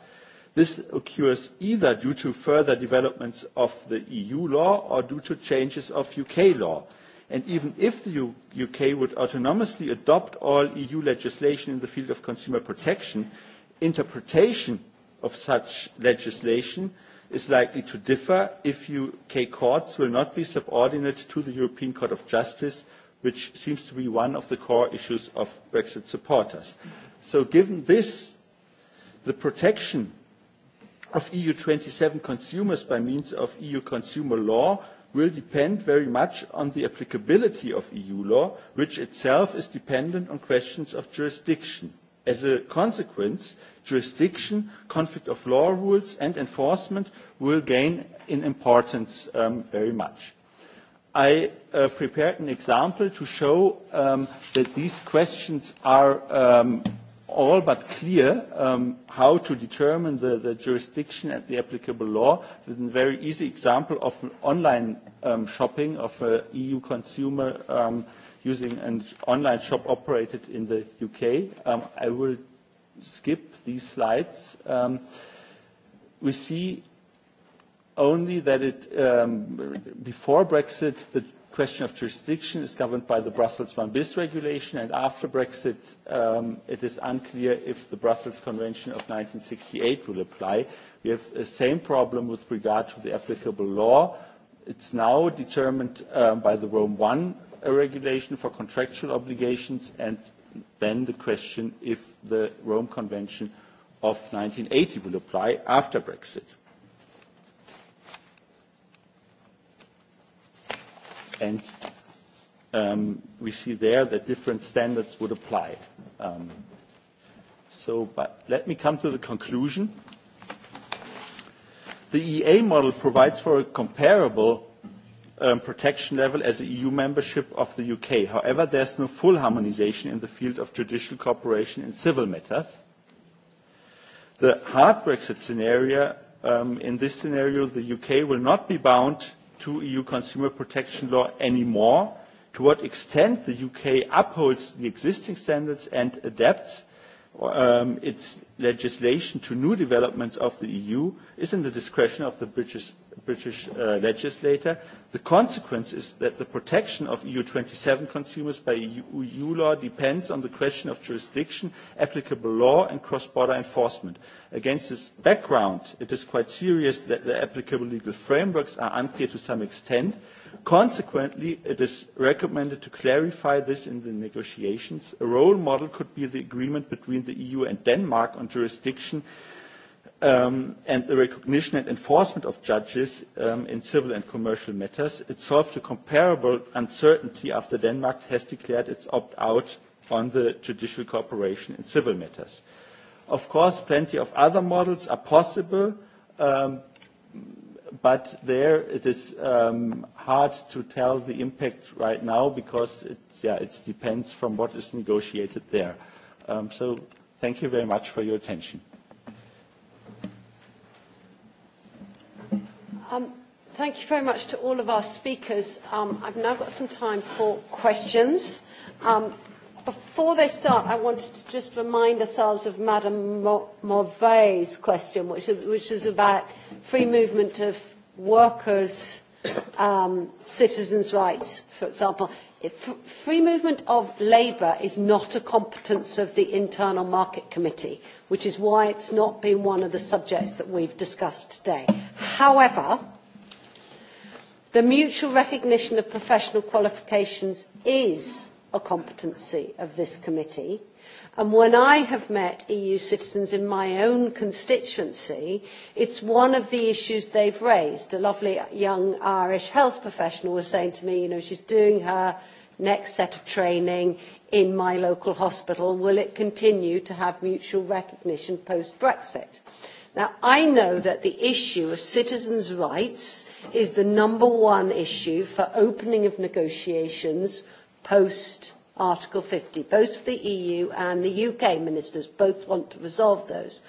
This occurs either due to further developments of the EU law or due to changes of UK law and even if the UK would autonomously adopt all EU legislation in the field of consumer protection, interpretation of such legislation is likely to differ if UK courts will not be subordinate to the European Court of Justice, which seems to be one of the core issues of Brexit supporters. So given this, the protection of EU 27 consumers by means of EU consumer law will depend very much on the applicability of EU law, which itself is dependent on questions of jurisdiction. As a consequence, jurisdiction, conflict of law rules and enforcement will gain in importance um, very much. I uh, prepared an example to show um, that these questions are um, all but clear um, how to determine the, the jurisdiction and the applicable law with a very easy example of online um, shopping of an EU consumer um, using an online shop operated in the UK. Um, I will skip these slides. Um, we see only that it, um, before Brexit, the question of jurisdiction is governed by the Brussels one bis regulation, and after Brexit, um, it is unclear if the Brussels Convention of 1968 will apply. We have the same problem with regard to the applicable law. It's now determined um, by the Rome I uh, regulation for contractual obligations, and then the question if the Rome Convention of 1980 will apply after Brexit. and um, we see there that different standards would apply. Um, so, but let me come to the conclusion. The EA model provides for a comparable um, protection level as a EU membership of the UK. However, there's no full harmonization in the field of judicial cooperation in civil matters. The hard Brexit scenario, um, in this scenario, the UK will not be bound to EU consumer protection law anymore, to what extent the UK upholds the existing standards and adapts um, its legislation to new developments of the EU is in the discretion of the British, British uh, legislator. The consequence is that the protection of EU27 consumers by EU, EU law depends on the question of jurisdiction, applicable law and cross-border enforcement. Against this background, it is quite serious that the applicable legal frameworks are unclear to some extent Consequently, it is recommended to clarify this in the negotiations. A role model could be the agreement between the EU and Denmark on jurisdiction um, and the recognition and enforcement of judges um, in civil and commercial matters. It solved a comparable uncertainty after Denmark has declared its opt-out on the judicial cooperation in civil matters. Of course, plenty of other models are possible, um, but there it is um, hard to tell the impact right now because yeah, it depends from what is negotiated there. Um, so thank you very much for your attention. Um, thank you very much to all of our speakers. I've now got some time for questions before they start, I wanted to just remind ourselves of Madame Morvay's question, which, which is about free movement of workers, um, citizens' rights, for example. If free movement of labour is not a competence of the Internal Market Committee, which is why it's not been one of the subjects that we've discussed today. However, the mutual recognition of professional qualifications is a competency of this committee. And when I have met EU citizens in my own constituency, it's one of the issues they've raised. A lovely young Irish health professional was saying to me, you know, she's doing her next set of training in my local hospital. Will it continue to have mutual recognition post-Brexit? Now, I know that the issue of citizens' rights is the number one issue for opening of negotiations post Article 50. Both the EU and the UK ministers both want to resolve those.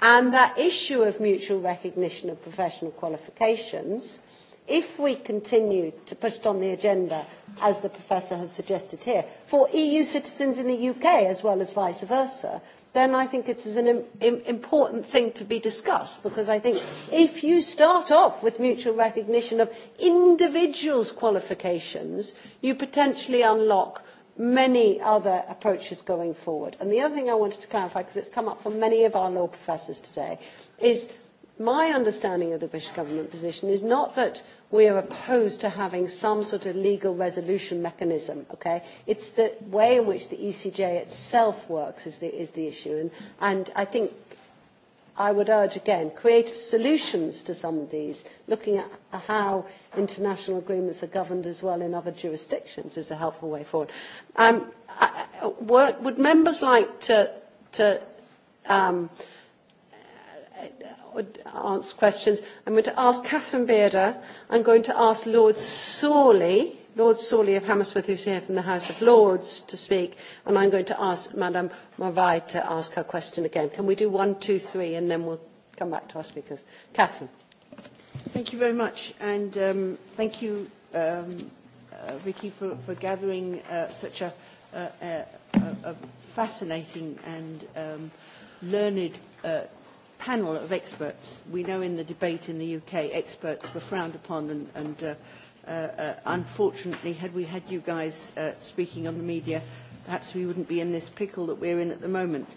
And that issue of mutual recognition of professional qualifications, if we continue to put it on the agenda, as the Professor has suggested here, for EU citizens in the UK as well as vice versa, then I think it is an important thing to be discussed because I think if you start off with mutual recognition of individuals' qualifications, you potentially unlock many other approaches going forward. And the other thing I wanted to clarify, because it's come up from many of our law professors today, is my understanding of the British government position is not that we are opposed to having some sort of legal resolution mechanism. Okay, it's the way in which the ECJ itself works is the is the issue, and and I think I would urge again creative solutions to some of these, looking at how international agreements are governed as well in other jurisdictions is a helpful way forward. Um, I, would members like to to um, ask questions. I'm going to ask Catherine Bearder. I'm going to ask Lord Sawley, Lord Sawley of Hammersmith, who's here from the House of Lords, to speak. And I'm going to ask Madame Morvai to ask her question again. Can we do one, two, three, and then we'll come back to our speakers? Catherine. Thank you very much. And um, thank you, um, uh, Vicky, for, for gathering uh, such a, a, uh, uh, a, a fascinating and um, learned uh, panel of experts. We know in the debate in the UK, experts were frowned upon and, and uh, uh, uh, unfortunately, had we had you guys uh, speaking on the media, perhaps we wouldn't be in this pickle that we're in at the moment.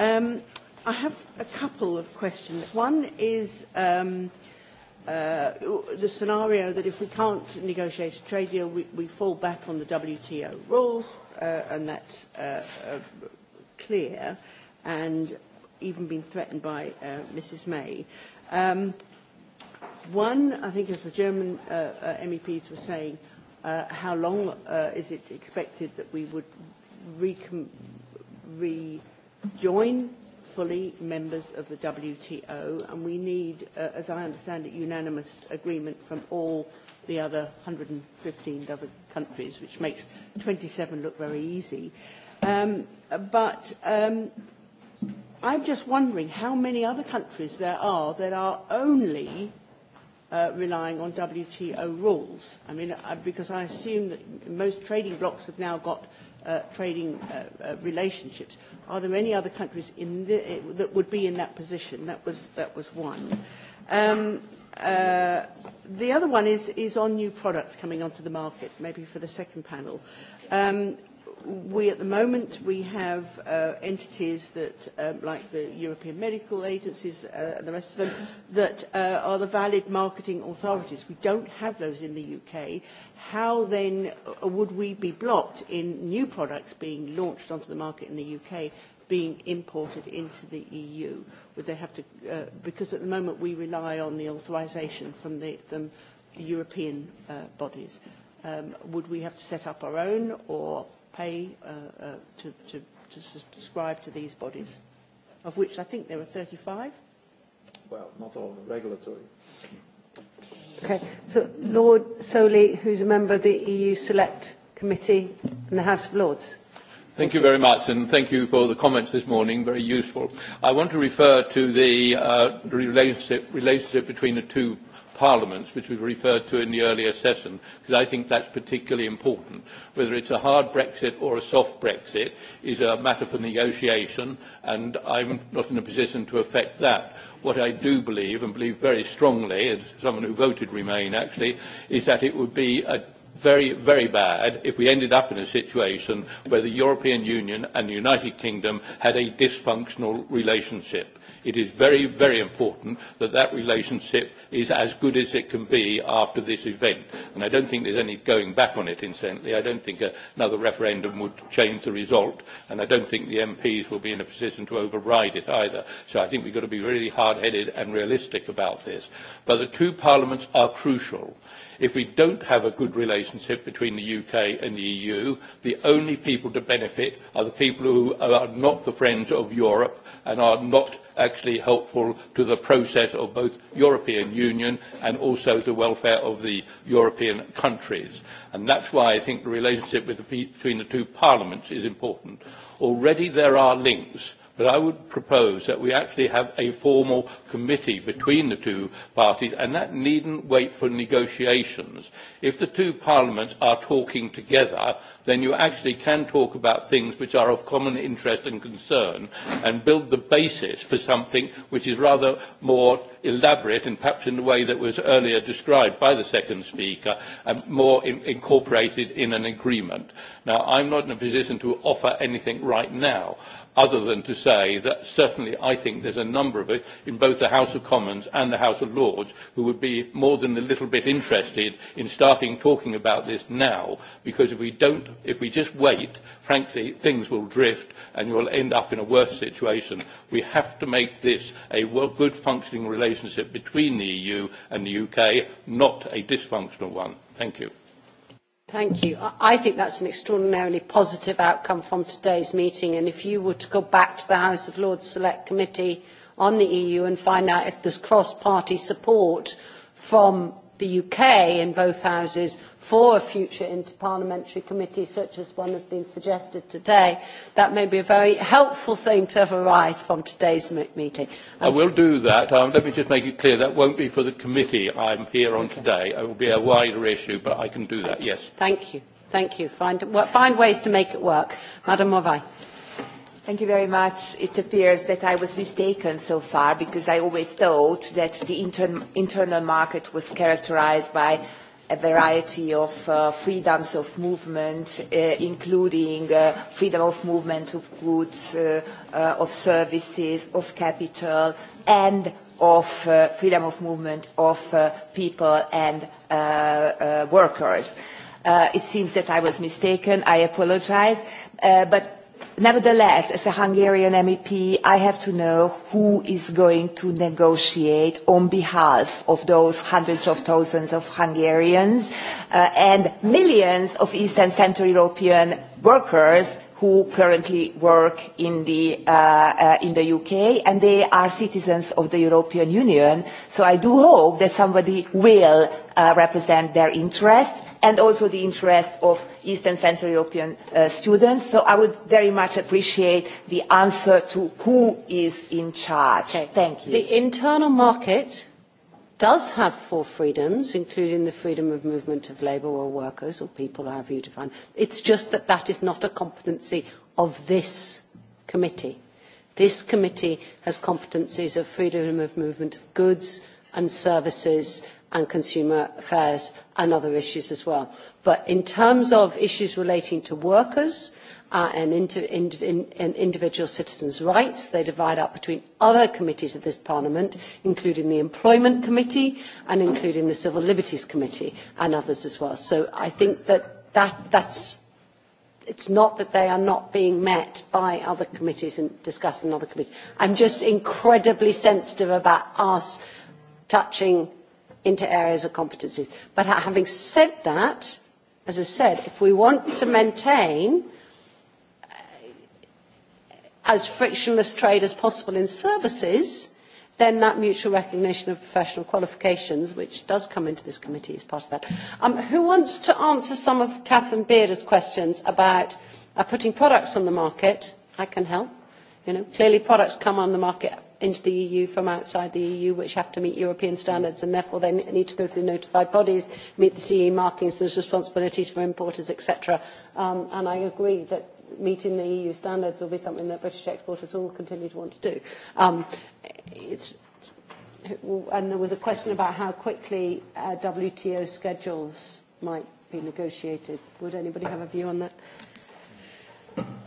Um, I have a couple of questions. One is um, uh, the scenario that if we can't negotiate a trade deal, we, we fall back on the WTO rules, uh, and that's uh, uh, clear. And even been threatened by uh, Mrs. May. Um, one, I think as the German uh, uh, MEPs were saying, uh, how long uh, is it expected that we would recom- rejoin fully members of the WTO, and we need, uh, as I understand it, unanimous agreement from all the other 115 other countries, which makes 27 look very easy. Um, but um, I'm just wondering how many other countries there are that are only uh, relying on WTO rules. I mean, I, uh, because I assume that most trading blocs have now got uh, trading uh, uh, relationships. Are there any other countries in the, uh, that would be in that position? That was, that was one. Um, uh, the other one is, is on new products coming onto the market, maybe for the second panel. Um, we at the moment we have uh, entities that, um, like the European medical agencies uh, and the rest of them, that uh, are the valid marketing authorities. We don't have those in the UK. How then uh, would we be blocked in new products being launched onto the market in the UK being imported into the EU? Would they have to? Uh, because at the moment we rely on the authorisation from the, the European uh, bodies. Um, would we have to set up our own, or pay uh, uh, to, to, to subscribe to these bodies, of which I think there are 35. Well, not all regulatory. Okay, so Lord Soley, who's a member of the EU Select Committee in the House of Lords. Thank you very much, and thank you for the comments this morning, very useful. I want to refer to the uh, relationship, relationship between the two parliaments, which we've referred to in the earlier session, because I think that's particularly important. Whether it's a hard Brexit or a soft Brexit is a matter for negotiation, and I'm not in a position to affect that. What I do believe, and believe very strongly, as someone who voted Remain actually, is that it would be a very, very bad if we ended up in a situation where the European Union and the United Kingdom had a dysfunctional relationship. It is very, very important that that relationship is as good as it can be after this event. And I don't think there's any going back on it, incidentally. I don't think another referendum would change the result, and I don't think the MPs will be in a position to override it either. So I think we've got to be really hard-headed and realistic about this. But the two parliaments are crucial If we don't have a good relationship between the UK and the EU, the only people to benefit are the people who are not the friends of Europe and are not actually helpful to the process of both European Union and also the welfare of the European countries. And that's why I think the relationship with the, between the two parliaments is important. Already there are links But I would propose that we actually have a formal committee between the two parties, and that needn't wait for negotiations. If the two parliaments are talking together, then you actually can talk about things which are of common interest and concern and build the basis for something which is rather more elaborate and perhaps in the way that was earlier described by the second speaker and more in incorporated in an agreement. Now, I'm not in a position to offer anything right now, other than to say that certainly I think there's a number of us in both the House of Commons and the House of Lords who would be more than a little bit interested in starting talking about this now because if we don't, if we just wait, frankly, things will drift and you'll end up in a worse situation. We have to make this a well, good functioning relationship between the EU and the UK, not a dysfunctional one. Thank you. Thank you. I think that's an extraordinarily positive outcome from today's meeting. And if you were to go back to the House of Lords Select Committee on the EU and find out if there's cross-party support from the UK in both houses for a future interparliamentary committee such as one has been suggested today. That may be a very helpful thing to have arise from today's meeting. I will do that. Um, let me just make it clear that won't be for the committee I'm here on okay. today. It will be a wider issue, but I can do that, yes. Thank you. Thank you. Find, find ways to make it work. Madam Morvai. Thank you very much. It appears that I was mistaken so far because I always thought that the inter internal market was characterized by a variety of uh, freedoms of movement, uh, including uh, freedom of movement of goods, uh, uh, of services, of capital, and of uh, freedom of movement of uh, people and uh, uh, workers. Uh, it seems that I was mistaken. I apologize. Uh, but Nevertheless, as a Hungarian MEP, I have to know who is going to negotiate on behalf of those hundreds of thousands of Hungarians uh, and millions of East and Central European workers who currently work in the, uh, uh, in the UK and they are citizens of the European Union. So I do hope that somebody will represent their interests and also the interests of Eastern and Central European uh, students. So I would very much appreciate the answer to who is in charge. Okay. Thank you. The internal market does have four freedoms, including the freedom of movement of labour or workers or people, however you define. It's just that that is not a competency of this committee. This committee has competencies of freedom of movement of goods and services and consumer affairs and other issues as well. But in terms of issues relating to workers uh, and, in, in, and individual citizens' rights, they divide up between other committees of this Parliament, including the Employment Committee and including the Civil Liberties Committee and others as well. So I think that, that that's it's not that they are not being met by other committees and discussed in other committees. I'm just incredibly sensitive about us touching into areas of competency. But having said that, as I said, if we want to maintain uh, as frictionless trade as possible in services, then that mutual recognition of professional qualifications, which does come into this committee, is part of that. Um, who wants to answer some of Catherine Bearder's questions about uh, putting products on the market? I can help clearly products come on the market into the EU from outside the EU which have to meet European standards and therefore they need to go through notified bodies, meet the CE markings, there are responsibilities for importers, etc. Um, and I agree that meeting the EU standards will be something that British exporters will continue to want to do. Um, there was a question about how quickly uh, WTO schedules might be negotiated. Would anybody have a view on that?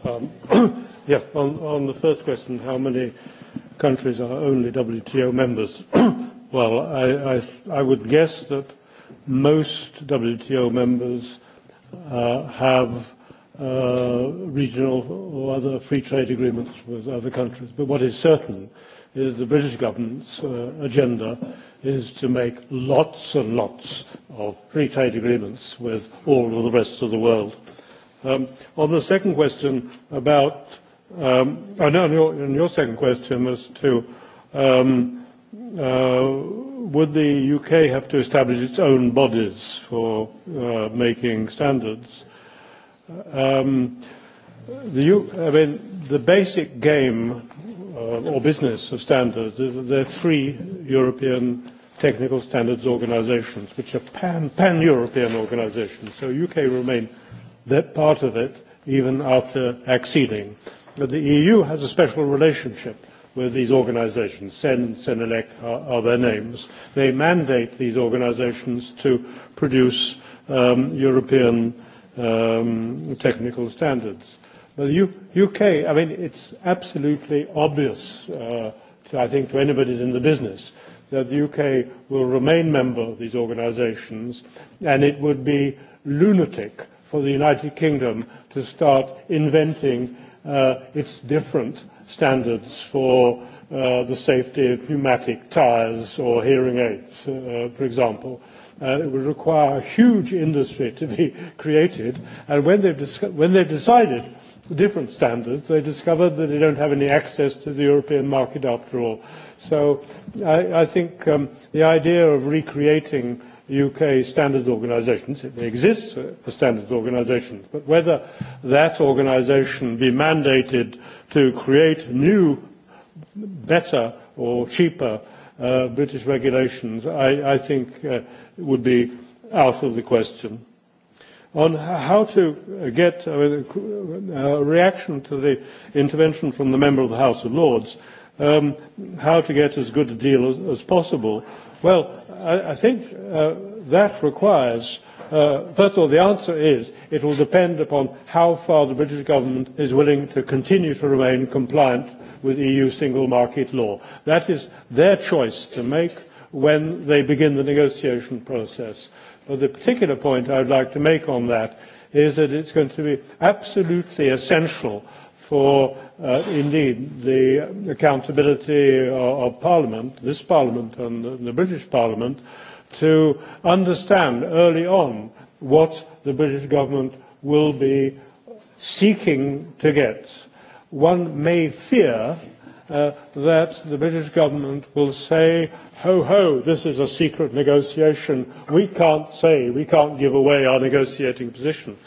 Um, [coughs] yeah, on, on the first question, how many countries are only WTO members? [coughs] well, I, I, I would guess that most WTO members uh, have uh, regional or other free trade agreements with other countries. But what is certain is the British government's uh, agenda is to make lots and lots of free trade agreements with all of the rest of the world. Um, on the second question about, um, and oh, on your, on your second question as to um, uh, would the UK have to establish its own bodies for uh, making standards? Um, the, U I mean, the basic game uh, or business of standards is that there are three European technical standards organisations, which are pan-European pan, pan organisations. So UK remain that part of it even after acceding. But the EU has a special relationship with these organizations. CEN and CENELEC are, are their names. They mandate these organizations to produce um, European um, technical standards. But the U UK, I mean, it's absolutely obvious, uh, to, I think, to anybody who's in the business that the UK will remain member of these organizations, and it would be lunatic for the United Kingdom to start inventing uh, its different standards for uh, the safety of pneumatic tires or hearing aids, uh, for example. Uh, it would require a huge industry to be [laughs] created, and when they've, dis- when they've decided different standards, they discovered that they don't have any access to the European market after all. So I, I think um, the idea of recreating UK standards organisations. It exists for standards organisations, but whether that organisation be mandated to create new, better or cheaper uh, British regulations, I, I think uh, would be out of the question. On how to get a reaction to the intervention from the Member of the House of Lords, um, how to get as good a deal as, as possible, Well, I, I think uh, that requires, uh, first of all, the answer is it will depend upon how far the British government is willing to continue to remain compliant with EU single market law. That is their choice to make when they begin the negotiation process. But the particular point I would like to make on that is that it's going to be absolutely essential for uh, indeed the accountability of, uh, of Parliament, this Parliament and the, the British Parliament, to understand early on what the British government will be seeking to get. One may fear uh, that the British government will say, ho ho, this is a secret negotiation. We can't say, we can't give away our negotiating position.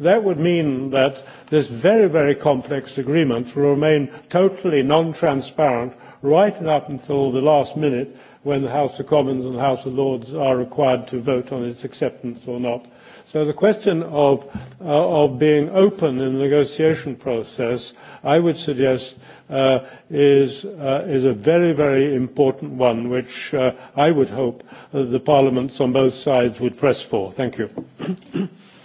That would mean that this very, very complex agreement will remain totally non-transparent right up until the last minute when the House of Commons and the House of Lords are required to vote on its acceptance or not. So the question of, uh, of being open in the negotiation process, I would suggest, uh, is, uh, is a very, very important one, which uh, I would hope uh, the parliaments on both sides would press for. Thank you.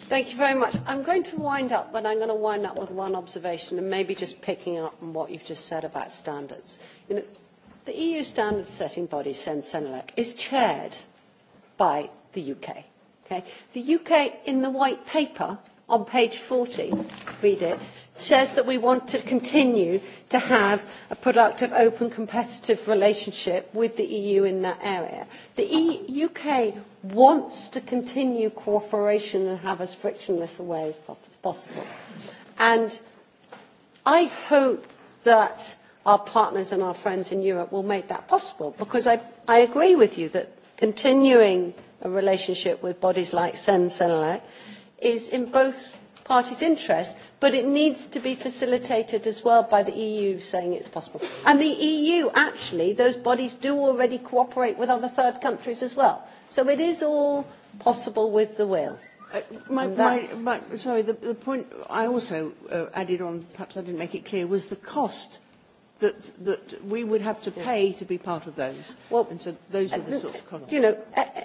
Thank you very much. I'm going to wind up, but I'm going to wind up with one observation and maybe just picking up on what you've just said about standards. You know, the EU standards setting body, CEN-CENELEC, is chaired by the UK. Okay? The UK, in the white paper on page 40, read it, shares that we want to continue to have a productive, open, competitive relationship with the EU in that area. The e UK wants to continue cooperation and have as frictionless a way as possible. And I hope that our partners and our friends in Europe will make that possible because I, I agree with you that continuing a relationship with bodies like sen CENELAC is in both parties' interests but it needs to be facilitated as well by the EU saying it's possible. And the EU, actually, those bodies do already cooperate with other third countries as well. So it is all possible with the will. Uh, my, my, my, sorry, the, the point I also uh, added on, perhaps I didn't make it clear, was the cost that, that we would have to pay to be part of those. Well, and so those are the uh, sorts of costs. You know, uh, uh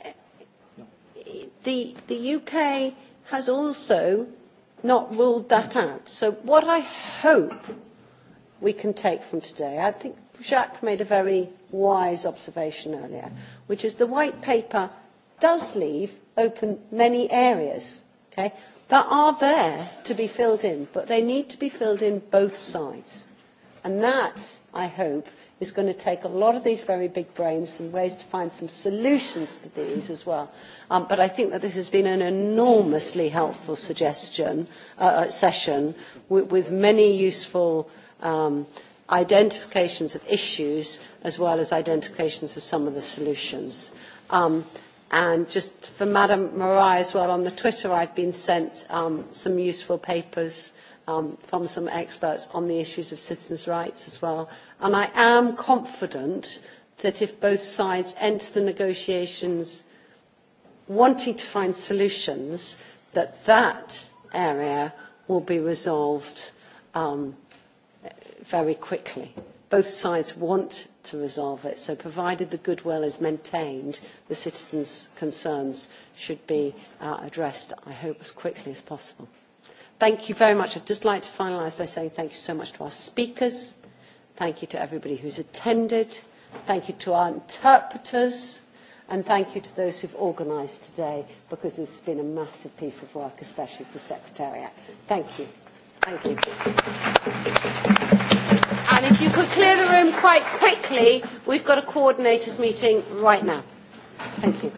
the, the UK has also not ruled that out. So what I hope we can take from today, I think Jacques made a very wise observation earlier, which is the white paper does leave open many areas okay, that are there to be filled in, but they need to be filled in both sides. And that, I hope, is going to take a lot of these very big brains and ways to find some solutions to these as well. Um, but I think that this has been an enormously helpful suggestion uh, uh session with, with many useful um, identifications of issues as well as identifications of some of the solutions. Um, and just for Madam Mariah as well, on the Twitter I've been sent um, some useful papers um, from some experts on the issues of citizens' rights as well. And I am confident that if both sides enter the negotiations wanting to find solutions, that that area will be resolved um, very quickly. Both sides want to resolve it, so provided the goodwill is maintained, the citizens' concerns should be uh, addressed, I hope, as quickly as possible. Thank you very much. I'd just like to finalise by saying thank you so much to our speakers. Thank you to everybody who's attended. Thank you to our interpreters. And thank you to those who've organised today because this has been a massive piece of work, especially for the Secretariat. Thank you. Thank you. And if you could clear the room quite quickly, we've got a coordinators meeting right now. Thank you.